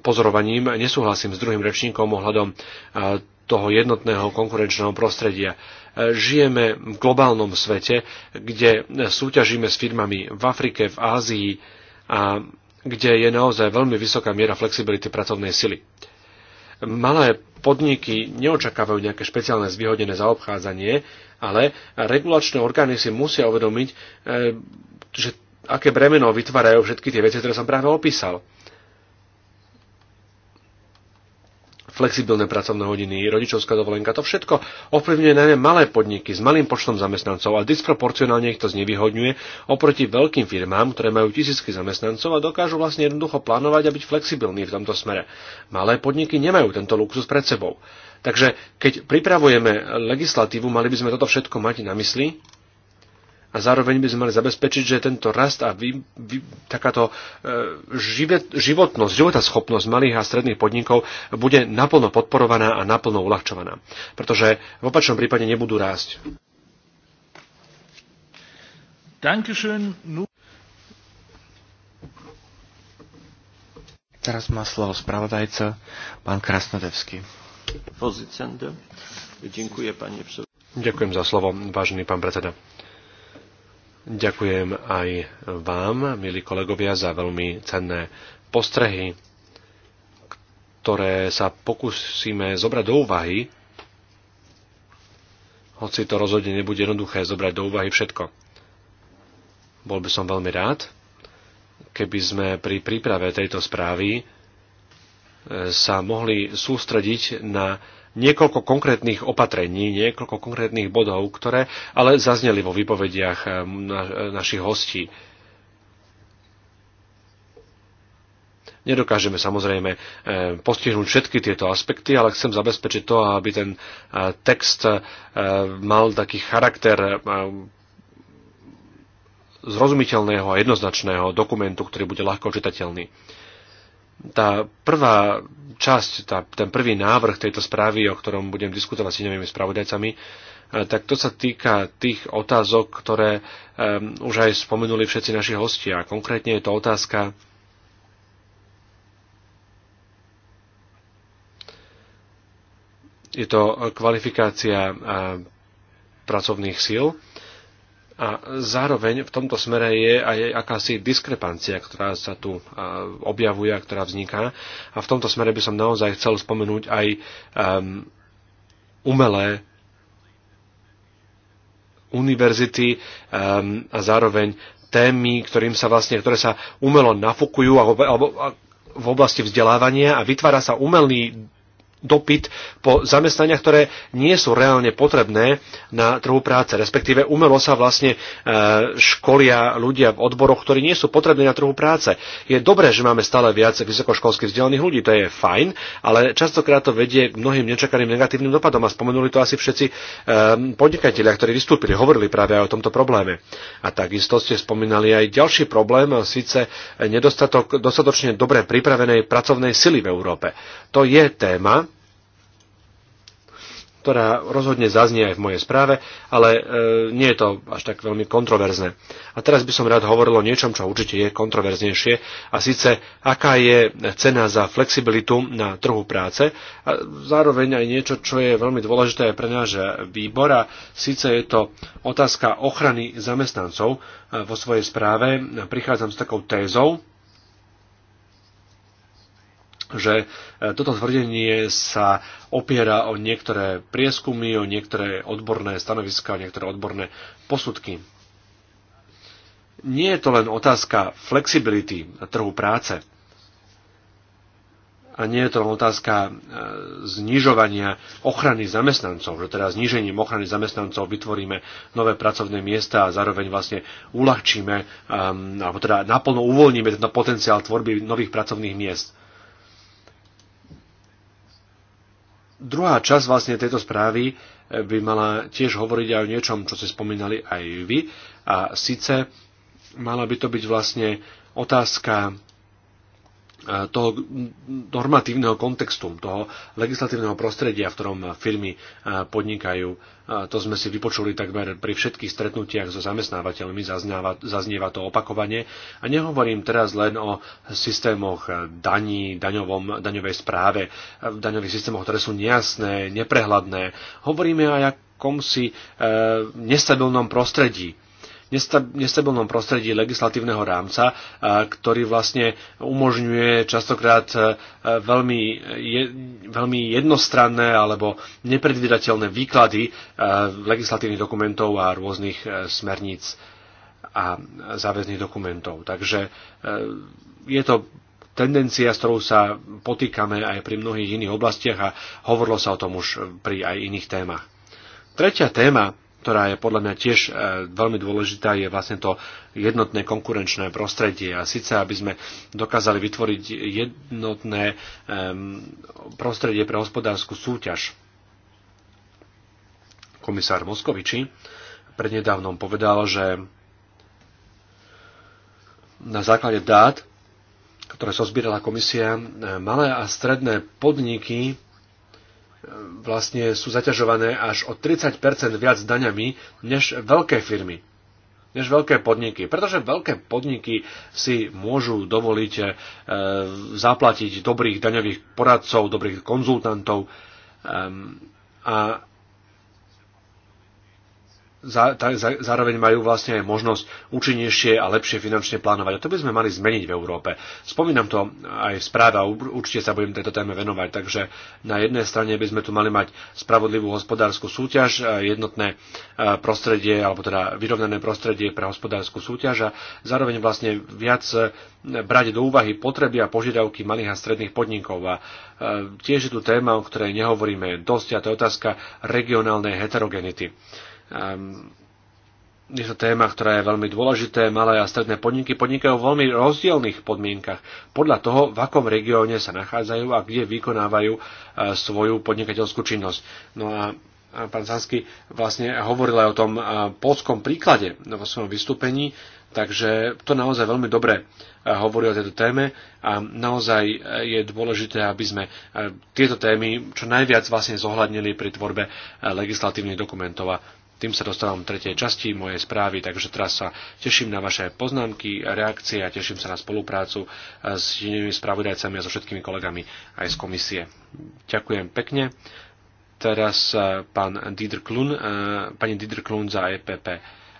pozorovaním. Nesúhlasím s druhým rečníkom ohľadom toho jednotného konkurenčného prostredia. Žijeme v globálnom svete, kde súťažíme s firmami v Afrike, v Ázii a kde je naozaj veľmi vysoká miera flexibility pracovnej sily malé podniky neočakávajú nejaké špeciálne zvýhodnené zaobchádzanie, ale regulačné orgány si musia uvedomiť, e, že aké bremeno vytvárajú všetky tie veci, ktoré som práve opísal. flexibilné pracovné hodiny, rodičovská dovolenka, to všetko ovplyvňuje najmä malé podniky s malým počtom zamestnancov a disproporcionálne ich to znevýhodňuje oproti veľkým firmám, ktoré majú tisícky zamestnancov a dokážu vlastne jednoducho plánovať a byť flexibilní v tomto smere. Malé podniky nemajú tento luxus pred sebou. Takže keď pripravujeme legislatívu, mali by sme toto všetko mať na mysli a zároveň by sme mali zabezpečiť, že tento rast a vy, vy, takáto e, živet, životnosť, životaschopnosť malých a stredných podnikov bude naplno podporovaná a naplno uľahčovaná. Pretože v opačnom prípade nebudú rásť. Teraz má slovo spravodajca, pán Krasnodevský. Ďakujem za slovo, vážený pán predseda. Ďakujem aj vám, milí kolegovia, za veľmi cenné postrehy, ktoré sa pokúsime zobrať do úvahy, hoci to rozhodne nebude jednoduché zobrať do úvahy všetko. Bol by som veľmi rád, keby sme pri príprave tejto správy eh, sa mohli sústrediť na niekoľko konkrétnych opatrení, niekoľko konkrétnych bodov, ktoré ale zazneli vo výpovediach eh, na, eh, našich hostí. Nedokážeme samozrejme eh, postihnúť všetky tieto aspekty, ale chcem zabezpečiť to, aby ten text mal taký charakter zrozumiteľného a jednoznačného dokumentu, ktorý bude ľahko čitateľný tá prvá časť, tá, ten prvý návrh tejto správy, o ktorom budem diskutovať s inými spravodajcami, e, tak to sa týka tých otázok, ktoré um, už aj spomenuli všetci naši hostia. Konkrétne je to otázka je to kvalifikácia e, pracovných síl a zároveň v tomto smere je aj akási diskrepancia, ktorá sa tu objavuje a ktorá vzniká. A v tomto smere by som naozaj chcel spomenúť aj um, umelé univerzity um, a zároveň témy, ktorým sa vlastne, ktoré sa umelo nafukujú alebo, alebo v oblasti vzdelávania a vytvára sa umelý dopyt po zamestnaniach, ktoré nie sú reálne potrebné na trhu práce. Respektíve umelo sa vlastne e, školia ľudia v odboroch, ktorí nie sú potrební na trhu práce. Je dobré, že máme stále viac vysokoškolských vzdelaných ľudí, to je fajn, ale častokrát to vedie k mnohým nečakaným negatívnym dopadom a spomenuli to asi všetci e, podnikatelia, ktorí vystúpili, hovorili práve aj o tomto probléme. A takisto ste spomínali aj ďalší problém, síce nedostatok dostatočne dobre pripravenej pracovnej sily v Európe. To je téma, ktorá rozhodne zaznie aj v mojej správe, ale e, nie je to až tak veľmi kontroverzné. A teraz by som rád hovoril o niečom, čo určite je kontroverznejšie, a síce aká je cena za flexibilitu na trhu práce a zároveň aj niečo, čo je veľmi dôležité pre náš výbor a síce je to otázka ochrany zamestnancov. Vo svojej správe prichádzam s takou tézou, že e, toto tvrdenie sa opiera o niektoré prieskumy, o niektoré odborné stanoviská, o niektoré odborné posudky. Nie je to len otázka flexibility trhu práce a nie je to len otázka e, znižovania ochrany zamestnancov, že teda znižením ochrany zamestnancov vytvoríme nové pracovné miesta a zároveň vlastne uľahčíme, e, alebo teda naplno uvoľníme tento potenciál tvorby nových pracovných miest Druhá časť vlastne tejto správy eh, by mala tiež hovoriť aj o niečom, čo ste spomínali aj vy. A síce mala by to byť vlastne otázka E, toho normatívneho kontextu, toho legislatívneho prostredia, v ktorom firmy e, podnikajú. E, to sme si vypočuli takmer pri všetkých stretnutiach so zamestnávateľmi, zaznieva, zaznieva to opakovane. A nehovorím teraz len o systémoch daní, daňovom, daňovej správe, daňových systémoch, ktoré sú nejasné, neprehľadné. Hovoríme aj o akomsi nestabilnom prostredí nestabilnom prostredí legislatívneho rámca, ktorý vlastne umožňuje častokrát veľmi, veľmi jednostranné alebo nepredvydateľné výklady legislatívnych dokumentov a rôznych e, smerníc a záväzných dokumentov. Takže e, je to tendencia, s ktorou sa potýkame aj pri mnohých iných oblastiach a hovorilo sa o tom už pri aj iných témach. Tretia téma, ktorá je podľa mňa tiež e, veľmi dôležitá, je vlastne to jednotné konkurenčné prostredie. A síce, aby sme dokázali vytvoriť jednotné prostredie pre hospodárskú súťaž. Komisár Moskoviči prednedávnom povedal, že na základe dát, ktoré sa zbierala komisia, e, malé a stredné podniky vlastne sú zaťažované až o 30 viac daňami než veľké firmy než veľké podniky. Pretože veľké podniky si môžu dovoliť e, zaplatiť dobrých daňových poradcov, dobrých konzultantov. E, a zároveň majú vlastne aj možnosť účinnejšie a lepšie finančne plánovať. A to by sme mali zmeniť v Európe. Spomínam to aj v správe a určite sa budem tejto téme venovať. Takže na jednej strane by sme tu mali mať spravodlivú hospodárskú súťaž, jednotné prostredie, alebo teda vyrovnané prostredie pre hospodárskú súťaž a zároveň vlastne viac e, brať do úvahy potreby a požiadavky malých a stredných podnikov. A e, tiež je tu téma, o ktorej nehovoríme dosť, a to je otázka regionálnej heterogenity. Ehm, je to téma, ktorá je veľmi dôležité. Malé a stredné podniky podnikajú v veľmi rozdielných podmienkach podľa toho, v akom regióne sa nachádzajú a kde vykonávajú e, svoju podnikateľskú činnosť. No a pán Sansky vlastne hovoril aj o tom e, polskom príklade vo svojom vystúpení, takže to naozaj veľmi dobre e, hovorí o tejto téme a naozaj je dôležité, aby sme tieto témy čo najviac vlastne zohľadnili pri tvorbe legislatívnych dokumentov a tým sa dostávam tretej časti mojej správy, takže teraz sa teším na vaše poznámky, reakcie a teším sa na spoluprácu e, s inými spravodajcami a so všetkými kolegami aj z komisie. Ďakujem pekne. Teraz e, pán Didr Klun, e, pani Didr Klun za EPP.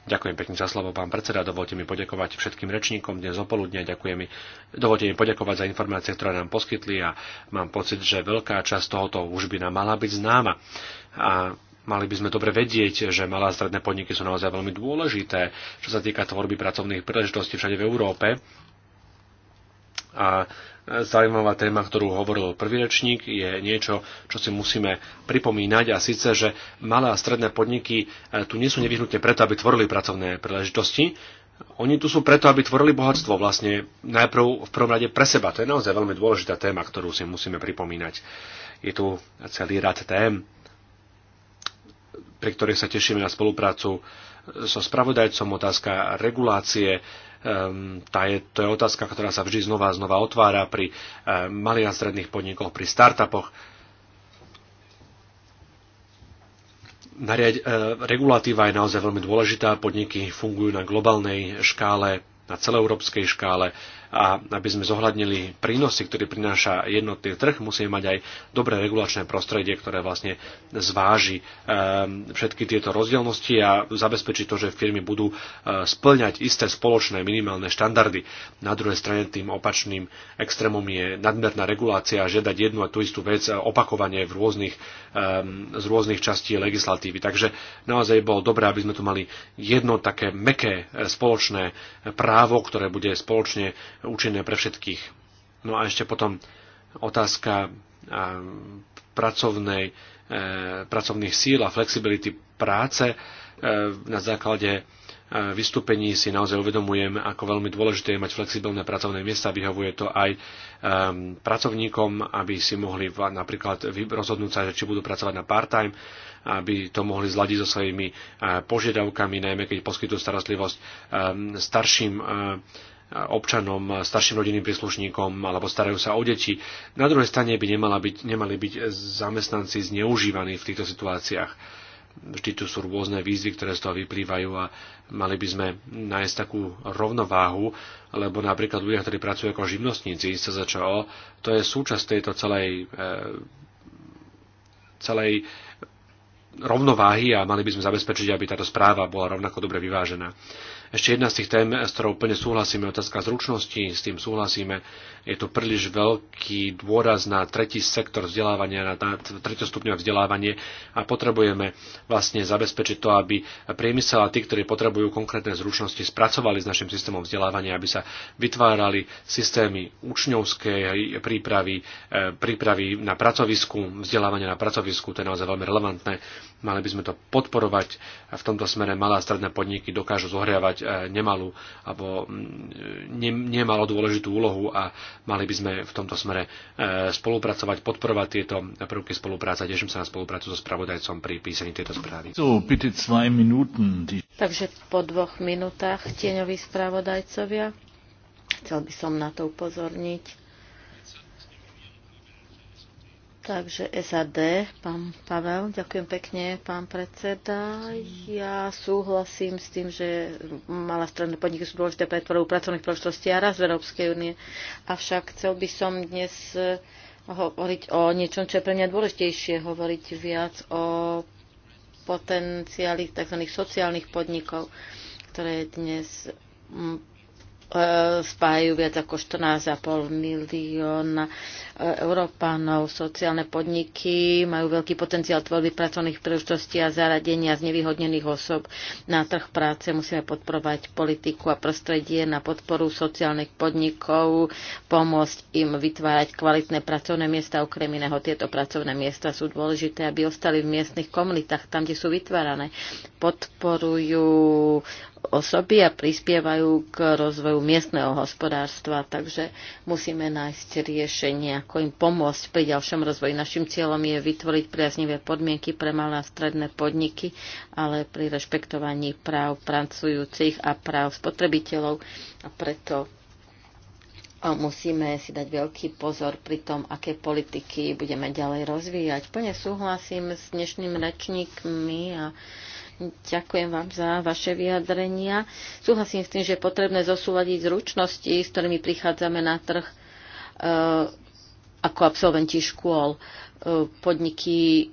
Ďakujem pekne za slovo, pán predseda. Dovolte mi poďakovať všetkým rečníkom dnes opoludne. Ďakujem mi, dovolte mi poďakovať za informácie, ktoré nám poskytli a mám pocit, že veľká časť tohoto už by nám mala byť známa. A Mali by sme dobre vedieť, že malé a stredné podniky sú naozaj veľmi dôležité, čo sa týka tvorby pracovných príležitostí všade v Európe. A zaujímavá téma, ktorú hovoril prvý rečník, je niečo, čo si musíme pripomínať a síce, že malé a stredné podniky e, tu nie sú nevyhnutne preto, aby tvorili pracovné príležitosti, oni tu sú preto, aby tvorili bohatstvo vlastne najprv v prvom rade pre seba. To je naozaj veľmi dôležitá téma, ktorú si musíme pripomínať. Je tu celý rad tém, pri ktorých sa tešíme na spoluprácu so spravodajcom. Otázka regulácie, ehm, tá je, to je otázka, ktorá sa vždy znova a znova otvára pri eh, malých a stredných podnikoch, pri startupoch. Nariad, eh, regulatíva je naozaj veľmi dôležitá. Podniky fungujú na globálnej škále, na celoeurópskej škále a aby sme zohľadnili prínosy, ktoré prináša jednotný trh, musíme mať aj dobré regulačné prostredie, ktoré vlastne zváži e, všetky tieto rozdielnosti a zabezpečí to, že firmy budú e, splňať isté spoločné minimálne štandardy. Na druhej strane tým opačným extrémom je nadmerná regulácia a žiadať jednu a tú istú vec opakovanie v rôznych, e, z rôznych častí legislatívy. Takže naozaj bolo dobré, aby sme tu mali jedno také meké spoločné právo, ktoré bude spoločne účinné pre všetkých. No a ešte potom otázka pracovnej, e, pracovných síl a flexibility práce e, na základe e, vystúpení si naozaj uvedomujem, ako veľmi dôležité je mať flexibilné pracovné miesta. Vyhovuje to aj um, pracovníkom, aby si mohli napríklad rozhodnúť sa, či budú pracovať na part-time, aby to mohli zladiť so svojimi uh, požiadavkami, najmä keď poskytujú starostlivosť um, starším uh, občanom, starším rodinným príslušníkom alebo starajú sa o deti. Na druhej strane by nemala byť, nemali byť zamestnanci zneužívaní v týchto situáciách vždy tu sú rôzne výzvy, ktoré z toho vyplývajú a mali by sme nájsť takú rovnováhu, lebo napríklad ľudia, ktorí pracujú ako živnostníci z CZČO, to je súčasť tejto celej, e, celej rovnováhy a mali by sme zabezpečiť, aby táto správa bola rovnako dobre vyvážená. Ešte jedna z tých tém, s ktorou úplne súhlasíme, je otázka zručnosti, s tým súhlasíme. Je tu príliš veľký dôraz na tretí sektor vzdelávania, na, na vzdelávanie a potrebujeme vlastne zabezpečiť to, aby priemysel a tí, ktorí potrebujú konkrétne zručnosti, spracovali s našim systémom vzdelávania, aby sa vytvárali systémy učňovskej prípravy, e, prípravy na pracovisku, vzdelávania na pracovisku, to je naozaj veľmi relevantné. Mali by sme to podporovať a v tomto smere malé a stredné podniky dokážu zohriavať E, nemalú alebo mm, nemalo dôležitú úlohu a mali by sme v tomto smere e, spolupracovať, podporovať tieto prvky spolupráce. Teším sa na spoluprácu so spravodajcom pri písaní tejto správy. So, Takže po dvoch minútach tieňoví spravodajcovia. Chcel by som na to upozorniť Takže SAD, pán Pavel, ďakujem pekne, pán predseda. Ja súhlasím s tým, že malá strana podniky sú dôležité pre tvorbu pracovných príležitostí a raz v Európskej únie. Avšak chcel by som dnes eh, hovoriť o niečom, čo je pre mňa dôležitejšie, hovoriť viac o potenciáli tzv. sociálnych podnikov, ktoré dnes hm, E, spájajú viac ako 14,5 milióna e, Európanov. Sociálne podniky majú veľký potenciál tvorby pracovných príležitostí a zaradenia z nevyhodnených osob na trh práce. Musíme podporovať politiku a prostredie na podporu sociálnych podnikov, pomôcť im vytvárať kvalitné pracovné miesta. Okrem iného tieto pracovné miesta sú dôležité, aby ostali v miestnych komunitách, tam, kde sú vytvárané. Podporujú osoby a prispievajú k rozvoju miestneho hospodárstva, takže musíme nájsť riešenie, ako im pomôcť pri ďalšom rozvoji. Našim cieľom je vytvoriť priaznivé podmienky pre malé a stredné podniky, ale pri rešpektovaní práv pracujúcich a práv spotrebiteľov a preto musíme si dať veľký pozor pri tom, aké politiky budeme ďalej rozvíjať. Plne súhlasím s dnešným rečníkmi a Ďakujem vám za vaše vyjadrenia. Súhlasím s tým, že je potrebné zosúľadiť zručnosti, s ktorými prichádzame na trh e, ako absolventi škôl. E, podniky,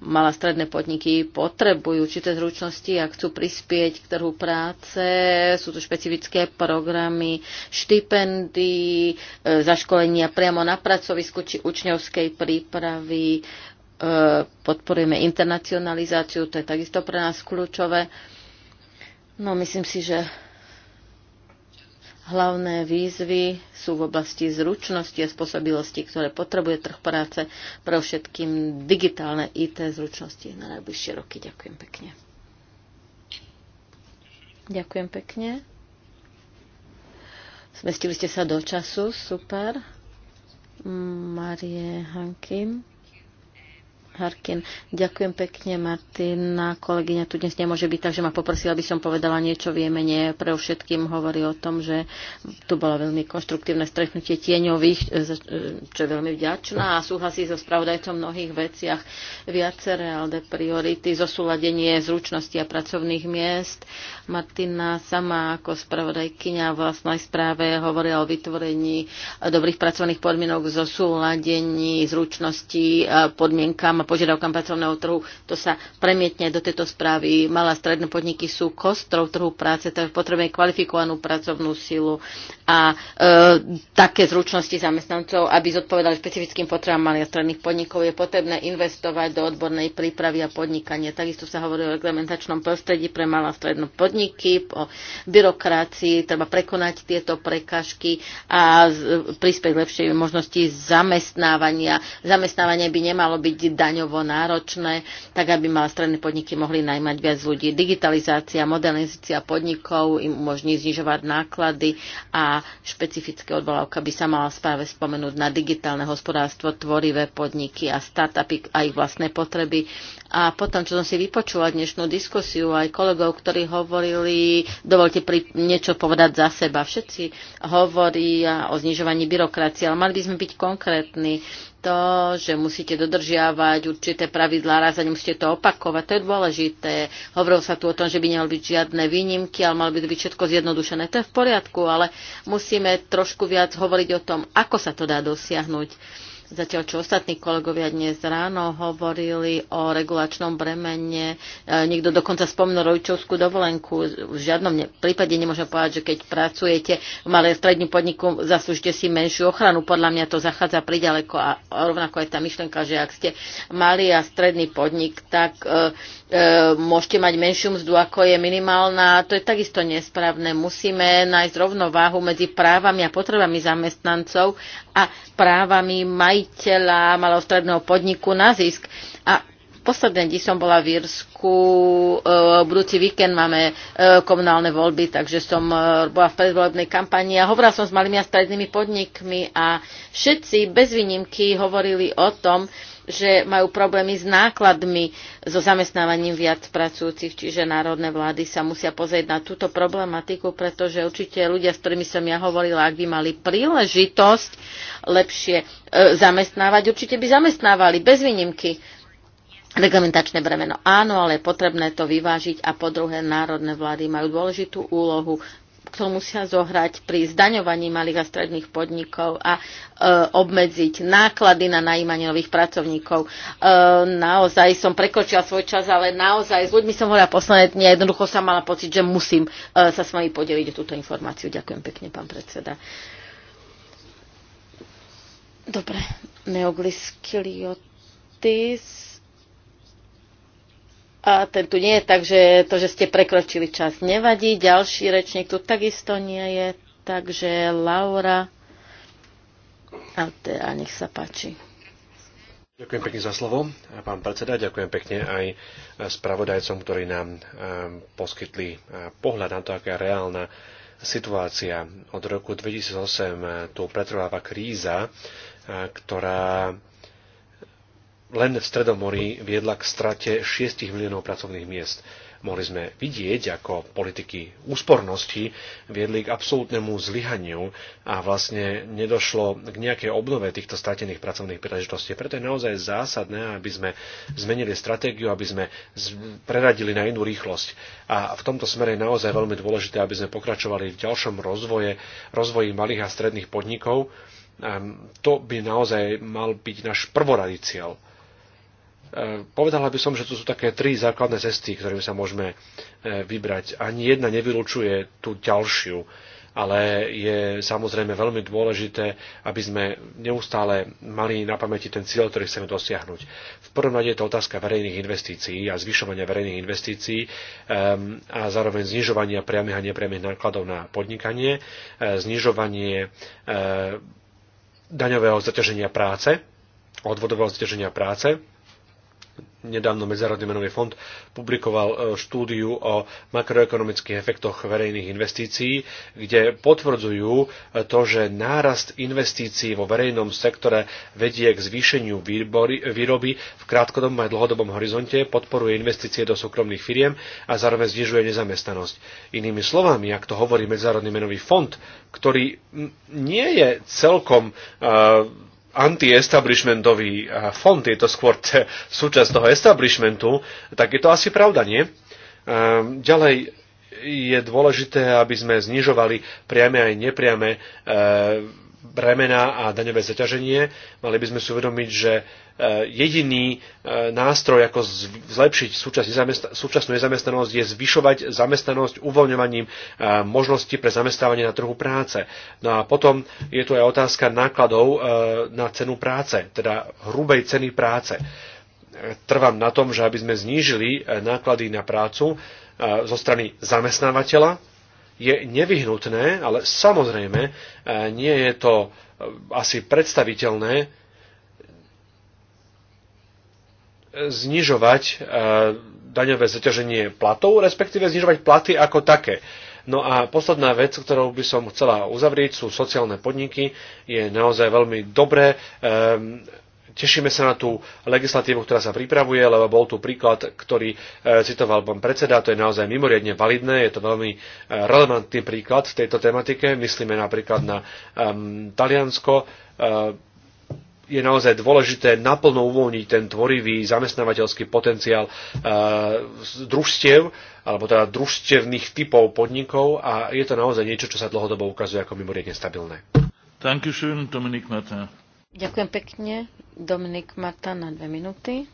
malá stredné podniky potrebujú určité zručnosti a chcú prispieť k trhu práce. Sú tu špecifické programy, štipendy, e, zaškolenia priamo na pracovisku či učňovskej prípravy. E, podporujeme internacionalizáciu, to je takisto pre nás kľúčové. No myslím si, že hlavné výzvy sú v oblasti zručnosti a spôsobilosti, ktoré potrebuje trh práce, pre všetkým digitálne IT zručnosti na najbližšie roky. Ďakujem pekne. Ďakujem pekne. Zmestili ste sa do času, super. Marie Hankin. Harkin. Ďakujem pekne, Martina. Kolegyňa tu dnes nemôže byť, takže ma poprosila, aby som povedala niečo v Jemene. Pre všetkým hovorí o tom, že tu bolo veľmi konštruktívne stretnutie tieňových, e, e, čo je veľmi vďačná a súhlasí so spravodajcom v mnohých veciach. Viaceré, ale priority, zosúladenie zručnosti a pracovných miest. Martina sama ako spravodajkyňa v vlastnej správe hovorila o vytvorení dobrých pracovných podmienok, zosúladení zručnosti podmienkam požiadavkám pracovného trhu. To sa premietne do tejto správy. Malé a stredné podniky sú kostrou trhu práce, takže potrebujeme kvalifikovanú pracovnú silu a e, také zručnosti zamestnancov, aby zodpovedali špecifickým potrebám malých a stredných podnikov. Je potrebné investovať do odbornej prípravy a podnikania. Takisto sa hovorí o reglementačnom prostredí pre malé a stredné podniky, o byrokracii, treba prekonať tieto prekažky a prispieť lepšej možnosti zamestnávania. Zamestnávanie by nemalo byť daň daňovo náročné, tak aby malé stredné podniky mohli najmať viac ľudí. Digitalizácia, modernizácia podnikov im umožní znižovať náklady a špecifické odvolávka by sa mala správe spomenúť na digitálne hospodárstvo, tvorivé podniky a startupy a ich vlastné potreby, a potom, čo som si vypočula dnešnú diskusiu aj kolegov, ktorí hovorili, dovolte pri, niečo povedať za seba. Všetci hovoria o znižovaní byrokracie, ale mali by sme byť konkrétni. To, že musíte dodržiavať určité pravidlá, raz a nemusíte to opakovať, to je dôležité. Hovoril sa tu o tom, že by nemali byť žiadne výnimky, ale malo by to byť všetko zjednodušené. To je v poriadku, ale musíme trošku viac hovoriť o tom, ako sa to dá dosiahnuť Zatiaľ, čo ostatní kolegovia dnes ráno hovorili o regulačnom bremene, e, niekto dokonca spomenul rojčovskú dovolenku. V žiadnom prípade nemôžem povedať, že keď pracujete v malej stredním podniku, zaslúžite si menšiu ochranu. Podľa mňa to zachádza priďaleko a rovnako je tá myšlenka, že ak ste malý a stredný podnik, tak e, e, môžete mať menšiu mzdu, ako je minimálna. To je takisto nesprávne. Musíme nájsť rovnováhu medzi právami a potrebami zamestnancov a právami majiteľa malostredného podniku na zisk. A posledný deň som bola v Írsku, e, budúci víkend máme e, komunálne voľby, takže som e, bola v predvolebnej kampani a hovorila som s malými a strednými podnikmi a všetci bez výnimky hovorili o tom, že majú problémy s nákladmi so zamestnávaním viac pracujúcich, čiže národné vlády sa musia pozrieť na túto problematiku, pretože určite ľudia, s ktorými som ja hovorila, ak by mali príležitosť lepšie e, zamestnávať, určite by zamestnávali bez výnimky reglementačné bremeno. Áno, ale je potrebné to vyvážiť a po druhé národné vlády majú dôležitú úlohu ktorú musia zohrať pri zdaňovaní malých a stredných podnikov a e, obmedziť náklady na najímanie nových pracovníkov. E, naozaj som prekočila svoj čas, ale naozaj s ľuďmi som hovorila posledné dni a jednoducho som mala pocit, že musím e, sa s vami podeliť o túto informáciu. Ďakujem pekne, pán predseda. Dobre, neogliskiliotis a ten tu nie je, takže to, že ste prekročili čas, nevadí. Ďalší rečník tu takisto nie je, takže Laura. A, a nech sa páči. Ďakujem pekne za slovo, pán predseda. Ďakujem pekne aj spravodajcom, ktorí nám eh, poskytli eh, pohľad na to, aká je reálna situácia. Od roku 2008 tu pretrváva kríza, eh, ktorá len v Stredomorí viedla k strate 6 miliónov pracovných miest. Mohli sme vidieť, ako politiky úspornosti viedli k absolútnemu zlyhaniu a vlastne nedošlo k nejakej obnove týchto stratených pracovných príležitostí. Preto je naozaj zásadné, aby sme zmenili stratégiu, aby sme preradili na inú rýchlosť. A v tomto smere je naozaj veľmi dôležité, aby sme pokračovali v ďalšom rozvoje, rozvoji malých a stredných podnikov. Ehm, to by naozaj mal byť náš prvoradý cieľ. E, povedala by som, že tu sú také tri základné cesty, ktorými sa môžeme e, vybrať. Ani jedna nevylučuje tú ďalšiu, ale je samozrejme veľmi dôležité, aby sme neustále mali na pamäti ten cieľ, ktorý chceme dosiahnuť. V prvom rade je to otázka verejných investícií a zvyšovania verejných investícií e, a zároveň znižovania priamých a nepriamých nákladov na podnikanie, znižovanie daňového zaťaženia práce, odvodového zťaženia práce nedávno Medzinárodný menový fond publikoval e, štúdiu o makroekonomických efektoch verejných investícií, kde potvrdzujú e, to, že nárast investícií vo verejnom sektore vedie k zvýšeniu výbory, výroby v krátkodobom aj dlhodobom horizonte, podporuje investície do súkromných firiem a zároveň znižuje nezamestnanosť. Inými slovami, ak to hovorí Medzárodný menový fond, ktorý nie je celkom uh, anti-establishmentový fond, je to skôr súčasť toho establishmentu, tak je to asi pravda, nie? Ďalej je dôležité, aby sme znižovali priame aj nepriame e, bremena a daňové zaťaženie, mali by sme si uvedomiť, že e, jediný e, nástroj, ako zlepšiť súčasnú nezamestnanosť, je zvyšovať zamestnanosť uvoľňovaním e, možností pre zamestnávanie na trhu práce. No a potom je tu aj otázka nákladov na cenu práce, teda hrubej ceny práce. Trvám na tom, že aby sme znížili náklady na prácu zo strany zamestnávateľa, je nevyhnutné, ale samozrejme e, nie je to e, asi predstaviteľné e, znižovať daňové zaťaženie platov, respektíve znižovať platy ako také. No a posledná vec, ktorou by som chcela uzavrieť, sú sociálne podniky. Je naozaj veľmi dobré Tešíme sa na tú legislatívu, ktorá sa pripravuje, lebo bol tu príklad, ktorý e, citoval pán predseda, to je naozaj mimoriadne validné, je to veľmi e, relevantný príklad v tejto tematike, myslíme napríklad na um, Taliansko, e, je naozaj dôležité naplno uvoľniť ten tvorivý zamestnávateľský potenciál družstiev, alebo teda družstevných typov podnikov a je to naozaj niečo, čo sa dlhodobo ukazuje ako mimoriadne stabilné. Dominik Martin. Ďakujem pekne. Dominik Marta na dve minúty.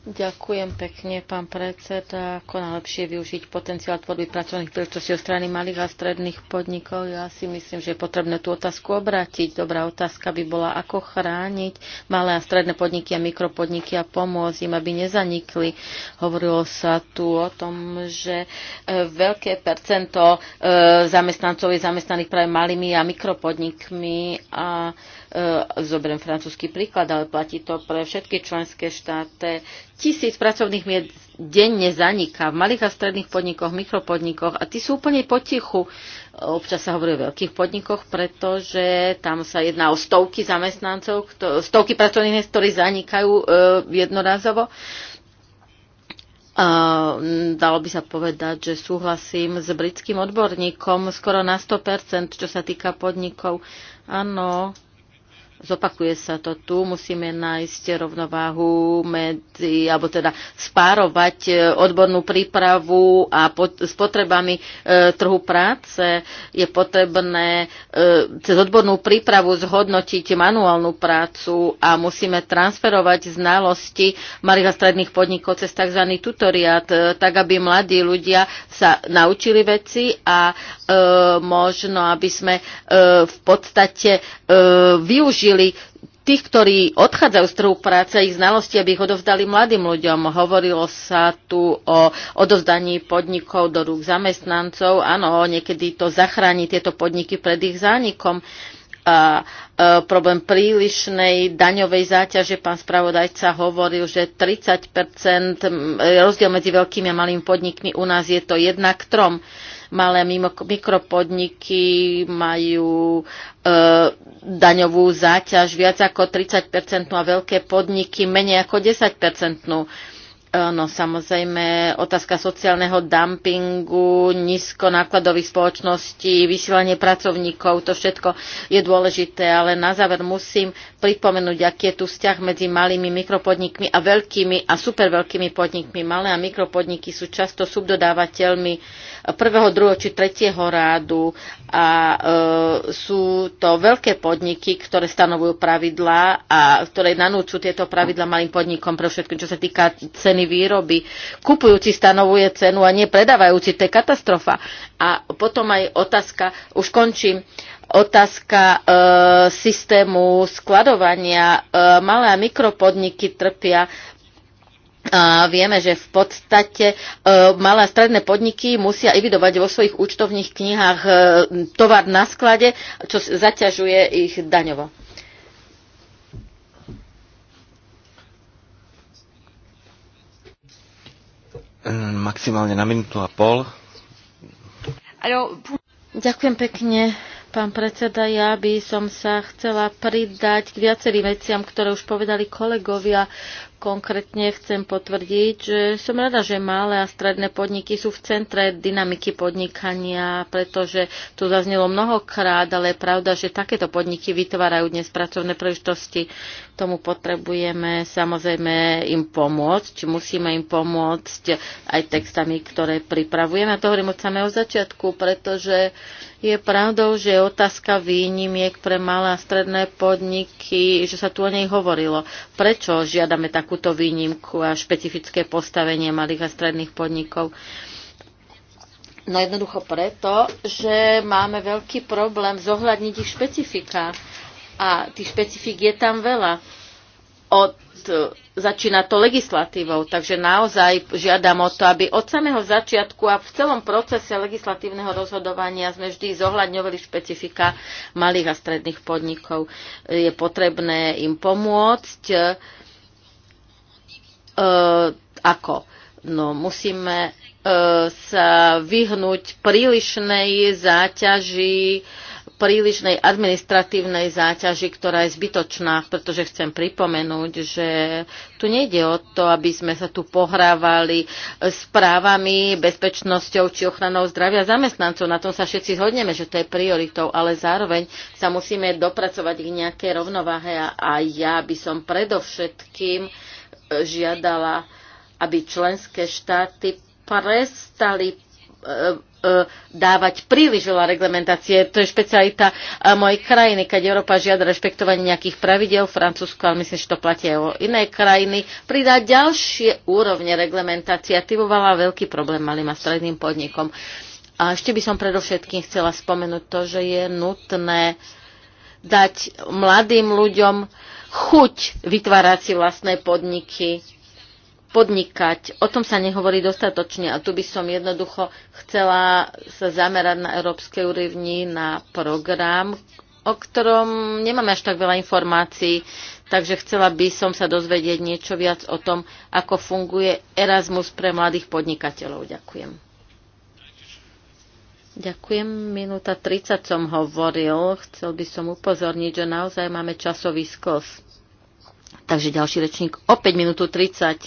Ďakujem pekne, pán predseda. Ako najlepšie využiť potenciál tvorby pracovných príležitostí zo strany malých a stredných podnikov? Ja si myslím, že je potrebné tú otázku obrátiť. Dobrá otázka by bola, ako chrániť malé a stredné podniky a mikropodniky a pomôcť im, aby nezanikli. Hovorilo sa tu o tom, že e, veľké percento e, zamestnancov je zamestnaných práve malými a mikropodnikmi a e, zoberiem francúzsky príklad, ale platí to pre všetky členské štáty tisíc pracovných miest denne zaniká v malých a stredných podnikoch, mikropodnikoch a tí sú úplne potichu. Občas sa hovorí o veľkých podnikoch, pretože tam sa jedná o stovky zamestnancov, stovky pracovných miest, ktorí zanikajú e, jednorazovo. Uh, dalo by sa povedať, že súhlasím s britským odborníkom skoro na 100%, čo sa týka podnikov. Áno, Zopakuje sa to tu, musíme nájsť rovnováhu medzi, alebo teda spárovať e, odbornú prípravu a pot, s potrebami e, trhu práce. Je potrebné e, cez odbornú prípravu zhodnotiť manuálnu prácu a musíme transferovať znalosti malých a stredných podnikov cez tzv. tutoriát, e, tak aby mladí ľudia sa naučili veci a e, možno, aby sme e, v podstate e, využili využili tých, ktorí odchádzajú z trhu práce, ich znalosti, aby ich odovzdali mladým ľuďom. Hovorilo sa tu o odovzdaní podnikov do rúk zamestnancov. Áno, niekedy to zachráni tieto podniky pred ich zánikom. A, a e, problém prílišnej daňovej záťaže, pán spravodajca hovoril, že 30 e, rozdiel medzi veľkými a malými podnikmi u nás je to jedna k trom malé mikropodniky majú e, daňovú záťaž viac ako 30% a veľké podniky menej ako 10%. No samozrejme, otázka sociálneho dumpingu, nízko nákladových spoločností, vysielanie pracovníkov, to všetko je dôležité, ale na záver musím pripomenúť, aký je tu vzťah medzi malými mikropodnikmi a veľkými a superveľkými podnikmi. Malé a mikropodniky sú často subdodávateľmi prvého, druhého či tretieho rádu a e, sú to veľké podniky, ktoré stanovujú pravidlá a ktoré nanúču tieto pravidlá malým podnikom pre všetkým, čo sa týka ceny výroby. Kupujúci stanovuje cenu a nie predávajúci, to je katastrofa. A potom aj otázka, už končím, otázka e, systému skladovania. E, malé a mikropodniky trpia a vieme, že v podstate e, malé a stredné podniky musia evidovať vo svojich účtovných knihách e, tovar na sklade, čo zaťažuje ich daňovo. Maximálne na minútu a pol. Ďakujem pekne. Pán predseda, ja by som sa chcela pridať k viacerým veciam, ktoré už povedali kolegovia. Konkrétne chcem potvrdiť, že som rada, že malé a stredné podniky sú v centre dynamiky podnikania, pretože tu zaznelo mnohokrát, ale je pravda, že takéto podniky vytvárajú dnes pracovné príležitosti. Tomu potrebujeme samozrejme im pomôcť, musíme im pomôcť aj textami, ktoré pripravujeme. A to hovorím od samého začiatku, pretože je pravdou, že je otázka výnimiek pre malé a stredné podniky, že sa tu o nej hovorilo. Prečo žiadame tak? takúto výnimku a špecifické postavenie malých a stredných podnikov. No jednoducho preto, že máme veľký problém zohľadniť ich špecifika. A tých špecifik je tam veľa. Od, začína to legislatívou, takže naozaj žiadam o to, aby od samého začiatku a v celom procese legislatívneho rozhodovania sme vždy zohľadňovali špecifika malých a stredných podnikov. Je potrebné im pomôcť E, ako? No musíme e, sa vyhnúť prílišnej záťaži, prílišnej administratívnej záťaži, ktorá je zbytočná, pretože chcem pripomenúť, že tu nejde o to, aby sme sa tu pohrávali s právami, bezpečnosťou či ochranou zdravia zamestnancov. Na tom sa všetci zhodneme, že to je prioritou, ale zároveň sa musíme dopracovať k nejakej rovnováhe a, a ja by som predovšetkým žiadala, aby členské štáty prestali e, e, dávať príliš veľa reglementácie. To je špecialita e, mojej krajiny, keď Európa žiada rešpektovanie nejakých pravidel, Francúzsko, ale myslím, že to platí aj o iné krajiny, pridá ďalšie úrovne reglementácie a vyvolala veľký problém malým a stredným podnikom. A ešte by som predovšetkým chcela spomenúť to, že je nutné dať mladým ľuďom chuť vytvárať si vlastné podniky, podnikať. O tom sa nehovorí dostatočne a tu by som jednoducho chcela sa zamerať na európskej úrovni na program, o ktorom nemáme až tak veľa informácií, takže chcela by som sa dozvedieť niečo viac o tom, ako funguje Erasmus pre mladých podnikateľov. Ďakujem. Ďakujem. Minúta 30 som hovoril. Chcel by som upozorniť, že naozaj máme časový skos. Takže ďalší rečník opäť minútu 30.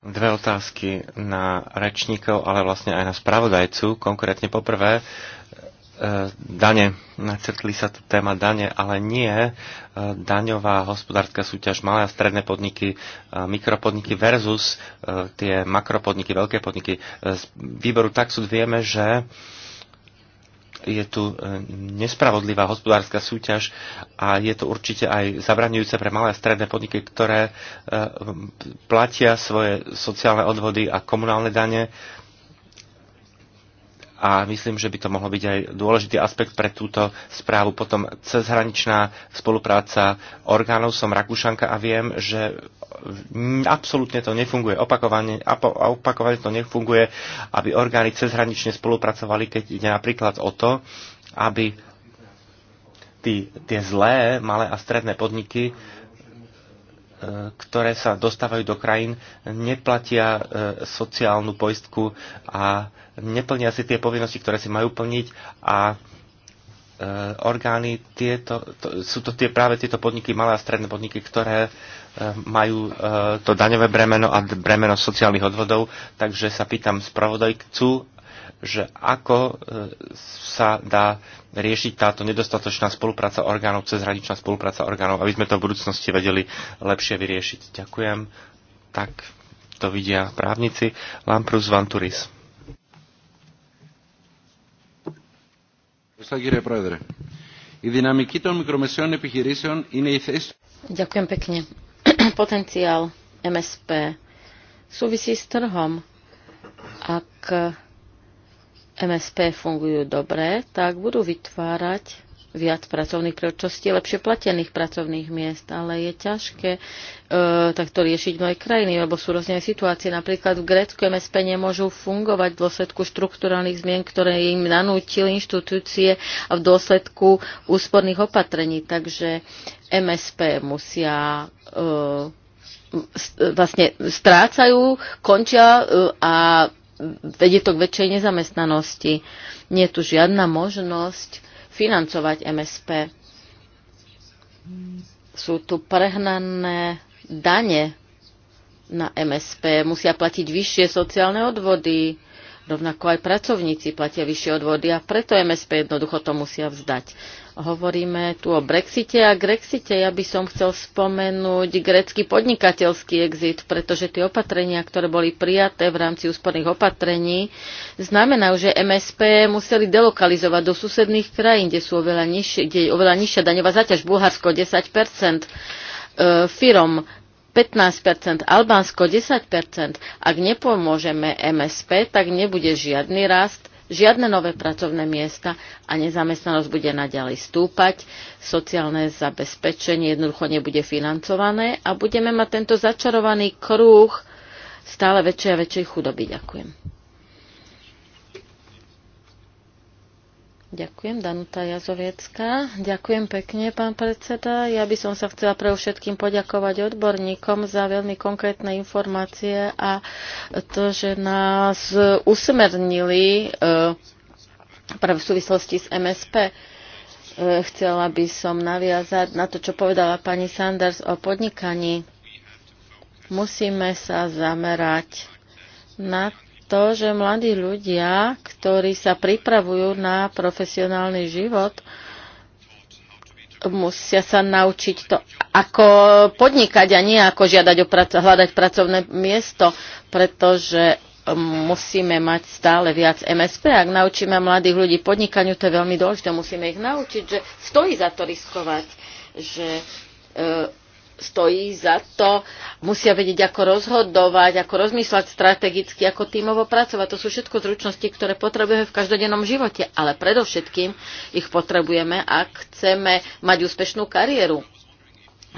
Dve otázky na rečníkov, ale vlastne aj na spravodajcu. Konkrétne poprvé, E, dane. nacrtli sa tu téma dane, ale nie e, daňová hospodárska súťaž malé a stredné podniky, e, mikropodniky versus tie makropodniky, veľké podniky. Z výboru Taxud vieme, že je tu nespravodlivá hospodárska súťaž a je to určite aj zabraňujúce pre malé a stredné podniky, ktoré platia svoje sociálne odvody a komunálne dane a myslím, že by to mohlo byť aj dôležitý aspekt pre túto správu. Potom cezhraničná spolupráca orgánov. Som Rakúšanka a viem, že absolútne to nefunguje. Opakovane, opakovane to nefunguje, aby orgány cezhranične spolupracovali, keď ide napríklad o to, aby tí, tie zlé malé a stredné podniky e, ktoré sa dostávajú do krajín, neplatia e, sociálnu poistku a neplnia si tie povinnosti, ktoré si majú plniť a e, orgány, tieto, to, sú to tie, práve tieto podniky, malé a stredné podniky, ktoré e, majú e, to daňové bremeno a bremeno sociálnych odvodov, takže sa pýtam spravodajcu, že ako sa dá riešiť táto nedostatočná spolupráca orgánov, cezhraničná spolupráca orgánov, aby sme to v budúcnosti vedeli lepšie vyriešiť. Ďakujem. Tak to vidia právnici. Lamprus Vanturis. Ďakujem pekne. Potenciál MSP súvisí s trhom. Ak MSP fungujú dobre, tak budú vytvárať viac pracovných príležitostí, lepšie platených pracovných miest, ale je ťažké e, takto riešiť mnohé krajiny, lebo sú rôzne situácie. Napríklad v Grécku MSP nemôžu fungovať v dôsledku štruktúrálnych zmien, ktoré im nanútili inštitúcie a v dôsledku úsporných opatrení. Takže MSP musia e, vlastne strácajú, končia e, a vedie to k väčšej nezamestnanosti. Nie je tu žiadna možnosť financovať MSP. Sú tu prehnané dane na MSP, musia platiť vyššie sociálne odvody, Rovnako aj pracovníci platia vyššie odvody a preto MSP jednoducho to musia vzdať. Hovoríme tu o Brexite a Grexite ja by som chcel spomenúť grecký podnikateľský exit, pretože tie opatrenia, ktoré boli prijaté v rámci úsporných opatrení, znamenajú, že MSP museli delokalizovať do susedných krajín, kde, sú oveľa nižšie, kde je oveľa nižšia daňová zaťaž, Bulharsko 10 e, firom 15%, Albánsko 10%. Ak nepomôžeme MSP, tak nebude žiadny rast, žiadne nové pracovné miesta a nezamestnanosť bude naďalej stúpať, sociálne zabezpečenie jednoducho nebude financované a budeme mať tento začarovaný kruh stále väčšej a väčšej chudoby. Ďakujem. Ďakujem, Danuta Jazoviecká. Ďakujem pekne, pán predseda. Ja by som sa chcela pre všetkým poďakovať odborníkom za veľmi konkrétne informácie a to, že nás usmernili eh, práve v súvislosti s MSP. Eh, chcela by som naviazať na to, čo povedala pani Sanders o podnikaní. Musíme sa zamerať na to, že mladí ľudia, ktorí sa pripravujú na profesionálny život, musia sa naučiť to, ako podnikať a nie ako žiadať o prac- hľadať pracovné miesto, pretože musíme mať stále viac MSP. Ak naučíme mladých ľudí podnikaniu, to je veľmi dôležité. Musíme ich naučiť, že stojí za to riskovať, že e, stojí za to, musia vedieť, ako rozhodovať, ako rozmýšľať strategicky, ako tímovo pracovať. To sú všetko zručnosti, ktoré potrebujeme v každodennom živote, ale predovšetkým ich potrebujeme, ak chceme mať úspešnú kariéru.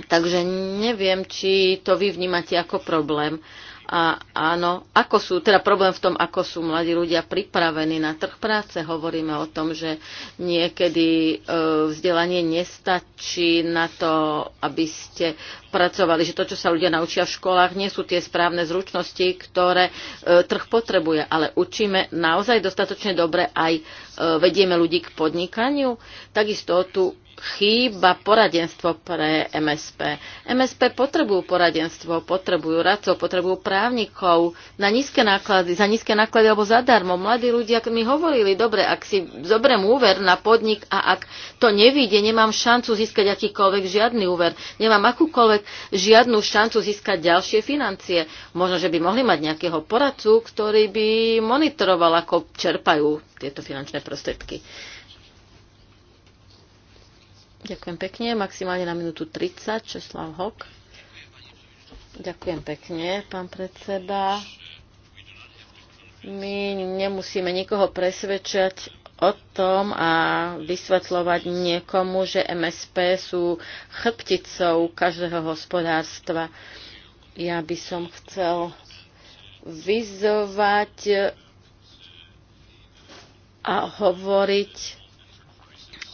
Takže neviem, či to vy vnímate ako problém. Uh, a áno, ako sú, teda problém v tom, ako sú mladí ľudia pripravení na trh práce. Hovoríme o tom, že niekedy e, vzdelanie nestačí na to, aby ste pracovali, že to, čo sa ľudia naučia v školách, nie sú tie správne zručnosti, ktoré e, trh potrebuje. Ale učíme naozaj dostatočne dobre aj e, vedieme ľudí k podnikaniu. Takisto tu chýba poradenstvo pre MSP. MSP potrebujú poradenstvo, potrebujú radcov, potrebujú právnikov na nízke náklady, za nízke náklady alebo zadarmo. Mladí ľudia mi hovorili, dobre, ak si zoberiem úver na podnik a ak to nevíde, nemám šancu získať akýkoľvek žiadny úver, nemám akúkoľvek žiadnu šancu získať ďalšie financie. Možno, že by mohli mať nejakého poradcu, ktorý by monitoroval, ako čerpajú tieto finančné prostriedky. Ďakujem pekne. Maximálne na minútu 30. Česlav Hok. Ďakujem pekne, pán predseda. My nemusíme nikoho presvedčať o tom a vysvetľovať niekomu, že MSP sú chrbticou každého hospodárstva. Ja by som chcel vyzovať a hovoriť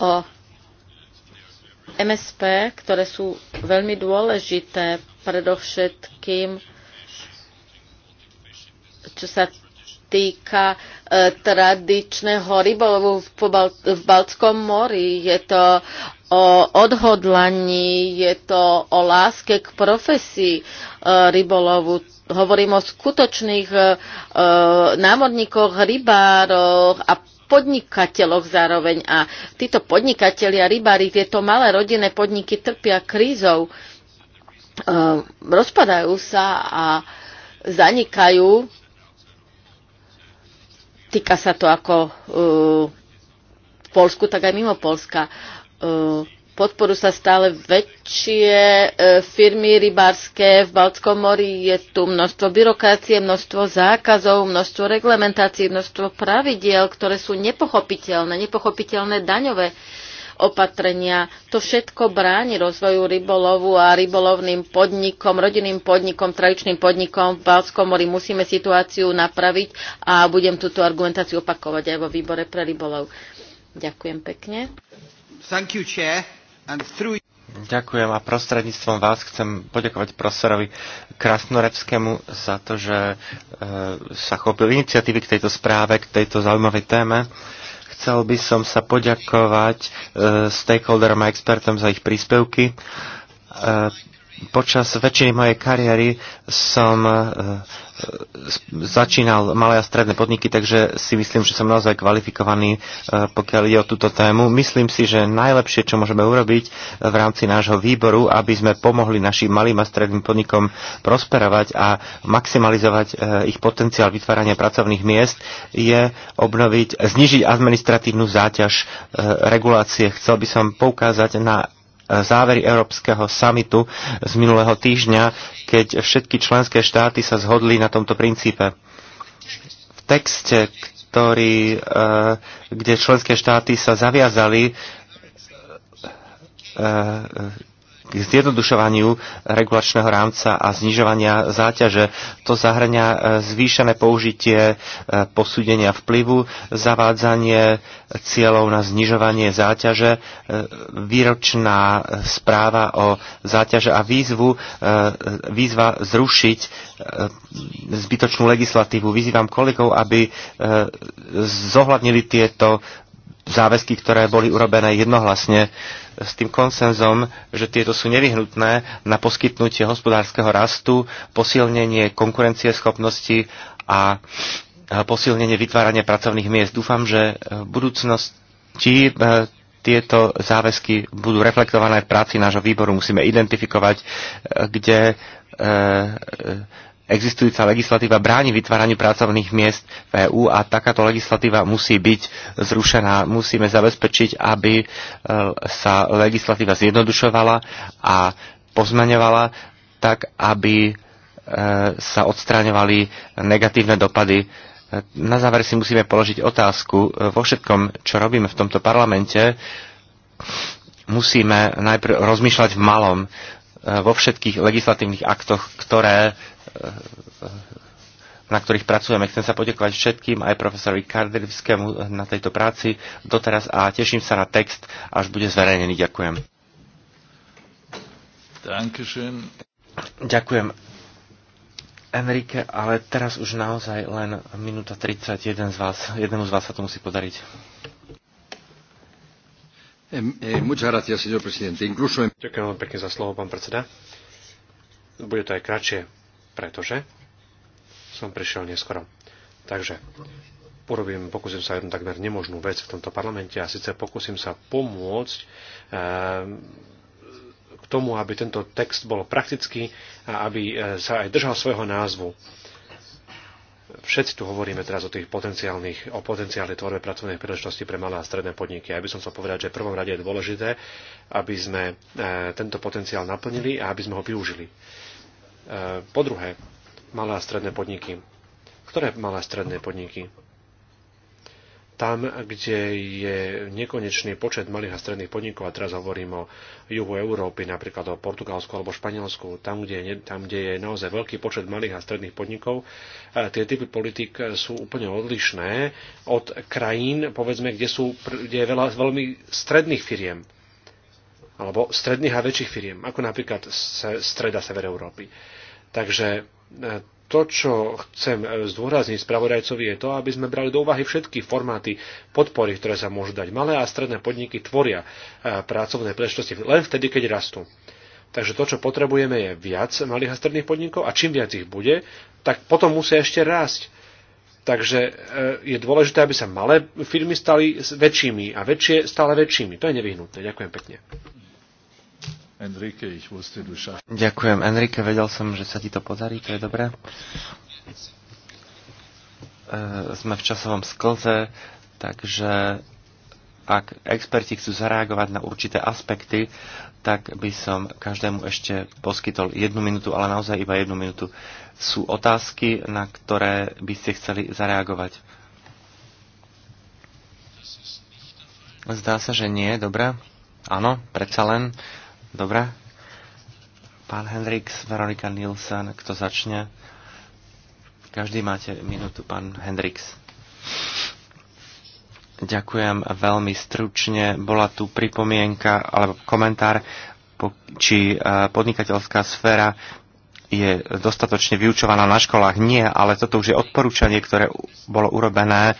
o MSP, ktoré sú veľmi dôležité, predovšetkým čo sa týka e, tradičného rybolovu v, Bal- v Baltskom mori. Je to o odhodlaní, je to o láske k profesii e, rybolovu. Hovorím o skutočných e, e námorníkoch, rybároch a podnikateľoch zároveň. A títo podnikatelia, rybári, tieto malé rodinné podniky trpia krízou, e, rozpadajú sa a zanikajú. Týka sa to ako e, v Polsku, tak aj mimo Polska. E, podporu sa stále väčšie e, firmy rybárske v Baltskom mori. Je tu množstvo byrokracie, množstvo zákazov, množstvo reglementácií, množstvo pravidiel, ktoré sú nepochopiteľné, nepochopiteľné daňové opatrenia. To všetko bráni rozvoju rybolovu a rybolovným podnikom, rodinným podnikom, tradičným podnikom v Balskom mori. Musíme situáciu napraviť a budem túto argumentáciu opakovať aj vo výbore pre rybolov. Ďakujem pekne. Thank you, chair. Ďakujem a prostredníctvom vás chcem poďakovať profesorovi Krasnorevskému za to, že e, sa chopil iniciatívy k tejto správe, k tejto zaujímavej téme. Chcel by som sa poďakovať e, stakeholderom a expertom za ich príspevky. E, Počas väčšiny mojej kariéry som e, e, začínal malé a stredné podniky, takže si myslím, že som naozaj kvalifikovaný, e, pokiaľ ide o túto tému. Myslím si, že najlepšie, čo môžeme urobiť v rámci nášho výboru, aby sme pomohli našim malým a stredným podnikom prosperovať a maximalizovať ich potenciál vytvárania pracovných miest, je obnoviť, znižiť administratívnu záťaž regulácie. Chcel by som poukázať na závery Európskeho samitu z minulého týždňa, keď všetky členské štáty sa zhodli na tomto princípe. V texte, ktorý, eh, kde členské štáty sa zaviazali eh, k zjednodušovaniu regulačného rámca a znižovania záťaže. To zahrania e, zvýšené použitie e, posúdenia vplyvu, zavádzanie cieľov na znižovanie záťaže, e, výročná správa o záťaže a výzvu, výzva zrušiť zbytočnú legislatívu. Vyzývam kolegov, aby zohľadnili tieto záväzky, ktoré boli urobené jednohlasne s tým konsenzom, že tieto sú nevyhnutné na poskytnutie hospodárskeho rastu, posilnenie schopnosti a posilnenie vytvárania pracovných miest. Dúfam, že v budúcnosti e, tieto záväzky budú reflektované v práci nášho výboru. Musíme identifikovať, e, kde e, existujúca legislatíva bráni vytváraniu pracovných miest v EÚ a takáto legislatíva musí byť zrušená. Musíme zabezpečiť, aby e, sa legislatíva zjednodušovala a pozmaňovala tak, aby e, sa odstráňovali negatívne dopady. E, na záver si musíme položiť otázku. Vo všetkom, čo robíme v tomto parlamente, musíme najprv rozmýšľať v malom vo všetkých legislatívnych aktoch, ktoré na ktorých pracujeme. Chcem sa poďakovať všetkým, aj profesorovi Kardelivskému eh, na tejto práci doteraz a teším sa na text, až bude zverejnený. Ďakujem. Dankeschön. Ďakujem. Enrique, ale teraz už naozaj len minúta 30, jeden z vás, jednému z vás sa to musí podariť. Eh, Ďakujem pekne za slovo, pán predseda. Bude to aj kratšie pretože som prišiel neskoro. Takže porobím, pokúsim sa jednu takmer nemožnú vec v tomto parlamente a síce pokúsim sa pomôcť eh, k tomu, aby tento text bol praktický a aby eh, sa aj držal svojho názvu. Všetci tu hovoríme teraz o tých potenciálnych, o potenciálnej tvorbe pracovnej príležitosti pre malé a stredné podniky. Ja by som chcel povedať, že v prvom rade je dôležité, aby sme eh, tento potenciál naplnili a aby sme ho využili. E, po druhé, malé a stredné podniky. Ktoré malé a stredné podniky? Tam, kde je nekonečný počet malých a stredných podnikov, a teraz hovorím o juhu Európy, napríklad o Portugalsku alebo Španielsku, tam, kde je, tam, kde je naozaj veľký počet malých a stredných podnikov, e, tie typy politik sú úplne odlišné od krajín, povedzme, kde, sú, kde je veľa veľmi stredných firiem alebo stredných a väčších firiem, ako napríklad streda Sever Európy. Takže e, to, čo chcem e, zdôrazniť spravodajcovi, je to, aby sme brali do úvahy všetky formáty podpory, ktoré sa môžu dať. Malé a stredné podniky tvoria e, pracovné príležitosti len vtedy, keď rastú. Takže to, čo potrebujeme, je viac malých a stredných podnikov a čím viac ich bude, tak potom musia ešte rásť. Takže je dôležité, aby sa malé firmy stali väčšími a väčšie stále väčšími. To je nevyhnutné. Ďakujem pekne. Ďakujem, Enrique, vedel som, že sa ti to podarí, to je dobré. E, sme v časovom sklze, takže ak experti chcú zareagovať na určité aspekty, tak by som každému ešte poskytol jednu minútu, ale naozaj iba jednu minútu. Sú otázky, na ktoré by ste chceli zareagovať? Zdá sa, že nie. Dobre. Áno, predsa len. Uh, Dobre. Pán Hendrix, Veronika Nielsen, kto začne? Každý máte minútu, pán Hendrix. Ďakujem veľmi stručne. Bola tu pripomienka alebo komentár, či e, podnikateľská sféra je dostatočne vyučovaná na školách. Nie, ale toto už je odporúčanie, ktoré bolo urobené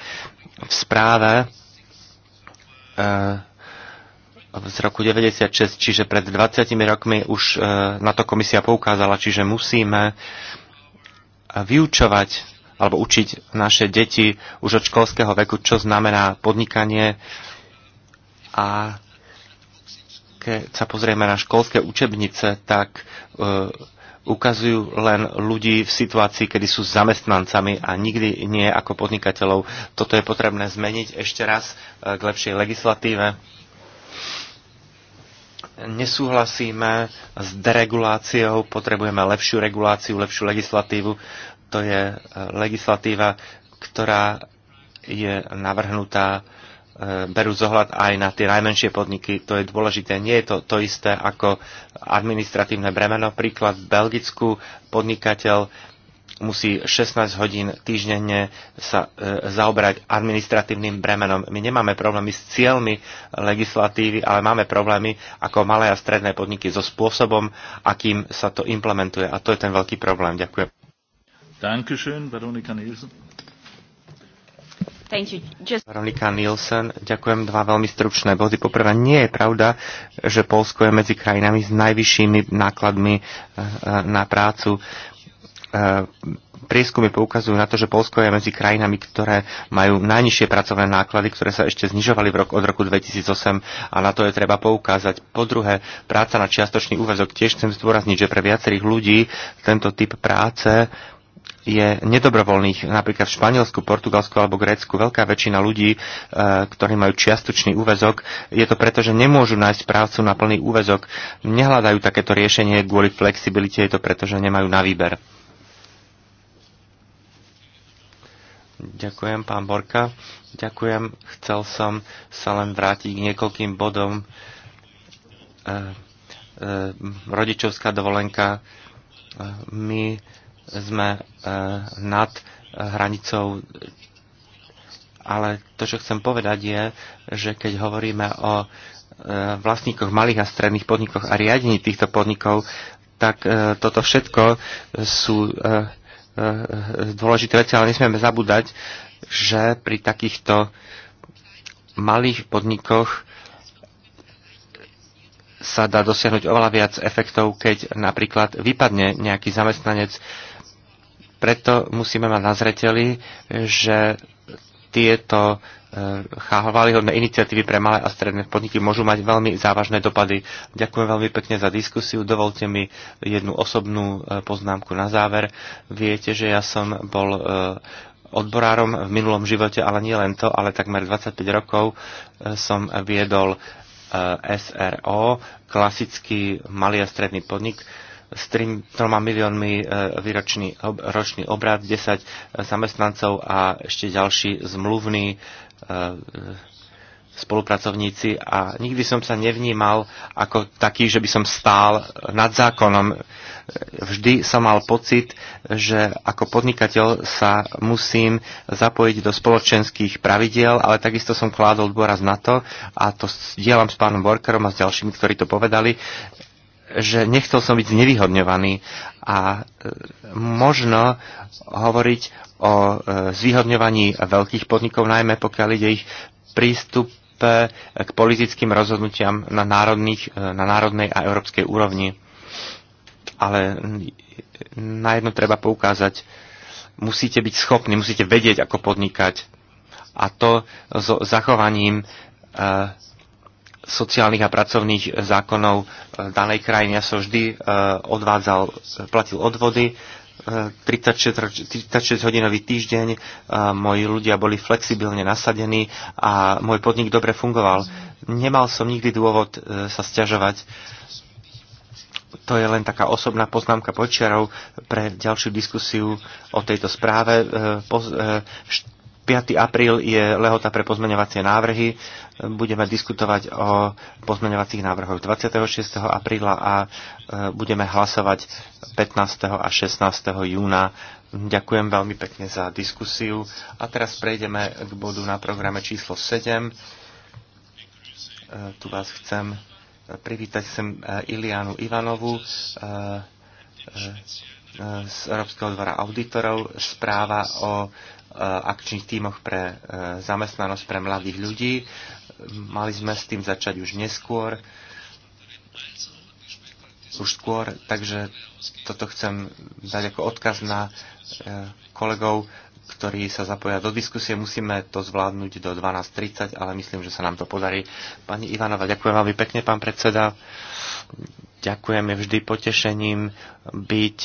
v správe e, z roku 96, čiže pred 20 rokmi už e, na to komisia poukázala, čiže musíme vyučovať alebo učiť naše deti už od školského veku, čo znamená podnikanie. A keď sa pozrieme na školské učebnice, tak e, ukazujú len ľudí v situácii, kedy sú zamestnancami a nikdy nie ako podnikateľov. Toto je potrebné zmeniť ešte raz e, k lepšej legislatíve nesúhlasíme s dereguláciou, potrebujeme lepšiu reguláciu, lepšiu legislatívu. To je e, legislatíva, ktorá je navrhnutá, e, berú zohľad aj na tie najmenšie podniky. To je dôležité. Nie je to to isté ako administratívne bremeno. Príklad v Belgicku podnikateľ musí 16 hodín týždenne sa e, zaoberať administratívnym bremenom. My nemáme problémy s cieľmi legislatívy, ale máme problémy ako malé a stredné podniky so spôsobom, akým sa to implementuje. A to je ten veľký problém. Ďakujem. Dankeschön, Veronika Nielsen. Just... Veronika Nielsen, ďakujem dva veľmi stručné body. Poprvé, nie je pravda, že Polsko je medzi krajinami s najvyššími nákladmi e, e, na prácu. Eh, prieskumy poukazujú na to, že Polsko je medzi krajinami, ktoré majú najnižšie pracovné náklady, ktoré sa ešte znižovali v rok, od roku 2008 a na to je treba poukázať. Po druhé, práca na čiastočný úvezok. Tiež chcem zdôrazniť, že pre viacerých ľudí tento typ práce je nedobrovoľných. Napríklad v Španielsku, Portugalsku alebo Grécku veľká väčšina ľudí, eh, ktorí majú čiastočný úvezok, je to preto, že nemôžu nájsť prácu na plný úvezok. Nehľadajú takéto riešenie kvôli flexibilite, je to preto, že nemajú na výber. Ďakujem, pán Borka. Ďakujem. Chcel som sa len vrátiť k niekoľkým bodom. E, e, rodičovská dovolenka. E, my sme e, nad hranicou, ale to, čo chcem povedať je, že keď hovoríme o e, vlastníkoch malých a stredných podnikoch a riadení týchto podnikov, tak e, toto všetko sú e, Eh, dôležité veci, ale nesmieme zabúdať, že pri takýchto malých podnikoch sa dá dosiahnuť oveľa viac efektov, keď napríklad vypadne nejaký zamestnanec. Preto musíme mať na zreteli, že tieto hodné iniciatívy pre malé a stredné podniky môžu mať veľmi závažné dopady. Ďakujem veľmi pekne za diskusiu. Dovolte mi jednu osobnú e, poznámku na záver. Viete, že ja som bol e, odborárom v minulom živote, ale nie len to, ale takmer 25 rokov e, som viedol SRO, klasický malý a stredný podnik s 3, miliónmi výročný ročný obrad, 10 zamestnancov a ešte ďalší zmluvný. E, spolupracovníci a nikdy som sa nevnímal ako taký, že by som stál nad zákonom. Vždy som mal pocit, že ako podnikateľ sa musím zapojiť do spoločenských pravidiel, ale takisto som kládol dôraz na to a to dielam s pánom Workerom a s ďalšími, ktorí to povedali, že nechcel som byť znevýhodňovaný a e, možno hovoriť o e, zvýhodňovaní veľkých podnikov, najmä pokiaľ ide ich prístup e, k politickým rozhodnutiam na, národných, na národnej a európskej úrovni. Ale na jedno treba poukázať, musíte byť schopní, musíte vedieť, ako podnikať. A to s so zachovaním sociálnych a pracovných eh, zákonov eh, danej krajiny. Ja som vždy eh, odvádzal, platil odvody, 36, hodinový týždeň, moji ľudia boli flexibilne nasadení a môj podnik dobre fungoval. Nemal som nikdy dôvod sa stiažovať. To je len taká osobná poznámka počiarov pre ďalšiu diskusiu o tejto správe. 5. apríl je lehota pre pozmeňovacie návrhy. Budeme diskutovať o pozmeňovacích návrhoch 26. apríla a e, budeme hlasovať 15. a 16. júna. Ďakujem veľmi pekne za diskusiu. A teraz prejdeme k bodu na programe číslo 7. E, tu vás chcem privítať sem e, Ilianu Ivanovu z Európskeho dvora auditorov. Správa o Eh, akčných tímoch pre eh, zamestnanosť pre mladých ľudí. Mali sme s tým začať už neskôr, už skôr, takže toto chcem dať ako odkaz na eh, kolegov, ktorí sa zapoja do diskusie. Musíme to zvládnuť do 12.30, ale myslím, že sa nám to podarí. Pani Ivanova, ďakujem veľmi pekne, pán predseda. Ďakujem, je vždy potešením byť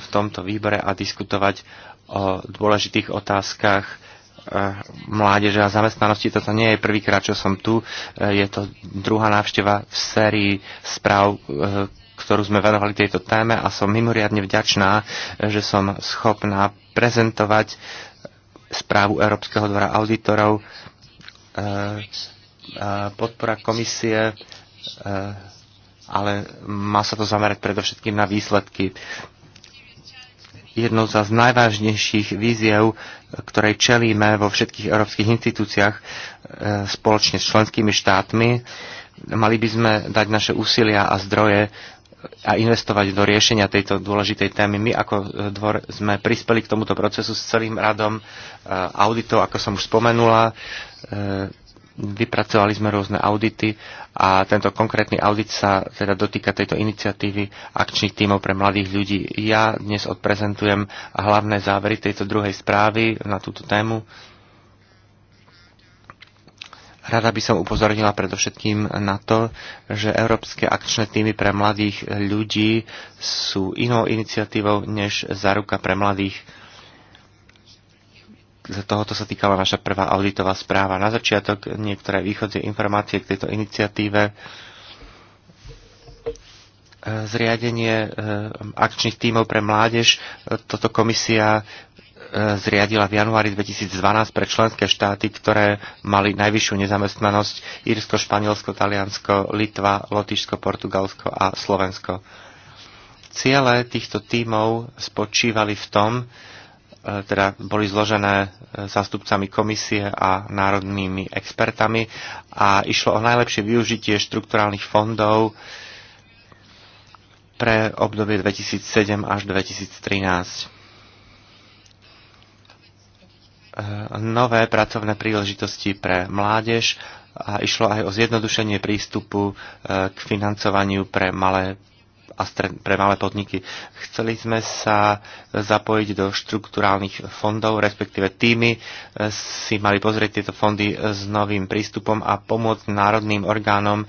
v tomto výbore a diskutovať o dôležitých otázkach e, mládeže a zamestnanosti. Toto nie je prvýkrát, čo som tu. E, je to druhá návšteva v sérii správ, e, ktorú sme venovali tejto téme a som mimoriadne vďačná, že som schopná prezentovať správu Európskeho dvora auditorov, podpora komisie, ale má sa to zamerať predovšetkým na výsledky jednou z najvážnejších víziev, ktorej čelíme vo všetkých európskych inštitúciách e, spoločne s členskými štátmi. Mali by sme dať naše úsilia a zdroje a investovať do riešenia tejto dôležitej témy. My ako e, dvor sme prispeli k tomuto procesu s celým radom e, auditov, ako som už spomenula. Vypracovali sme rôzne audity a tento konkrétny audit sa teda dotýka tejto iniciatívy akčných tímov pre mladých ľudí. Ja dnes odprezentujem hlavné závery tejto druhej správy na túto tému. Rada by som upozornila predovšetkým na to, že Európske akčné týmy pre mladých ľudí sú inou iniciatívou než záruka pre mladých ľudí tohoto sa týkala naša prvá auditová správa. Na začiatok niektoré východzie informácie k tejto iniciatíve zriadenie eh, akčných tímov pre mládež. Toto komisia eh, zriadila v januári 2012 pre členské štáty, ktoré mali najvyššiu nezamestnanosť Írsko, Španielsko, Taliansko, Litva, Lotyšsko, Portugalsko a Slovensko. Ciele týchto tímov spočívali v tom, E, teda boli zložené e, zástupcami komisie a národnými expertami a išlo o najlepšie využitie štrukturálnych fondov pre obdobie 2007 až 2013. E, nové pracovné príležitosti pre mládež a išlo aj o zjednodušenie prístupu k financovaniu pre malé a stred, pre malé podniky. Chceli sme sa zapojiť do štruktúrálnych fondov, respektíve týmy si mali pozrieť tieto fondy s novým prístupom a pomôcť národným orgánom,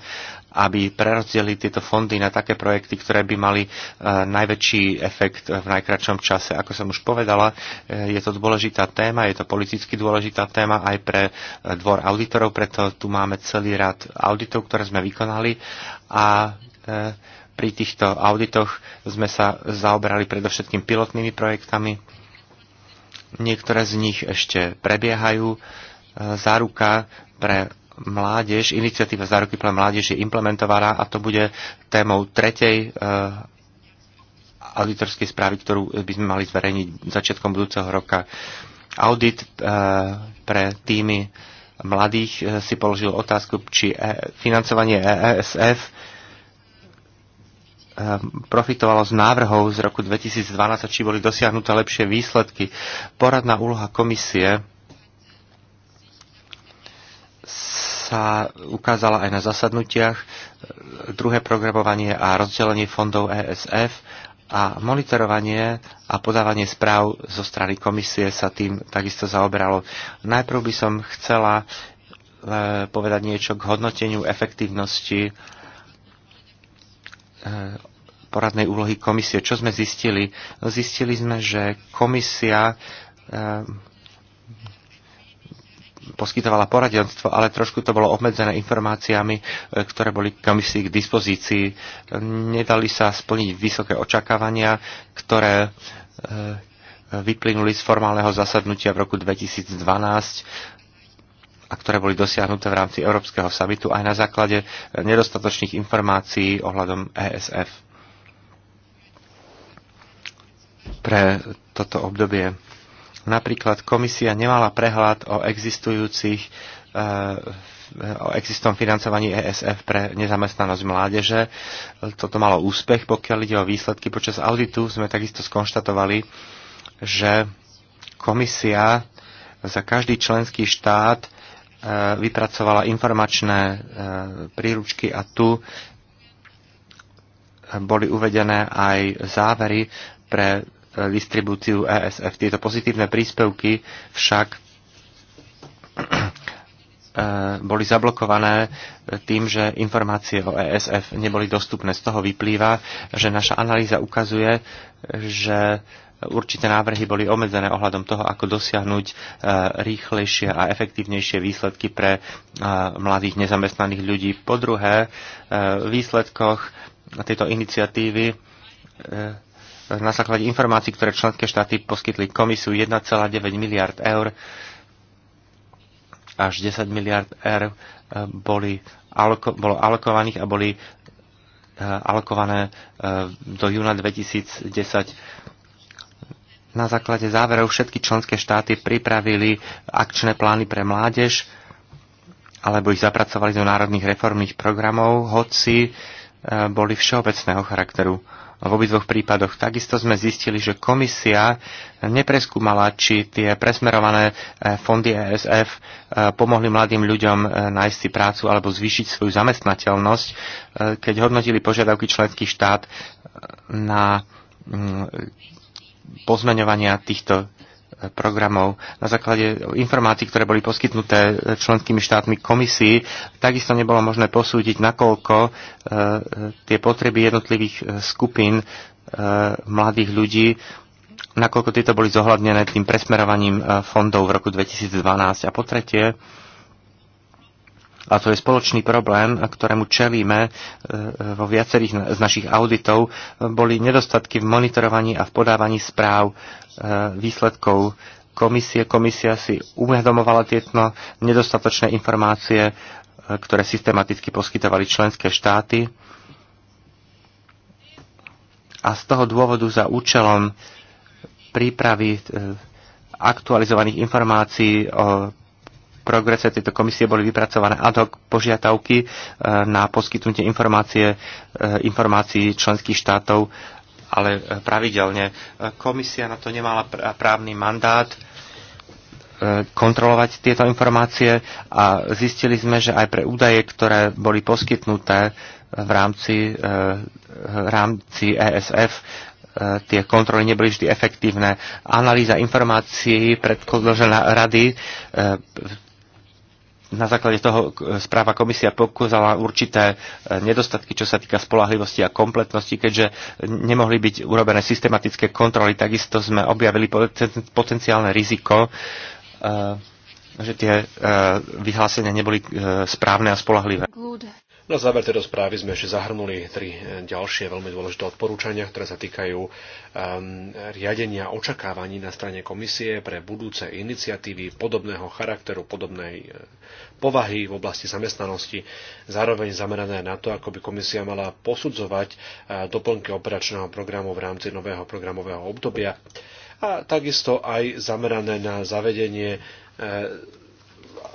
aby prerozdeli tieto fondy na také projekty, ktoré by mali e, najväčší efekt v najkračšom čase. Ako som už povedala, e, je to dôležitá téma, je to politicky dôležitá téma aj pre e, dvor auditorov, preto tu máme celý rad auditov, ktoré sme vykonali a pri týchto auditoch sme sa zaoberali predovšetkým pilotnými projektami. Niektoré z nich ešte prebiehajú. E, záruka pre mládež, iniciatíva záruky pre mládež je implementovaná a to bude témou tretej e, auditorskej správy, ktorú by sme mali zverejniť začiatkom budúceho roka. Audit e, pre týmy mladých si položil otázku, či financovanie EESF. Ehm, profitovalo z návrhov z roku 2012, či boli dosiahnuté lepšie výsledky. Poradná úloha komisie sa ukázala aj na zasadnutiach, druhé programovanie a rozdelenie fondov ESF a monitorovanie a podávanie správ zo strany komisie sa tým takisto zaoberalo. Najprv by som chcela e, povedať niečo k hodnoteniu efektívnosti Eh, poradnej úlohy komisie. Čo sme zistili? Zistili sme, že komisia eh, poskytovala poradenstvo, ale trošku to bolo obmedzené informáciami, eh, ktoré boli komisii k dispozícii. Nedali sa splniť vysoké očakávania, ktoré vyplynuli z formálneho zasadnutia v roku 2012 a ktoré boli dosiahnuté v rámci Európskeho samitu aj na základe e, nedostatočných informácií ohľadom ESF. Pre toto obdobie napríklad komisia nemala prehľad o existujúcich e, o existom financovaní ESF pre nezamestnanosť mládeže. Toto malo úspech, pokiaľ ide o výsledky. Počas auditu sme takisto skonštatovali, že komisia za každý členský štát vypracovala informačné e, príručky a tu boli uvedené aj závery pre distribúciu ESF. Tieto pozitívne príspevky však e, boli zablokované tým, že informácie o ESF neboli dostupné. Z toho vyplýva, že naša analýza ukazuje, že určité návrhy boli obmedzené ohľadom toho, ako dosiahnuť e, rýchlejšie a efektívnejšie výsledky pre e, mladých nezamestnaných ľudí. Po druhé, e, v výsledkoch tejto iniciatívy na základe informácií, ktoré členské štáty poskytli komisiu 1,9 miliard eur až 10 miliard eur boli, aloko, bolo alokovaných a boli alokované do júna 2010 na základe záverov všetky členské štáty pripravili akčné plány pre mládež alebo ich zapracovali do národných reformných programov, hoci e, boli všeobecného charakteru. V obidvoch prípadoch takisto sme zistili, že komisia nepreskúmala, či tie presmerované e, fondy ESF e, pomohli mladým ľuďom nájsť si prácu alebo zvýšiť svoju zamestnateľnosť, keď hodnotili požiadavky členských štát na pozmeňovania týchto e, programov na základe informácií, ktoré boli poskytnuté e, členskými štátmi komisii, takisto nebolo možné posúdiť, nakoľko e, e tie potreby jednotlivých skupín e, mladých ľudí, nakoľko tieto boli zohľadnené tým presmerovaním fondov v roku 2012. A po tretie, a to je spoločný problém, ktorému čelíme e, e, vo viacerých z našich auditov. Boli nedostatky v monitorovaní a v podávaní správ e, výsledkov komisie. Komisia si uvedomovala tieto nedostatočné informácie, ktoré systematicky poskytovali členské štáty. A z toho dôvodu za účelom prípravy aktualizovaných informácií o progrese tejto komisie boli vypracované ad hoc požiadavky e, na poskytnutie informácie, e, informácií členských štátov, ale e, pravidelne. Komisia na to nemala právny mandát kontrolovať tieto informácie a zistili sme, že aj pre údaje, ktoré boli poskytnuté v rámci, v rámci ESF, tie kontroly neboli vždy efektívne. Analýza informácií predložená rady na základe toho správa komisia pokúzala určité e, nedostatky, čo sa týka spolahlivosti a kompletnosti, keďže nemohli byť urobené systematické kontroly. Takisto sme objavili potenciálne riziko, e, že tie e, vyhlásenia neboli správne a spolahlivé. Na záver tejto správy sme ešte zahrnuli tri eh, ďalšie veľmi dôležité odporúčania, ktoré sa týkajú um, riadenia očakávaní na strane komisie pre budúce iniciatívy podobného charakteru, podobnej eh, povahy v oblasti zamestnanosti, zároveň zamerané na to, ako by komisia mala posudzovať eh, doplnky operačného programu v rámci nového programového obdobia a takisto aj zamerané na zavedenie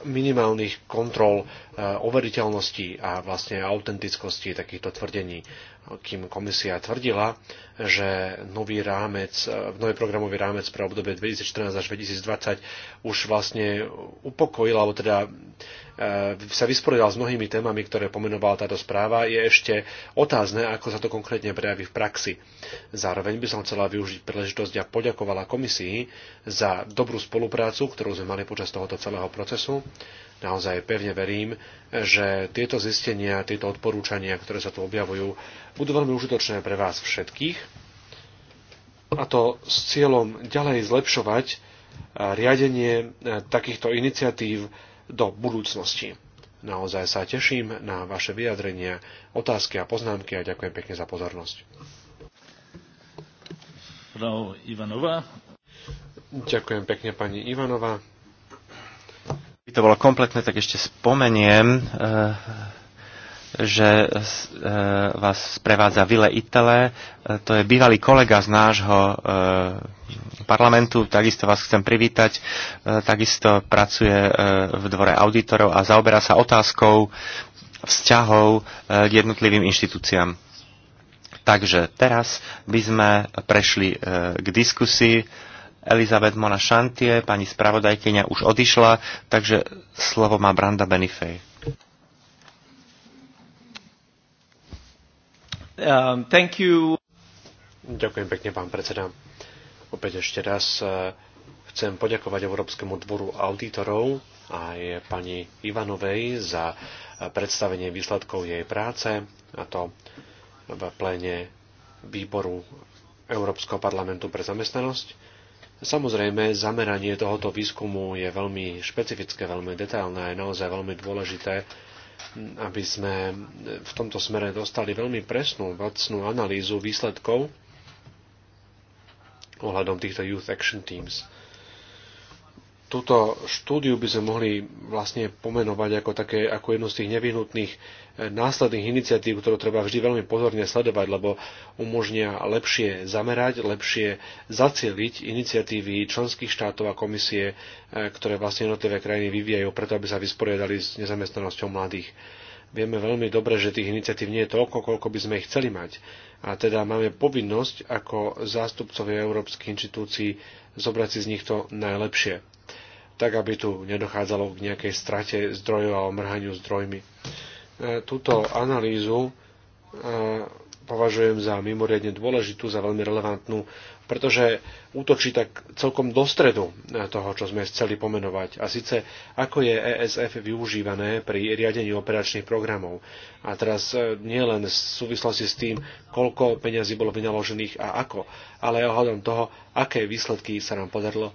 minimálnych kontrol Eh, overiteľnosti a vlastne autentickosti takýchto tvrdení. Kým komisia tvrdila, že nový rámec, eh, nový programový rámec pre obdobie 2014 až 2020 už vlastne upokojil, alebo teda eh, sa vysporiadal s mnohými témami, ktoré pomenovala táto správa, je ešte otázne, ako sa to konkrétne prejaví v praxi. Zároveň by som chcela využiť príležitosť a poďakovala komisii za dobrú spoluprácu, ktorú sme mali počas tohoto celého procesu Naozaj pevne verím, že tieto zistenia, tieto odporúčania, ktoré sa tu objavujú, budú veľmi užitočné pre vás všetkých. A to s cieľom ďalej zlepšovať eh, riadenie eh, takýchto iniciatív do budúcnosti. Naozaj sa teším na vaše vyjadrenia, otázky a poznámky a ďakujem pekne za pozornosť. Ivanova. Ďakujem pekne pani Ivanova by to bolo kompletné, tak ešte spomeniem, eh, že eh, vás sprevádza Vile Itele. Eh, to je bývalý kolega z nášho parlamentu. Takisto vás chcem privítať. Takisto pracuje v dvore auditorov a zaoberá sa otázkou vzťahov k jednotlivým inštitúciám. Takže teraz by sme prešli k diskusii Elizabeth Mona Šantie, pani spravodajkenia, už odišla, takže slovo má Branda Benifej. Um, thank you. Ďakujem pekne, pán predseda. Opäť ešte raz eh, chcem poďakovať Európskemu dvoru auditorov aj pani Ivanovej za eh, predstavenie výsledkov jej práce, a to v pléne výboru Európskeho parlamentu pre zamestnanosť Samozrejme, zameranie tohoto výskumu je veľmi špecifické, veľmi detailné a je naozaj veľmi dôležité, aby sme v tomto smere dostali veľmi presnú, vacnú analýzu výsledkov ohľadom týchto Youth Action Teams túto štúdiu by sme mohli vlastne pomenovať ako, také, ako jednu z tých nevyhnutných e, následných iniciatív, ktorú treba vždy veľmi pozorne sledovať, lebo umožnia lepšie zamerať, lepšie zacieliť iniciatívy členských štátov a komisie, e, ktoré vlastne jednotlivé krajiny vyvíjajú preto, aby sa vysporiadali s nezamestnanosťou mladých. Vieme veľmi dobre, že tých iniciatív nie je toľko, koľko by sme ich chceli mať. A teda máme povinnosť ako zástupcovia európskych inštitúcií zobrať si z nich to najlepšie tak aby tu nedochádzalo k nejakej strate zdrojov a omrhaniu zdrojmi. E, túto analýzu e, považujem za mimoriadne dôležitú, za veľmi relevantnú, pretože útočí tak celkom do stredu e, toho, čo sme chceli pomenovať. A síce, ako je ESF využívané pri riadení operačných programov. A teraz nie len v súvislosti s tým, koľko peňazí bolo vynaložených a ako, ale aj ohľadom toho, aké výsledky sa nám podarilo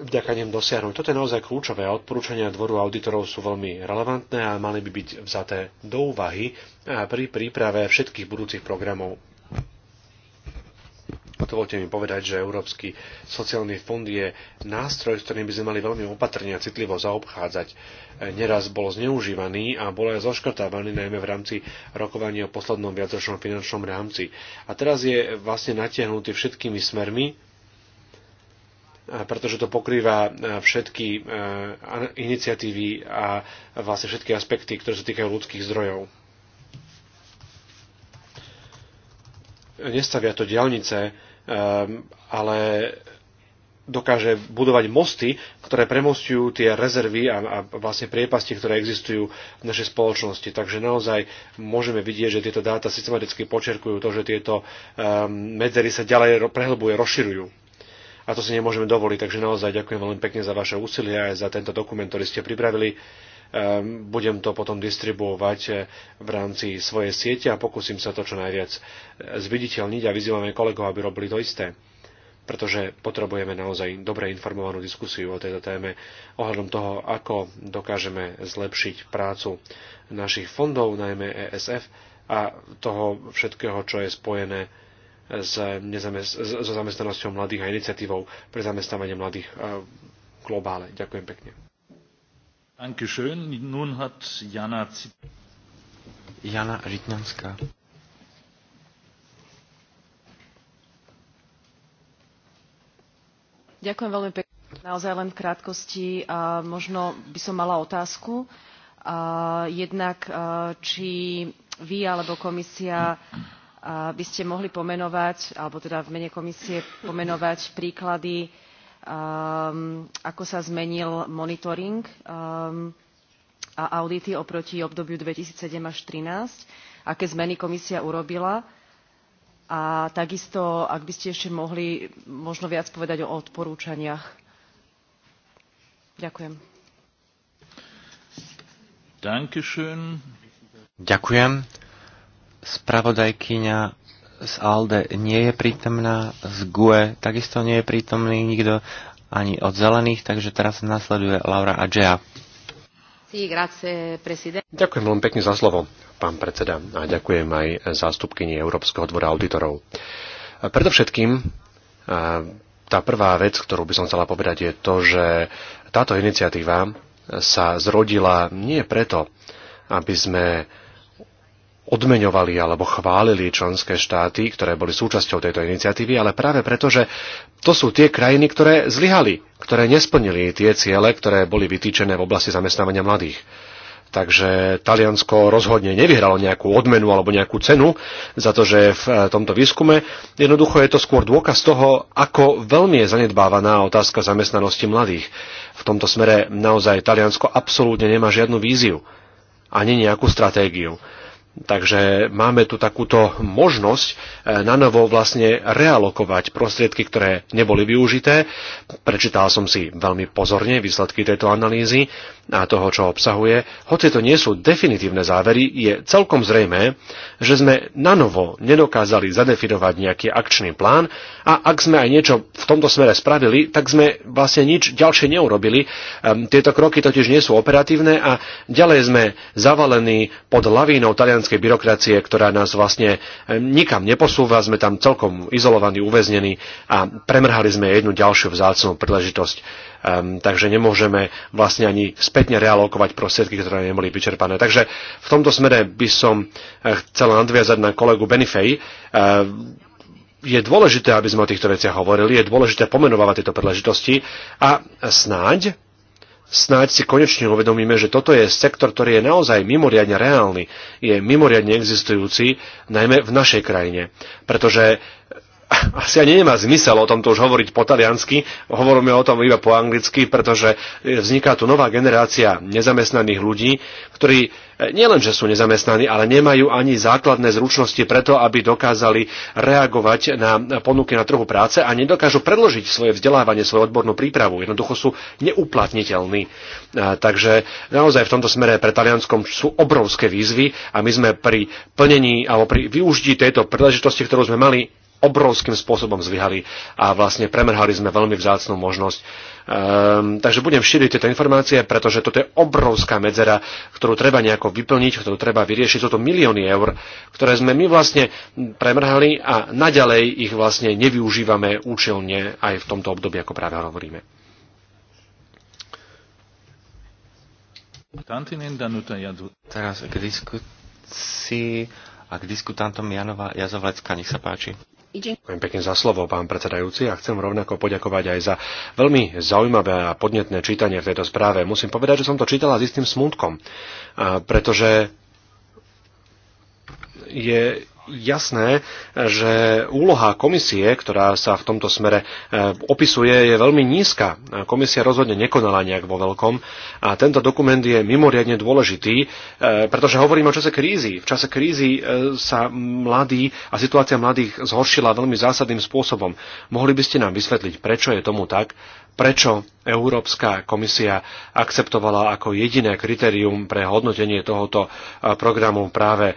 vďaka nem dosiahnuť. Toto je naozaj kľúčové a odporúčania dvoru auditorov sú veľmi relevantné a mali by byť vzaté do úvahy pri príprave všetkých budúcich programov. Dovolte mi povedať, že Európsky sociálny fond je nástroj, s ktorým by sme mali veľmi opatrne a citlivo zaobchádzať. Neraz bol zneužívaný a bol aj zoškrtávaný, najmä v rámci rokovania o poslednom viacročnom finančnom rámci. A teraz je vlastne natiahnutý všetkými smermi, pretože to pokrýva e, všetky e, iniciatívy a vlastne všetky aspekty, ktoré sa týkajú ľudských zdrojov. Nestavia to diálnice, e, ale dokáže budovať mosty, ktoré premostujú tie rezervy a, a vlastne priepasti, ktoré existujú v našej spoločnosti. Takže naozaj môžeme vidieť, že tieto dáta systematicky počerkujú to, že tieto um, medzery sa ďalej prehlbuje, rozširujú a to si nemôžeme dovoliť. Takže naozaj ďakujem veľmi pekne za vaše úsilie aj za tento dokument, ktorý ste pripravili. Ehm, budem to potom distribuovať eh, v rámci svojej siete a pokúsim sa to čo najviac eh, zviditeľniť a vyzývame kolegov, aby robili to isté pretože potrebujeme naozaj dobre informovanú diskusiu o tejto téme ohľadom toho, ako dokážeme zlepšiť prácu našich fondov, najmä ESF a toho všetkého, čo je spojené s, nezamest- so zamestnanosťou mladých a iniciatívou pre zamestnávanie mladých e, globále. Ďakujem pekne. Dankeschön. Nun hat Jana, Jana Rytňanská. Ďakujem veľmi pekne. Naozaj len v krátkosti, a možno by som mala otázku. A jednak, či vy alebo komisia by ste mohli pomenovať, alebo teda v mene komisie pomenovať príklady, um, ako sa zmenil monitoring um, a audity oproti obdobiu 2007 až 2013, aké zmeny komisia urobila a takisto, ak by ste ešte mohli možno viac povedať o odporúčaniach. Ďakujem. Dankeschön. Ďakujem. Spravodajkyňa z ALDE nie je prítomná, z GUE takisto nie je prítomný nikto, ani od zelených, takže teraz nasleduje Laura Adžea. Ďakujem veľmi pekne za slovo, pán predseda, a ďakujem aj zástupkyni Európskeho dvora auditorov. Predovšetkým tá prvá vec, ktorú by som chcela povedať, je to, že táto iniciatíva sa zrodila nie preto, aby sme odmeňovali alebo chválili členské štáty, ktoré boli súčasťou tejto iniciatívy, ale práve preto, že to sú tie krajiny, ktoré zlyhali, ktoré nesplnili tie ciele, ktoré boli vytýčené v oblasti zamestnávania mladých. Takže Taliansko rozhodne nevyhralo nejakú odmenu alebo nejakú cenu za to, že v eh, tomto výskume. Jednoducho je to skôr dôkaz toho, ako veľmi je zanedbávaná otázka zamestnanosti mladých. V tomto smere naozaj Taliansko absolútne nemá žiadnu víziu ani nejakú stratégiu. Takže máme tu takúto možnosť e, na novo vlastne realokovať prostriedky, ktoré neboli využité. Prečítal som si veľmi pozorne výsledky tejto analýzy a toho, čo obsahuje, hoci to nie sú definitívne závery, je celkom zrejmé, že sme nanovo nedokázali zadefinovať nejaký akčný plán a ak sme aj niečo v tomto smere spravili, tak sme vlastne nič ďalšie neurobili. Tieto kroky totiž nie sú operatívne a ďalej sme zavalení pod lavínou talianskej byrokracie, ktorá nás vlastne nikam neposúva, sme tam celkom izolovaní, uväznení a premrhali sme jednu ďalšiu vzácnú príležitosť Um, takže nemôžeme vlastne ani spätne realokovať prostriedky, ktoré neboli vyčerpané. Takže v tomto smere by som eh, chcel nadviazať na kolegu Benifej. Um, je dôležité, aby sme o týchto veciach hovorili, je dôležité pomenovať tieto príležitosti a snáď snáď si konečne uvedomíme, že toto je sektor, ktorý je naozaj mimoriadne reálny, je mimoriadne existujúci, najmä v našej krajine. Pretože asi ani nemá zmysel o tomto už hovoriť po taliansky, hovoríme o tom iba po anglicky, pretože e, vzniká tu nová generácia nezamestnaných ľudí, ktorí e, nielen, že sú nezamestnaní, ale nemajú ani základné zručnosti preto, aby dokázali reagovať na ponuky na trhu práce a nedokážu predložiť svoje vzdelávanie, svoju odbornú prípravu. Jednoducho sú neuplatniteľní. E, takže naozaj v tomto smere pre Talianskom sú obrovské výzvy a my sme pri plnení alebo pri využití tejto príležitosti, ktorú sme mali, obrovským spôsobom zlyhali a vlastne premrhali sme veľmi vzácnú možnosť. Um, takže budem šíriť tieto informácie, pretože toto je obrovská medzera, ktorú treba nejako vyplniť, ktorú treba vyriešiť. Sú to milióny eur, ktoré sme my vlastne premrhali a naďalej ich vlastne nevyužívame účelne aj v tomto období, ako práve hovoríme. Teraz k diskusii a k diskutantom Janova Jazovlecka, nech sa páči. Ďakujem pekne za slovo, pán predsedajúci, a chcem rovnako poďakovať aj za veľmi zaujímavé a podnetné čítanie v tejto správe. Musím povedať, že som to čítala s istým smutkom, pretože je jasné, že úloha komisie, ktorá sa v tomto smere e, opisuje, je veľmi nízka. Komisia rozhodne nekonala nejak vo veľkom a tento dokument je mimoriadne dôležitý, e, pretože hovoríme o čase krízy. V čase krízy e, sa mladí a situácia mladých zhoršila veľmi zásadným spôsobom. Mohli by ste nám vysvetliť, prečo je tomu tak? prečo Európska komisia akceptovala ako jediné kritérium pre hodnotenie tohoto e, programu práve e,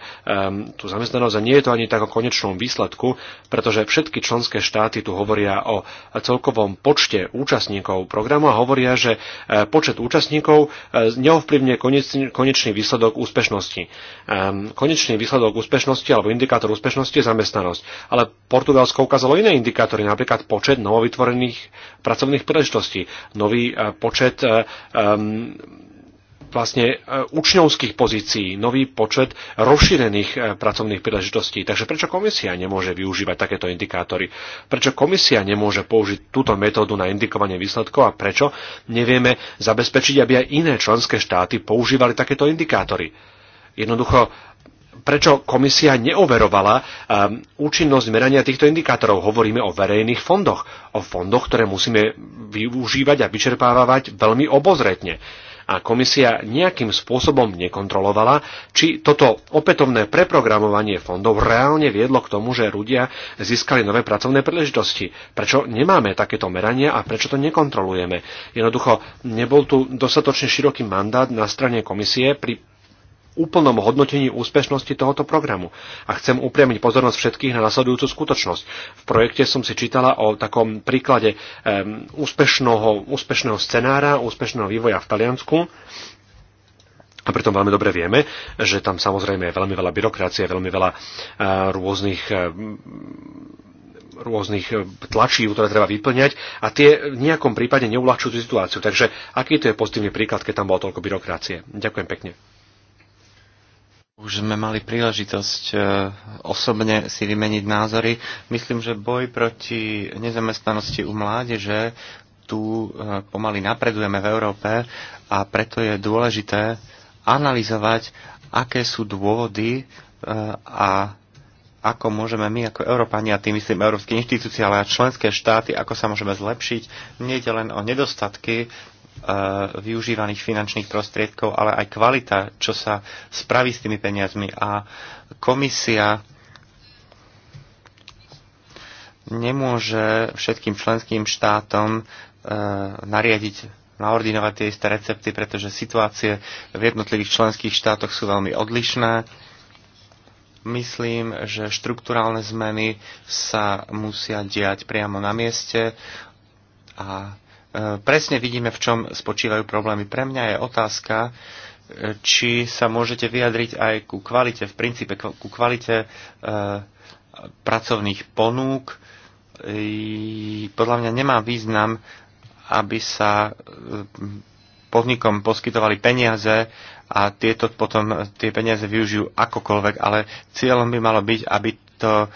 tú zamestnanosť. A nie je to ani tak o konečnom výsledku, pretože všetky členské štáty tu hovoria o celkovom počte účastníkov programu a hovoria, že e, počet účastníkov neovplyvne konečný výsledok úspešnosti. Konečný výsledok úspešnosti alebo indikátor úspešnosti je zamestnanosť. Ale Portugalsko ukázalo iné indikátory, napríklad počet novovytvorených pracovných príležitostí príležitosti, nový e, počet e, vlastne e, učňovských pozícií, nový počet rozšírených pracovných príležitostí. Takže prečo komisia nemôže využívať takéto indikátory? Prečo komisia nemôže použiť túto metódu na indikovanie výsledkov a prečo nevieme zabezpečiť, aby aj iné členské štáty používali takéto indikátory? Jednoducho prečo komisia neoverovala ehm, účinnosť merania týchto indikátorov. Hovoríme o verejných fondoch, o fondoch, ktoré musíme využívať a vyčerpávať veľmi obozretne. A komisia nejakým spôsobom nekontrolovala, či toto opätovné preprogramovanie fondov reálne viedlo k tomu, že ľudia získali nové pracovné príležitosti. Prečo nemáme takéto merania a prečo to nekontrolujeme? Jednoducho, nebol tu dostatočne široký mandát na strane komisie pri úplnom hodnotení úspešnosti tohoto programu. A chcem upriamiť pozornosť všetkých na nasledujúcu skutočnosť. V projekte som si čítala o takom príklade um, úspešného, úspešného scenára, úspešného vývoja v Taliansku, a pritom veľmi dobre vieme, že tam samozrejme je veľmi veľa byrokracie, veľmi veľa uh, rôznych uh, rôznych eh, tlačí, ktoré treba vyplňať a tie v nejakom prípade neulahčujú tú situáciu. Takže aký to je pozitívny príklad, keď tam bolo toľko byrokracie? Ďakujem pekne. Už sme mali príležitosť e, osobne si vymeniť názory. Myslím, že boj proti nezamestnanosti u mládeže tu e, pomaly napredujeme v Európe a preto je dôležité analyzovať, aké sú dôvody e, a ako môžeme my ako Európania, tým myslím európske inštitúcie, ale aj členské štáty, ako sa môžeme zlepšiť. Nie je len o nedostatky, Eh, využívaných finančných prostriedkov, ale aj kvalita, čo sa spraví s tými peniazmi. A komisia nemôže všetkým členským štátom eh, nariadiť, naordinovať tie isté recepty, pretože situácie v jednotlivých členských štátoch sú veľmi odlišné. Myslím, že štruktúrálne zmeny sa musia diať priamo na mieste a presne vidíme, v čom spočívajú problémy. Pre mňa je otázka, či sa môžete vyjadriť aj ku kvalite, v princípe ku kvalite e, pracovných ponúk. Podľa mňa nemá význam, aby sa e, podnikom poskytovali peniaze a tieto potom tie peniaze využijú akokoľvek, ale cieľom by malo byť, aby to e,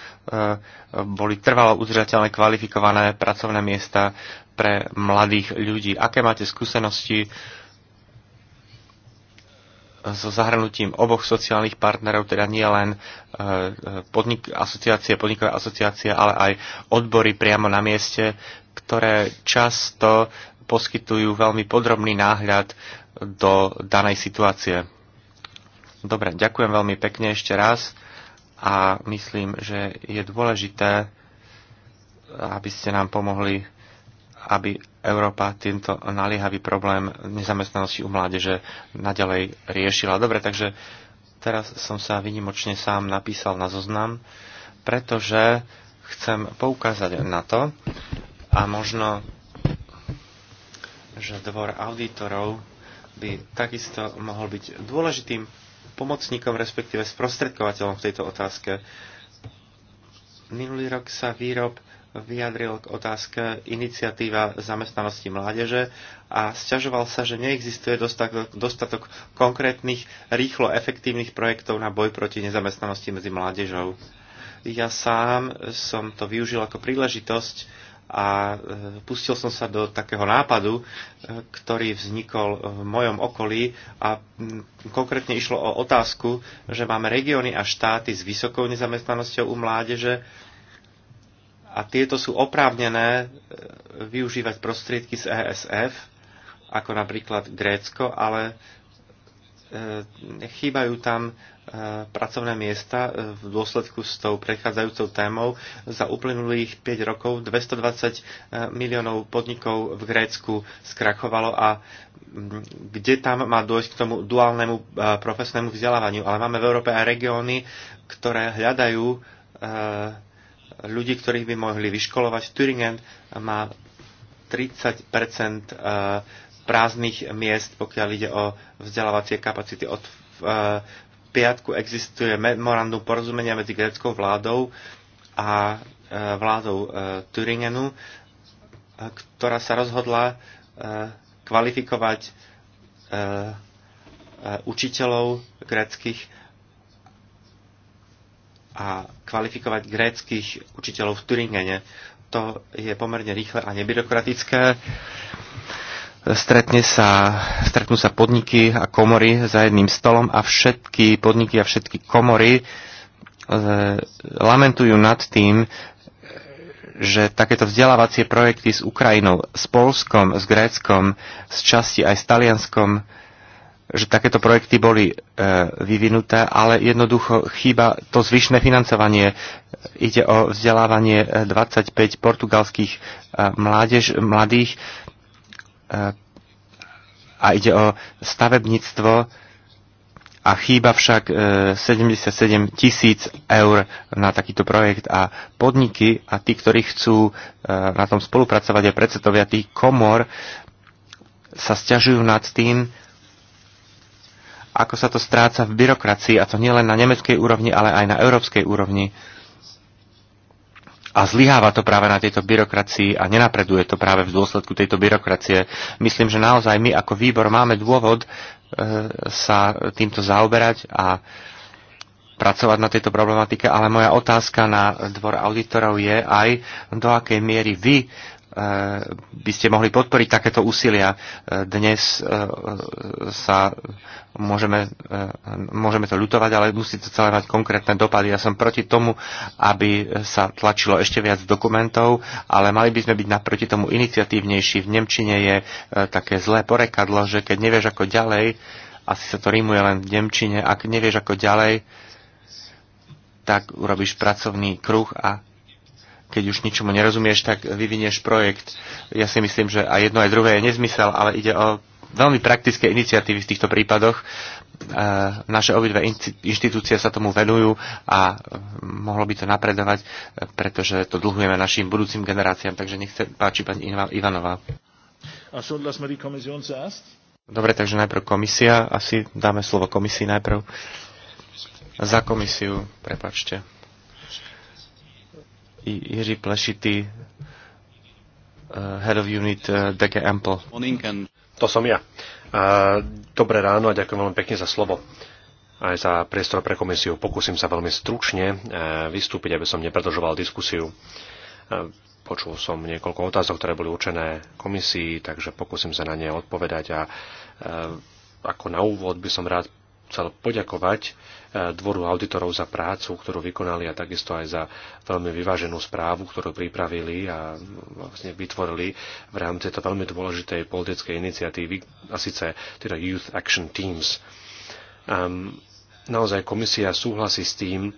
boli trvalo udržateľné kvalifikované pracovné miesta pre mladých ľudí. Aké máte skúsenosti so zahrnutím oboch sociálnych partnerov, teda nie len e, podnik, asociácie, podnikové asociácie, ale aj odbory priamo na mieste, ktoré často poskytujú veľmi podrobný náhľad do danej situácie. Dobre, ďakujem veľmi pekne ešte raz a myslím, že je dôležité, aby ste nám pomohli aby Európa týmto naliehavý problém nezamestnanosti u mládeže naďalej riešila. Dobre, takže teraz som sa vynimočne sám napísal na zoznam, pretože chcem poukázať na to a možno, že dvor auditorov by takisto mohol byť dôležitým pomocníkom, respektíve sprostredkovateľom v tejto otázke. Minulý rok sa výrob vyjadril k otázke iniciatíva zamestnanosti mládeže a sťažoval sa, že neexistuje dostatok, dostatok konkrétnych, rýchlo efektívnych projektov na boj proti nezamestnanosti medzi mládežou. Ja sám som to využil ako príležitosť a e, pustil som sa do takého nápadu, e, ktorý vznikol v mojom okolí a konkrétne išlo o otázku, že máme regióny a štáty s vysokou nezamestnanosťou u mládeže, a tieto sú oprávnené e, využívať prostriedky z ESF, ako napríklad Grécko, ale e, chýbajú tam e, pracovné miesta v dôsledku s tou prechádzajúcou témou. Za uplynulých 5 rokov 220 miliónov podnikov v Grécku skrachovalo a kde tam má dôjsť k tomu duálnemu profesnému vzdelávaniu. Ale máme v Európe aj regióny, ktoré hľadajú ľudí, ktorých by mohli vyškolovať. Turingen má 30 e, prázdnych miest, pokiaľ ide o vzdelávacie kapacity. Od e, piatku existuje memorandum porozumenia medzi gréckou vládou a e, vládou Turingenu, ktorá sa rozhodla kvalifikovať učiteľov greckých a kvalifikovať gréckých učiteľov v Turingene. To je pomerne rýchle a nebyrokratické. Stretne sa, stretnú sa podniky a komory za jedným stolom a všetky podniky a všetky komory e, lamentujú nad tým, e, že takéto vzdelávacie projekty s Ukrajinou, s Polskom, s Gréckom, s časti aj s Talianskom že takéto projekty boli e, vyvinuté, ale jednoducho chýba to zvyšné financovanie. Ide o vzdelávanie 25 e, portugalských e, mládež, mladých e, a ide o stavebníctvo a chýba však e, 77 tisíc eur na takýto projekt a podniky a tí, ktorí chcú e, na tom spolupracovať a predsetovia tých komor sa stiažujú nad tým, ako sa to stráca v byrokracii, a to nielen na nemeckej úrovni, ale aj na európskej úrovni. A zlyháva to práve na tejto byrokracii a nenapreduje to práve v dôsledku tejto byrokracie. Myslím, že naozaj my ako výbor máme dôvod e, sa týmto zaoberať a pracovať na tejto problematike, ale moja otázka na dvor auditorov je aj, do akej miery vy Eh, by ste mohli podporiť takéto úsilia. Eh, dnes eh, sa môžeme, môžeme to ľutovať, ale musí to celé mať konkrétne dopady. Ja som proti tomu, aby sa tlačilo ešte viac dokumentov, ale mali by sme byť naproti tomu iniciatívnejší. V Nemčine je také zlé porekadlo, že keď nevieš ako ďalej, asi sa to rímuje len v Nemčine, ak nevieš ako ďalej, tak urobíš pracovný kruh a keď už ničomu nerozumieš, tak vyvinieš projekt. Ja si myslím, že aj jedno, aj druhé je nezmysel, ale ide o veľmi praktické iniciatívy v týchto prípadoch. E, naše obidve inštitúcie sa tomu venujú a mohlo by to napredovať, pretože to dlhujeme našim budúcim generáciám. Takže nech sa páči pani Ivanová. Dobre, takže najprv komisia. Asi dáme slovo komisii najprv. Za komisiu, prepačte. Jiří Plešitý, eh, Head of Unit eh, DK Ample. To som ja. Dobré ráno a ďakujem veľmi pekne za slovo aj za priestor pre komisiu. Pokúsim sa veľmi stručne eh, vystúpiť, aby som nepredlžoval diskusiu. Počul som niekoľko otázok, ktoré boli určené komisii, takže pokúsim sa na ne odpovedať a ako na úvod by som rád chcel poďakovať dvoru auditorov za prácu, ktorú vykonali a takisto aj za veľmi vyváženú správu, ktorú pripravili a vlastne vytvorili v rámci tejto veľmi dôležitej politickej iniciatívy, a síce teda Youth Action Teams. Um, naozaj komisia súhlasí s tým,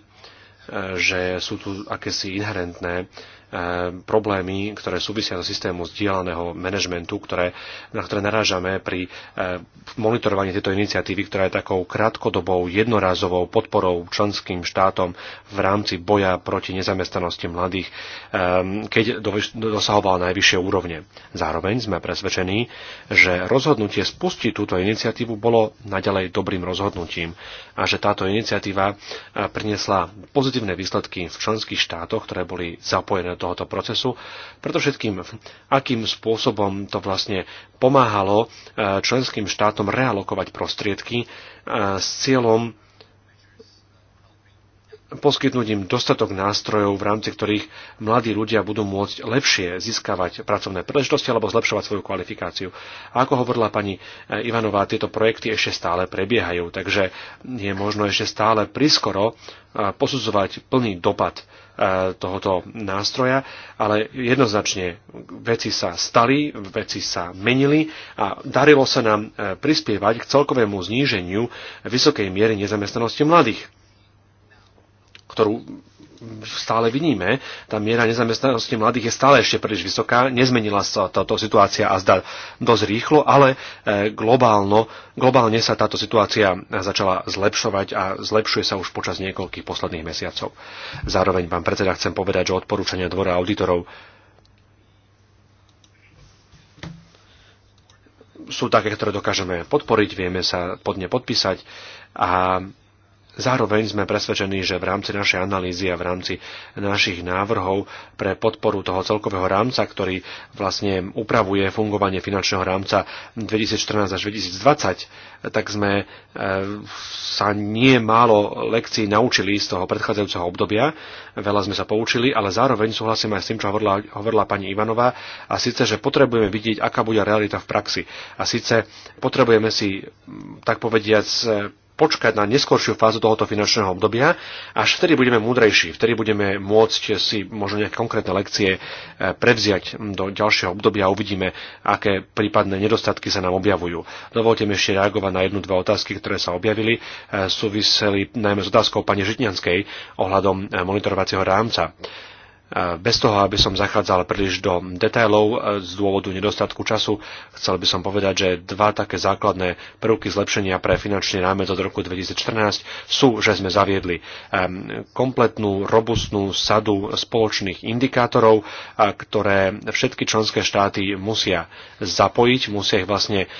že sú tu akési inherentné Eh, problémy, ktoré súvisia so systému zdieľaného manažmentu, ktoré, na ktoré narážame pri eh, monitorovaní tejto iniciatívy, ktorá je takou krátkodobou, jednorázovou podporou členským štátom v rámci boja proti nezamestnanosti mladých, eh, keď dosahovala najvyššie úrovne. Zároveň sme presvedčení, že rozhodnutie spustiť túto iniciatívu bolo naďalej dobrým rozhodnutím a že táto iniciatíva priniesla pozitívne výsledky v členských štátoch, ktoré boli zapojené tohoto procesu. Preto všetkým, akým spôsobom to vlastne pomáhalo e, členským štátom realokovať prostriedky e, s cieľom poskytnúť im dostatok nástrojov, v rámci ktorých mladí ľudia budú môcť lepšie získavať pracovné príležitosti alebo zlepšovať svoju kvalifikáciu. A ako hovorila pani e, Ivanová, tieto projekty ešte stále prebiehajú, takže je možno ešte stále priskoro posudzovať plný dopad tohoto nástroja, ale jednoznačne veci sa stali, veci sa menili a darilo sa nám e, prispievať k celkovému zníženiu vysokej miery nezamestnanosti mladých ktorú stále vidíme, tá miera nezamestnanosti mladých je stále ešte príliš vysoká, nezmenila sa táto situácia a zdá dosť rýchlo, ale e, globálno, globálne sa táto situácia začala zlepšovať a zlepšuje sa už počas niekoľkých posledných mesiacov. Zároveň, vám predseda, chcem povedať, že odporúčania dvora auditorov sú také, ktoré dokážeme podporiť, vieme sa pod ne podpísať a Zároveň sme presvedčení, že v rámci našej analýzy a v rámci našich návrhov pre podporu toho celkového rámca, ktorý vlastne upravuje fungovanie finančného rámca 2014 až 2020, tak sme e, sa nie málo lekcií naučili z toho predchádzajúceho obdobia. Veľa sme sa poučili, ale zároveň súhlasím aj s tým, čo hovorila, hovorila pani Ivanová, a síce, že potrebujeme vidieť, aká bude realita v praxi. A síce potrebujeme si, tak povediať, počkať na neskoršiu fázu tohoto finančného obdobia. Až vtedy budeme múdrejší, vtedy budeme môcť si možno nejaké konkrétne lekcie eh, prevziať do ďalšieho obdobia a uvidíme, aké prípadné nedostatky sa nám objavujú. Dovolte mi ešte reagovať na jednu, dve otázky, ktoré sa objavili. Eh, súviseli najmä s otázkou pani Žitňanskej ohľadom eh, monitorovacieho rámca. Bez toho, aby som zachádzal príliš do detailov e, z dôvodu nedostatku času, chcel by som povedať, že dva také základné prvky zlepšenia pre finančný rámec od roku 2014 sú, že sme zaviedli kompletnú, robustnú sadu spoločných indikátorov, e, ktoré všetky členské štáty musia zapojiť, musia ich vlastne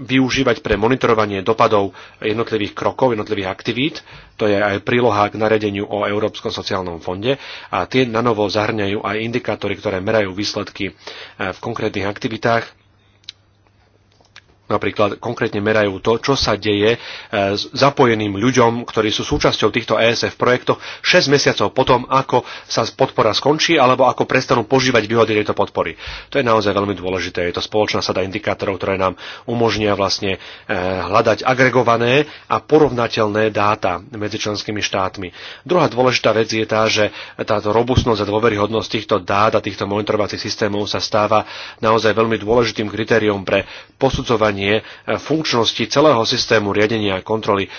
využívať pre monitorovanie dopadov jednotlivých krokov, jednotlivých aktivít. To je aj príloha k naredeniu o Európskom sociálnom fonde a tie na novo zahrňajú aj indikátory, ktoré merajú výsledky eh, v konkrétnych aktivitách Napríklad konkrétne merajú to, čo sa deje e, s zapojeným ľuďom, ktorí sú súčasťou týchto ESF projektov 6 mesiacov potom, ako sa podpora skončí alebo ako prestanú požívať výhody tejto podpory. To je naozaj veľmi dôležité. Je to spoločná sada indikátorov, ktoré nám umožnia vlastne e, hľadať agregované a porovnateľné dáta medzi členskými štátmi. Druhá dôležitá vec je tá, že táto robustnosť a dôveryhodnosť týchto dát a týchto monitorovacích systémov sa stáva naozaj veľmi dôležitým kritériom pre posudzovanie zlepšenie eh, funkčnosti celého systému riadenia a kontroly eh,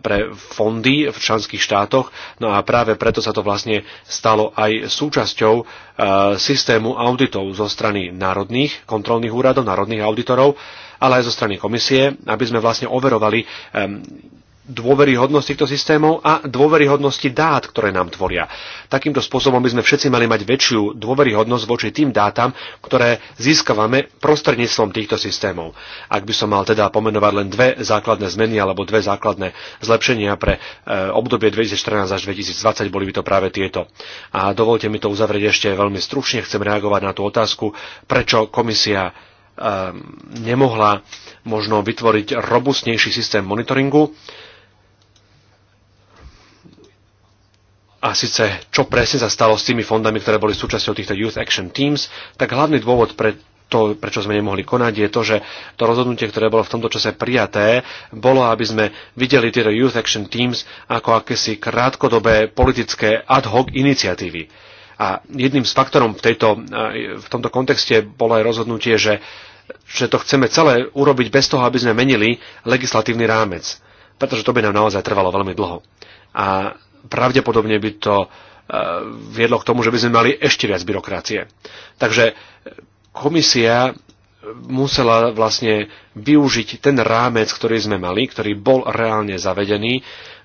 pre fondy v členských štátoch. No a práve preto sa to vlastne stalo aj súčasťou eh, systému auditov zo strany národných kontrolných úradov, národných auditorov, ale aj zo strany komisie, aby sme vlastne overovali dôveryhodnosť týchto systémov a dôveryhodnosti dát, ktoré nám tvoria. Takýmto spôsobom by sme všetci mali mať väčšiu dôveryhodnosť voči tým dátam, ktoré získavame prostredníctvom týchto systémov. Ak by som mal teda pomenovať len dve základné zmeny alebo dve základné zlepšenia pre e, obdobie 2014 až 2020, boli by to práve tieto. A dovolte mi to uzavrieť ešte veľmi stručne, chcem reagovať na tú otázku, prečo komisia e, nemohla možno vytvoriť robustnejší systém monitoringu. a síce čo presne sa stalo s tými fondami, ktoré boli súčasťou týchto Youth Action Teams, tak hlavný dôvod pre to, prečo sme nemohli konať, je to, že to rozhodnutie, ktoré bolo v tomto čase prijaté, bolo, aby sme videli tieto Youth Action Teams ako akési krátkodobé politické ad hoc iniciatívy. A jedným z faktorom v, tejto, v tomto kontexte bolo aj rozhodnutie, že, že to chceme celé urobiť bez toho, aby sme menili legislatívny rámec. Pretože to by nám naozaj trvalo veľmi dlho. A pravdepodobne by to e, viedlo k tomu, že by sme mali ešte viac byrokracie. Takže komisia musela vlastne využiť ten rámec, ktorý sme mali, ktorý bol reálne zavedený,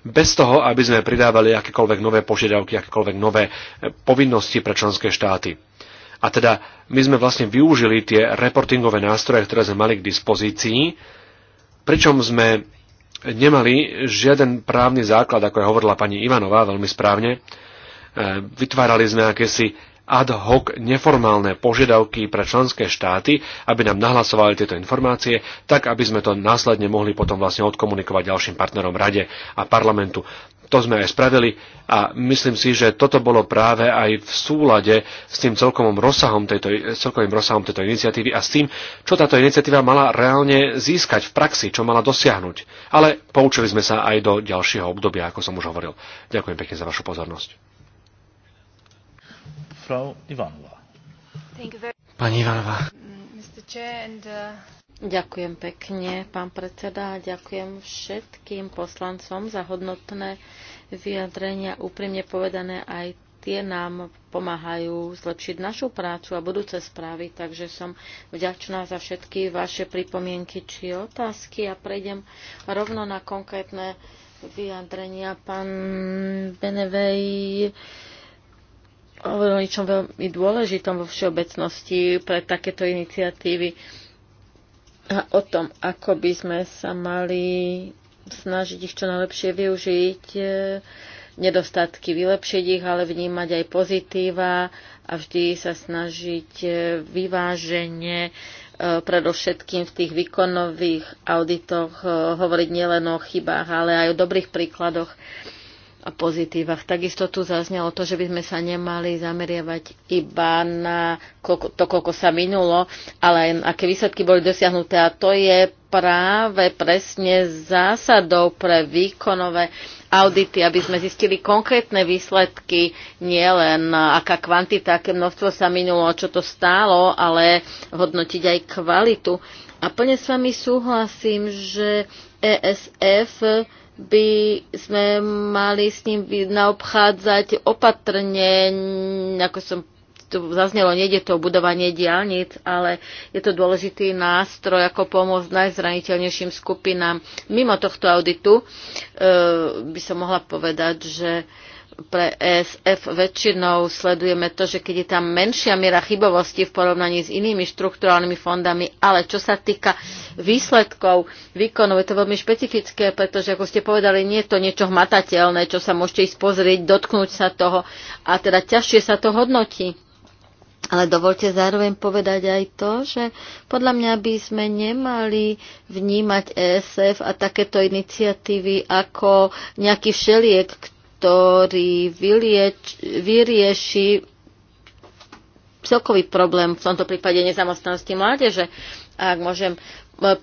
bez toho, aby sme pridávali akékoľvek nové požiadavky, akékoľvek nové e, povinnosti pre členské štáty. A teda my sme vlastne využili tie reportingové nástroje, ktoré sme mali k dispozícii, pričom sme nemali žiaden právny základ, ako je hovorila pani Ivanová veľmi správne. E, vytvárali sme akési ad hoc neformálne požiadavky pre členské štáty, aby nám nahlasovali tieto informácie, tak aby sme to následne mohli potom vlastne odkomunikovať ďalším partnerom rade a parlamentu to sme aj spravili a myslím si, že toto bolo práve aj v súlade s tým celkovým rozsahom tejto, celkovým rozsahom tejto iniciatívy a s tým, čo táto iniciatíva mala reálne získať v praxi, čo mala dosiahnuť. Ale poučili sme sa aj do ďalšieho obdobia, ako som už hovoril. Ďakujem pekne za vašu pozornosť. Pani Ivanova. Mm, Ďakujem pekne, pán predseda. Ďakujem všetkým poslancom za hodnotné vyjadrenia. Úprimne povedané, aj tie nám pomáhajú zlepšiť našu prácu a budúce správy, takže som vďačná za všetky vaše pripomienky či otázky a prejdem rovno na konkrétne vyjadrenia. Pán Benevej, hovoril o ničom veľmi dôležitom vo všeobecnosti pre takéto iniciatívy a o tom, ako by sme sa mali snažiť ich čo najlepšie využiť, e, nedostatky vylepšiť ich, ale vnímať aj pozitíva a vždy sa snažiť e, vyváženie e, predovšetkým v tých výkonových auditoch hovoriť nielen o chybách, ale aj o dobrých príkladoch pozitívach. Takisto tu zaznelo to, že by sme sa nemali zameriavať iba na to, koľko sa minulo, ale aj aké výsledky boli dosiahnuté. A to je práve presne zásadou pre výkonové audity, aby sme zistili konkrétne výsledky, nielen aká kvantita, aké množstvo sa minulo, čo to stálo, ale hodnotiť aj kvalitu. A plne s vami súhlasím, že ESF by sme mali s ním naobchádzať opatrne, ako som tu zaznelo, nejde to o budovanie diálnic, ale je to dôležitý nástroj, ako pomôcť najzraniteľnejším skupinám. Mimo tohto auditu e, by som mohla povedať, že pre ESF väčšinou sledujeme to, že keď je tam menšia miera chybovosti v porovnaní s inými štruktúralnými fondami, ale čo sa týka výsledkov výkonov, je to veľmi špecifické, pretože ako ste povedali, nie je to niečo hmatateľné, čo sa môžete ísť pozrieť, dotknúť sa toho a teda ťažšie sa to hodnotí. Ale dovolte zároveň povedať aj to, že podľa mňa by sme nemali vnímať ESF a takéto iniciatívy ako nejaký všeliek, ktorý vylieč, vyrieši celkový problém, v tomto prípade nezamostnanosti mládeže. Ak môžem e,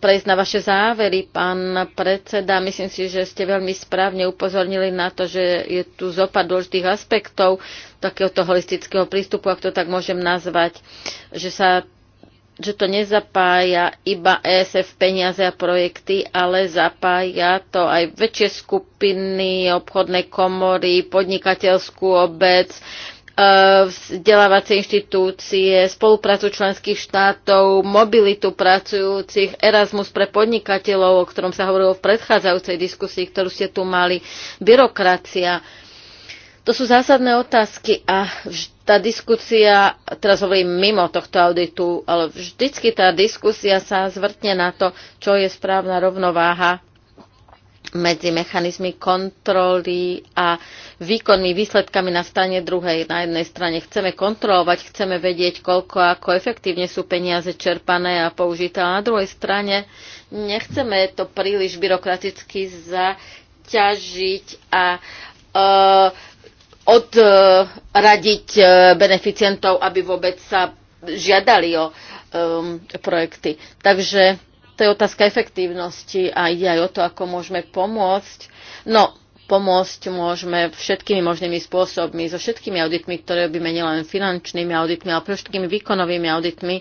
prejsť na vaše závery, pán predseda, myslím si, že ste veľmi správne upozornili na to, že je tu zopad dôležitých aspektov takéhoto holistického prístupu, ak to tak môžem nazvať, že sa že to nezapája iba ESF peniaze a projekty, ale zapája to aj väčšie skupiny, obchodné komory, podnikateľskú obec, e, vzdelávacie inštitúcie, spoluprácu členských štátov, mobilitu pracujúcich, Erasmus pre podnikateľov, o ktorom sa hovorilo v predchádzajúcej diskusii, ktorú ste tu mali, byrokracia. To sú zásadné otázky a vždy tá diskusia, teraz hovorím mimo tohto auditu, ale vždycky tá diskusia sa zvrtne na to, čo je správna rovnováha medzi mechanizmy kontroly a výkonmi, výsledkami na stane druhej. Na jednej strane chceme kontrolovať, chceme vedieť, koľko a ako efektívne sú peniaze čerpané a použité. A na druhej strane nechceme to príliš byrokraticky zaťažiť a uh, odradiť e, beneficientov, aby vôbec sa žiadali o um, projekty. Takže to je otázka efektívnosti a ide aj o to, ako môžeme pomôcť. No, pomôcť môžeme všetkými možnými spôsobmi, so všetkými auditmi, ktoré robíme nielen finančnými auditmi, ale všetkými výkonovými auditmi,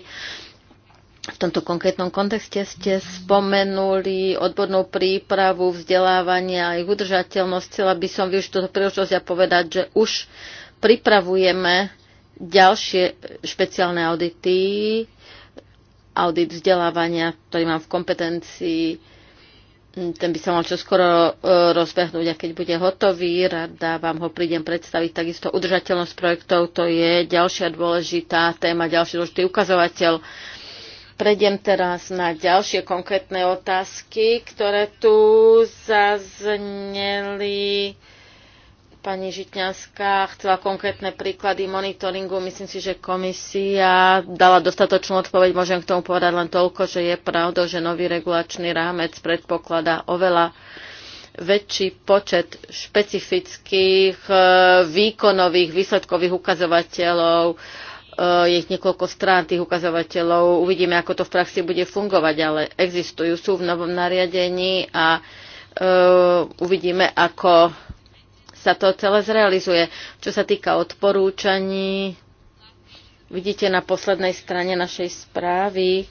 v tomto konkrétnom kontexte ste spomenuli odbornú prípravu, vzdelávanie a ich udržateľnosť. Chcela by som využiť túto príležitosť a povedať, že už pripravujeme ďalšie špeciálne audity, audit vzdelávania, ktorý mám v kompetencii. Ten by sa mal čo skoro e, rozbehnúť a keď bude hotový, rada vám ho prídem predstaviť. Takisto udržateľnosť projektov, to je ďalšia dôležitá téma, ďalší dôležitý ukazovateľ Prejdem teraz na ďalšie konkrétne otázky, ktoré tu zazneli. Pani Žitňanská chcela konkrétne príklady monitoringu. Myslím si, že komisia dala dostatočnú odpoveď. Môžem k tomu povedať len toľko, že je pravdou, že nový regulačný rámec predpokladá oveľa väčší počet špecifických e, výkonových výsledkových ukazovateľov, Eh, je ich niekoľko strán tých ukazovateľov. Uvidíme, ako to v praxi bude fungovať, ale existujú, sú v novom nariadení a eh, uvidíme, ako sa to celé zrealizuje. Čo sa týka odporúčaní, vidíte na poslednej strane našej správy,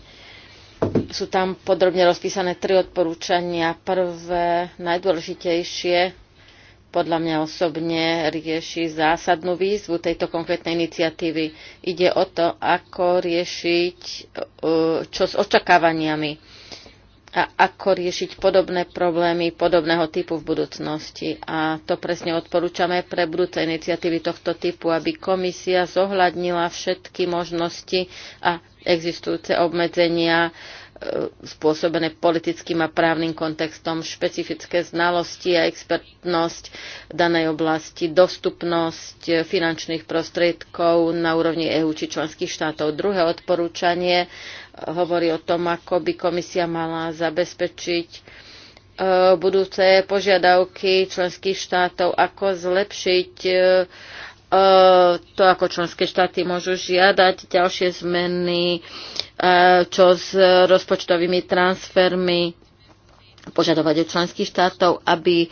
sú tam podrobne rozpísané tri odporúčania. Prvé, najdôležitejšie, podľa mňa osobne rieši zásadnú výzvu tejto konkrétnej iniciatívy. Ide o to, ako riešiť e, čo s očakávaniami a ako riešiť podobné problémy podobného typu v budúcnosti. A to presne odporúčame pre budúce iniciatívy tohto typu, aby komisia zohľadnila všetky možnosti a existujúce obmedzenia E, spôsobené politickým a právnym kontextom, špecifické znalosti a expertnosť danej oblasti, dostupnosť finančných prostriedkov na úrovni EÚ či členských štátov. Druhé odporúčanie e, hovorí o tom, ako by komisia mala zabezpečiť e, budúce požiadavky členských štátov, ako zlepšiť to, ako členské štáty môžu žiadať ďalšie zmeny E, čo s rozpočtovými transfermi, požadovať od členských štátov, aby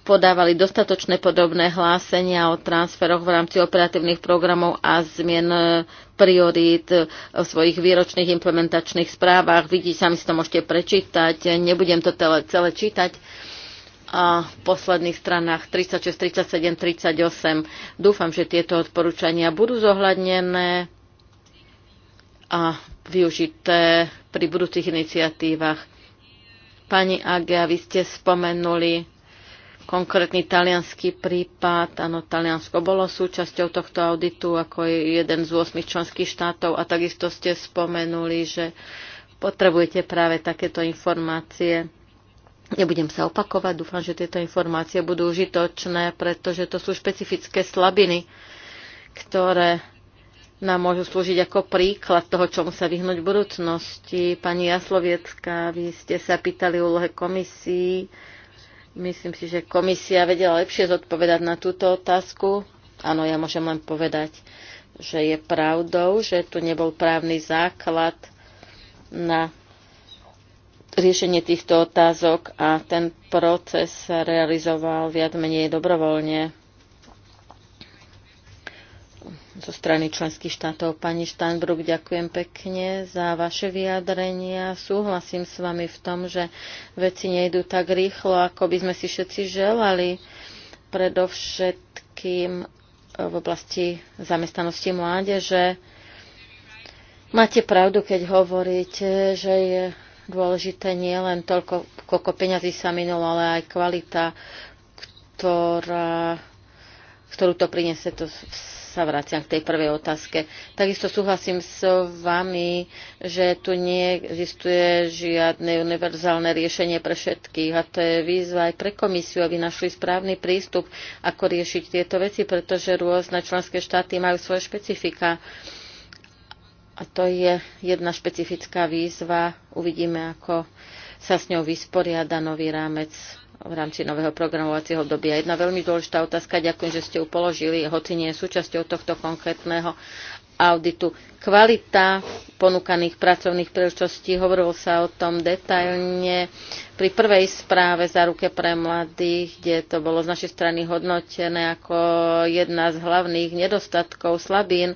podávali dostatočné podobné hlásenia o transferoch v rámci operatívnych programov a zmien priorít v svojich výročných implementačných správach. Vidíte, sami si to môžete prečítať, nebudem to celé čítať a v posledných stranách 36, 37, 38. Dúfam, že tieto odporúčania budú zohľadnené a využité pri budúcich iniciatívach. Pani Agea, vy ste spomenuli konkrétny talianský prípad. Áno, Taliansko bolo súčasťou tohto auditu ako jeden z 8 členských štátov a takisto ste spomenuli, že potrebujete práve takéto informácie. Nebudem sa opakovať, dúfam, že tieto informácie budú užitočné, pretože to sú špecifické slabiny, ktoré nám môžu slúžiť ako príklad toho, čomu sa vyhnúť v budúcnosti. Pani Jasloviecka, vy ste sa pýtali úlohe komisii. Myslím si, že komisia vedela lepšie zodpovedať na túto otázku. Áno, ja môžem len povedať, že je pravdou, že tu nebol právny základ na riešenie týchto otázok a ten proces sa realizoval viac menej dobrovoľne zo strany členských štátov. Pani Štánbruk, ďakujem pekne za vaše vyjadrenia. Súhlasím s vami v tom, že veci nejdú tak rýchlo, ako by sme si všetci želali. Predovšetkým eh, v oblasti zamestnanosti mládeže. Máte pravdu, keď hovoríte, že je dôležité nie len toľko, koľko peňazí sa minulo, ale aj kvalita, ktorá, ktorú to priniesie. To sa vraciam k tej prvej otázke. Takisto súhlasím s vami, že tu neexistuje žiadne univerzálne riešenie pre všetkých a to je výzva aj pre komisiu, aby našli správny prístup, ako riešiť tieto veci, pretože rôzne členské štáty majú svoje špecifika. A to je jedna špecifická výzva. Uvidíme, ako sa s ňou vysporiada nový rámec v rámci nového programovacieho obdobia. Jedna veľmi dôležitá otázka, ďakujem, že ste ju položili, hoci nie je súčasťou tohto konkrétneho auditu. Kvalita ponúkaných pracovných príležitostí, hovorilo sa o tom detailne pri prvej správe za ruke pre mladých, kde to bolo z našej strany hodnotené ako jedna z hlavných nedostatkov slabín.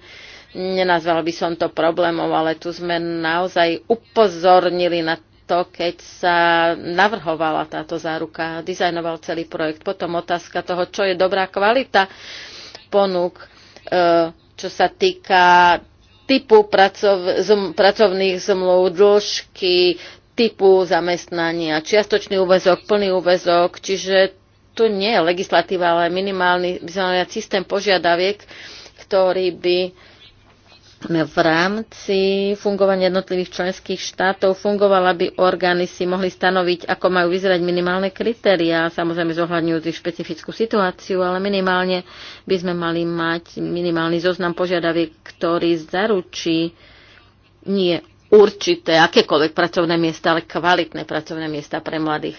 Nenazval by som to problémom, ale tu sme naozaj upozornili na to, keď sa navrhovala táto záruka, dizajnoval celý projekt. Potom otázka toho, čo je dobrá kvalita ponúk, e, čo sa týka typu pracov, zm, pracovných zmluv, dĺžky, typu zamestnania, čiastočný úvezok, plný úvezok, čiže tu nie je legislatíva, ale minimálny systém požiadaviek, ktorý by v rámci fungovania jednotlivých členských štátov fungovala aby orgány si mohli stanoviť, ako majú vyzerať minimálne kritériá, samozrejme zohľadňujúci špecifickú situáciu, ale minimálne by sme mali mať minimálny zoznam požiadaviek, ktorý zaručí nie určité, akékoľvek pracovné miesta, ale kvalitné pracovné miesta pre mladých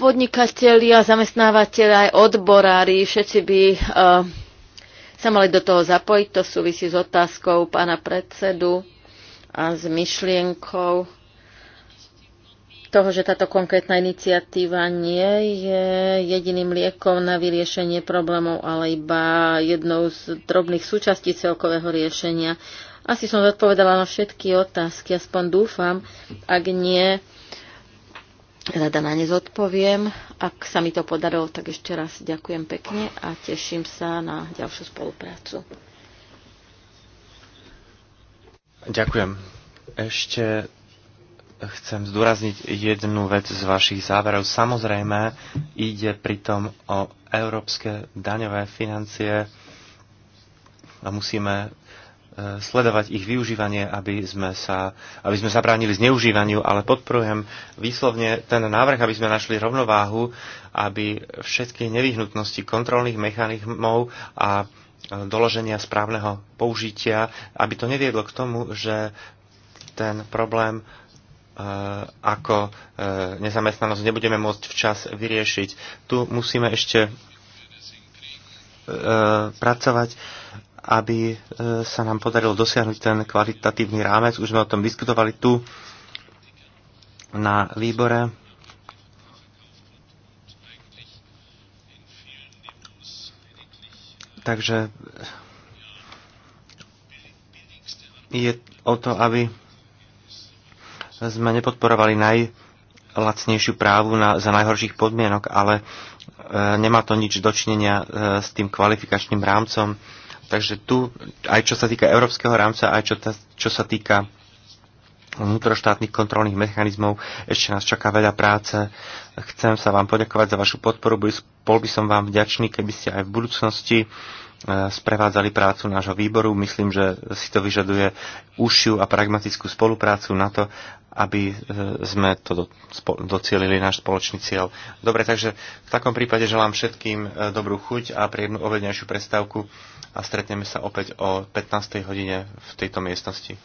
podnikatelia, zamestnávateľi, aj odborári, všetci by uh, chcem ale do toho zapojiť. To súvisí s otázkou pána predsedu a s myšlienkou toho, že táto konkrétna iniciatíva nie je jediným liekom na vyriešenie problémov, ale iba jednou z drobných súčastí celkového riešenia. Asi som zodpovedala na všetky otázky, aspoň dúfam. Ak nie, rada na ne zodpoviem. Ak sa mi to podarilo, tak ešte raz ďakujem pekne a teším sa na ďalšiu spoluprácu. Ďakujem. Ešte chcem zdôrazniť jednu vec z vašich záverov. Samozrejme, ide pritom o európske daňové financie a musíme E, sledovať ich využívanie, aby sme, sa, aby sme zabránili zneužívaniu, ale podporujem výslovne ten návrh, aby sme našli rovnováhu, aby všetky nevyhnutnosti kontrolných mechanizmov a e, doloženia správneho použitia, aby to neviedlo k tomu, že ten problém e, ako nezamestnanosť nebudeme môcť včas vyriešiť. Tu musíme ešte pracovať aby e, sa nám podarilo dosiahnuť ten kvalitatívny rámec. Už sme o tom diskutovali tu na výbore. Takže je o to, aby sme nepodporovali najlacnejšiu právu na, za najhorších podmienok, ale e, nemá to nič dočinenia e, s tým kvalifikačným rámcom. E, Takže tu, aj čo sa týka európskeho rámca, aj čo, ta, čo sa týka vnútroštátnych kontrolných mechanizmov, ešte nás čaká veľa práce. Chcem sa vám poďakovať za vašu podporu, bol by som vám vďačný, keby ste aj v budúcnosti E, sprevádzali prácu nášho výboru. Myslím, že si to vyžaduje užšiu a pragmatickú spoluprácu na to, aby e, sme to docielili náš spoločný cieľ. Dobre, takže v takom prípade želám všetkým e, dobrú chuť a príjemnú obedňajšiu prestávku a stretneme sa opäť o 15. hodine v tejto miestnosti.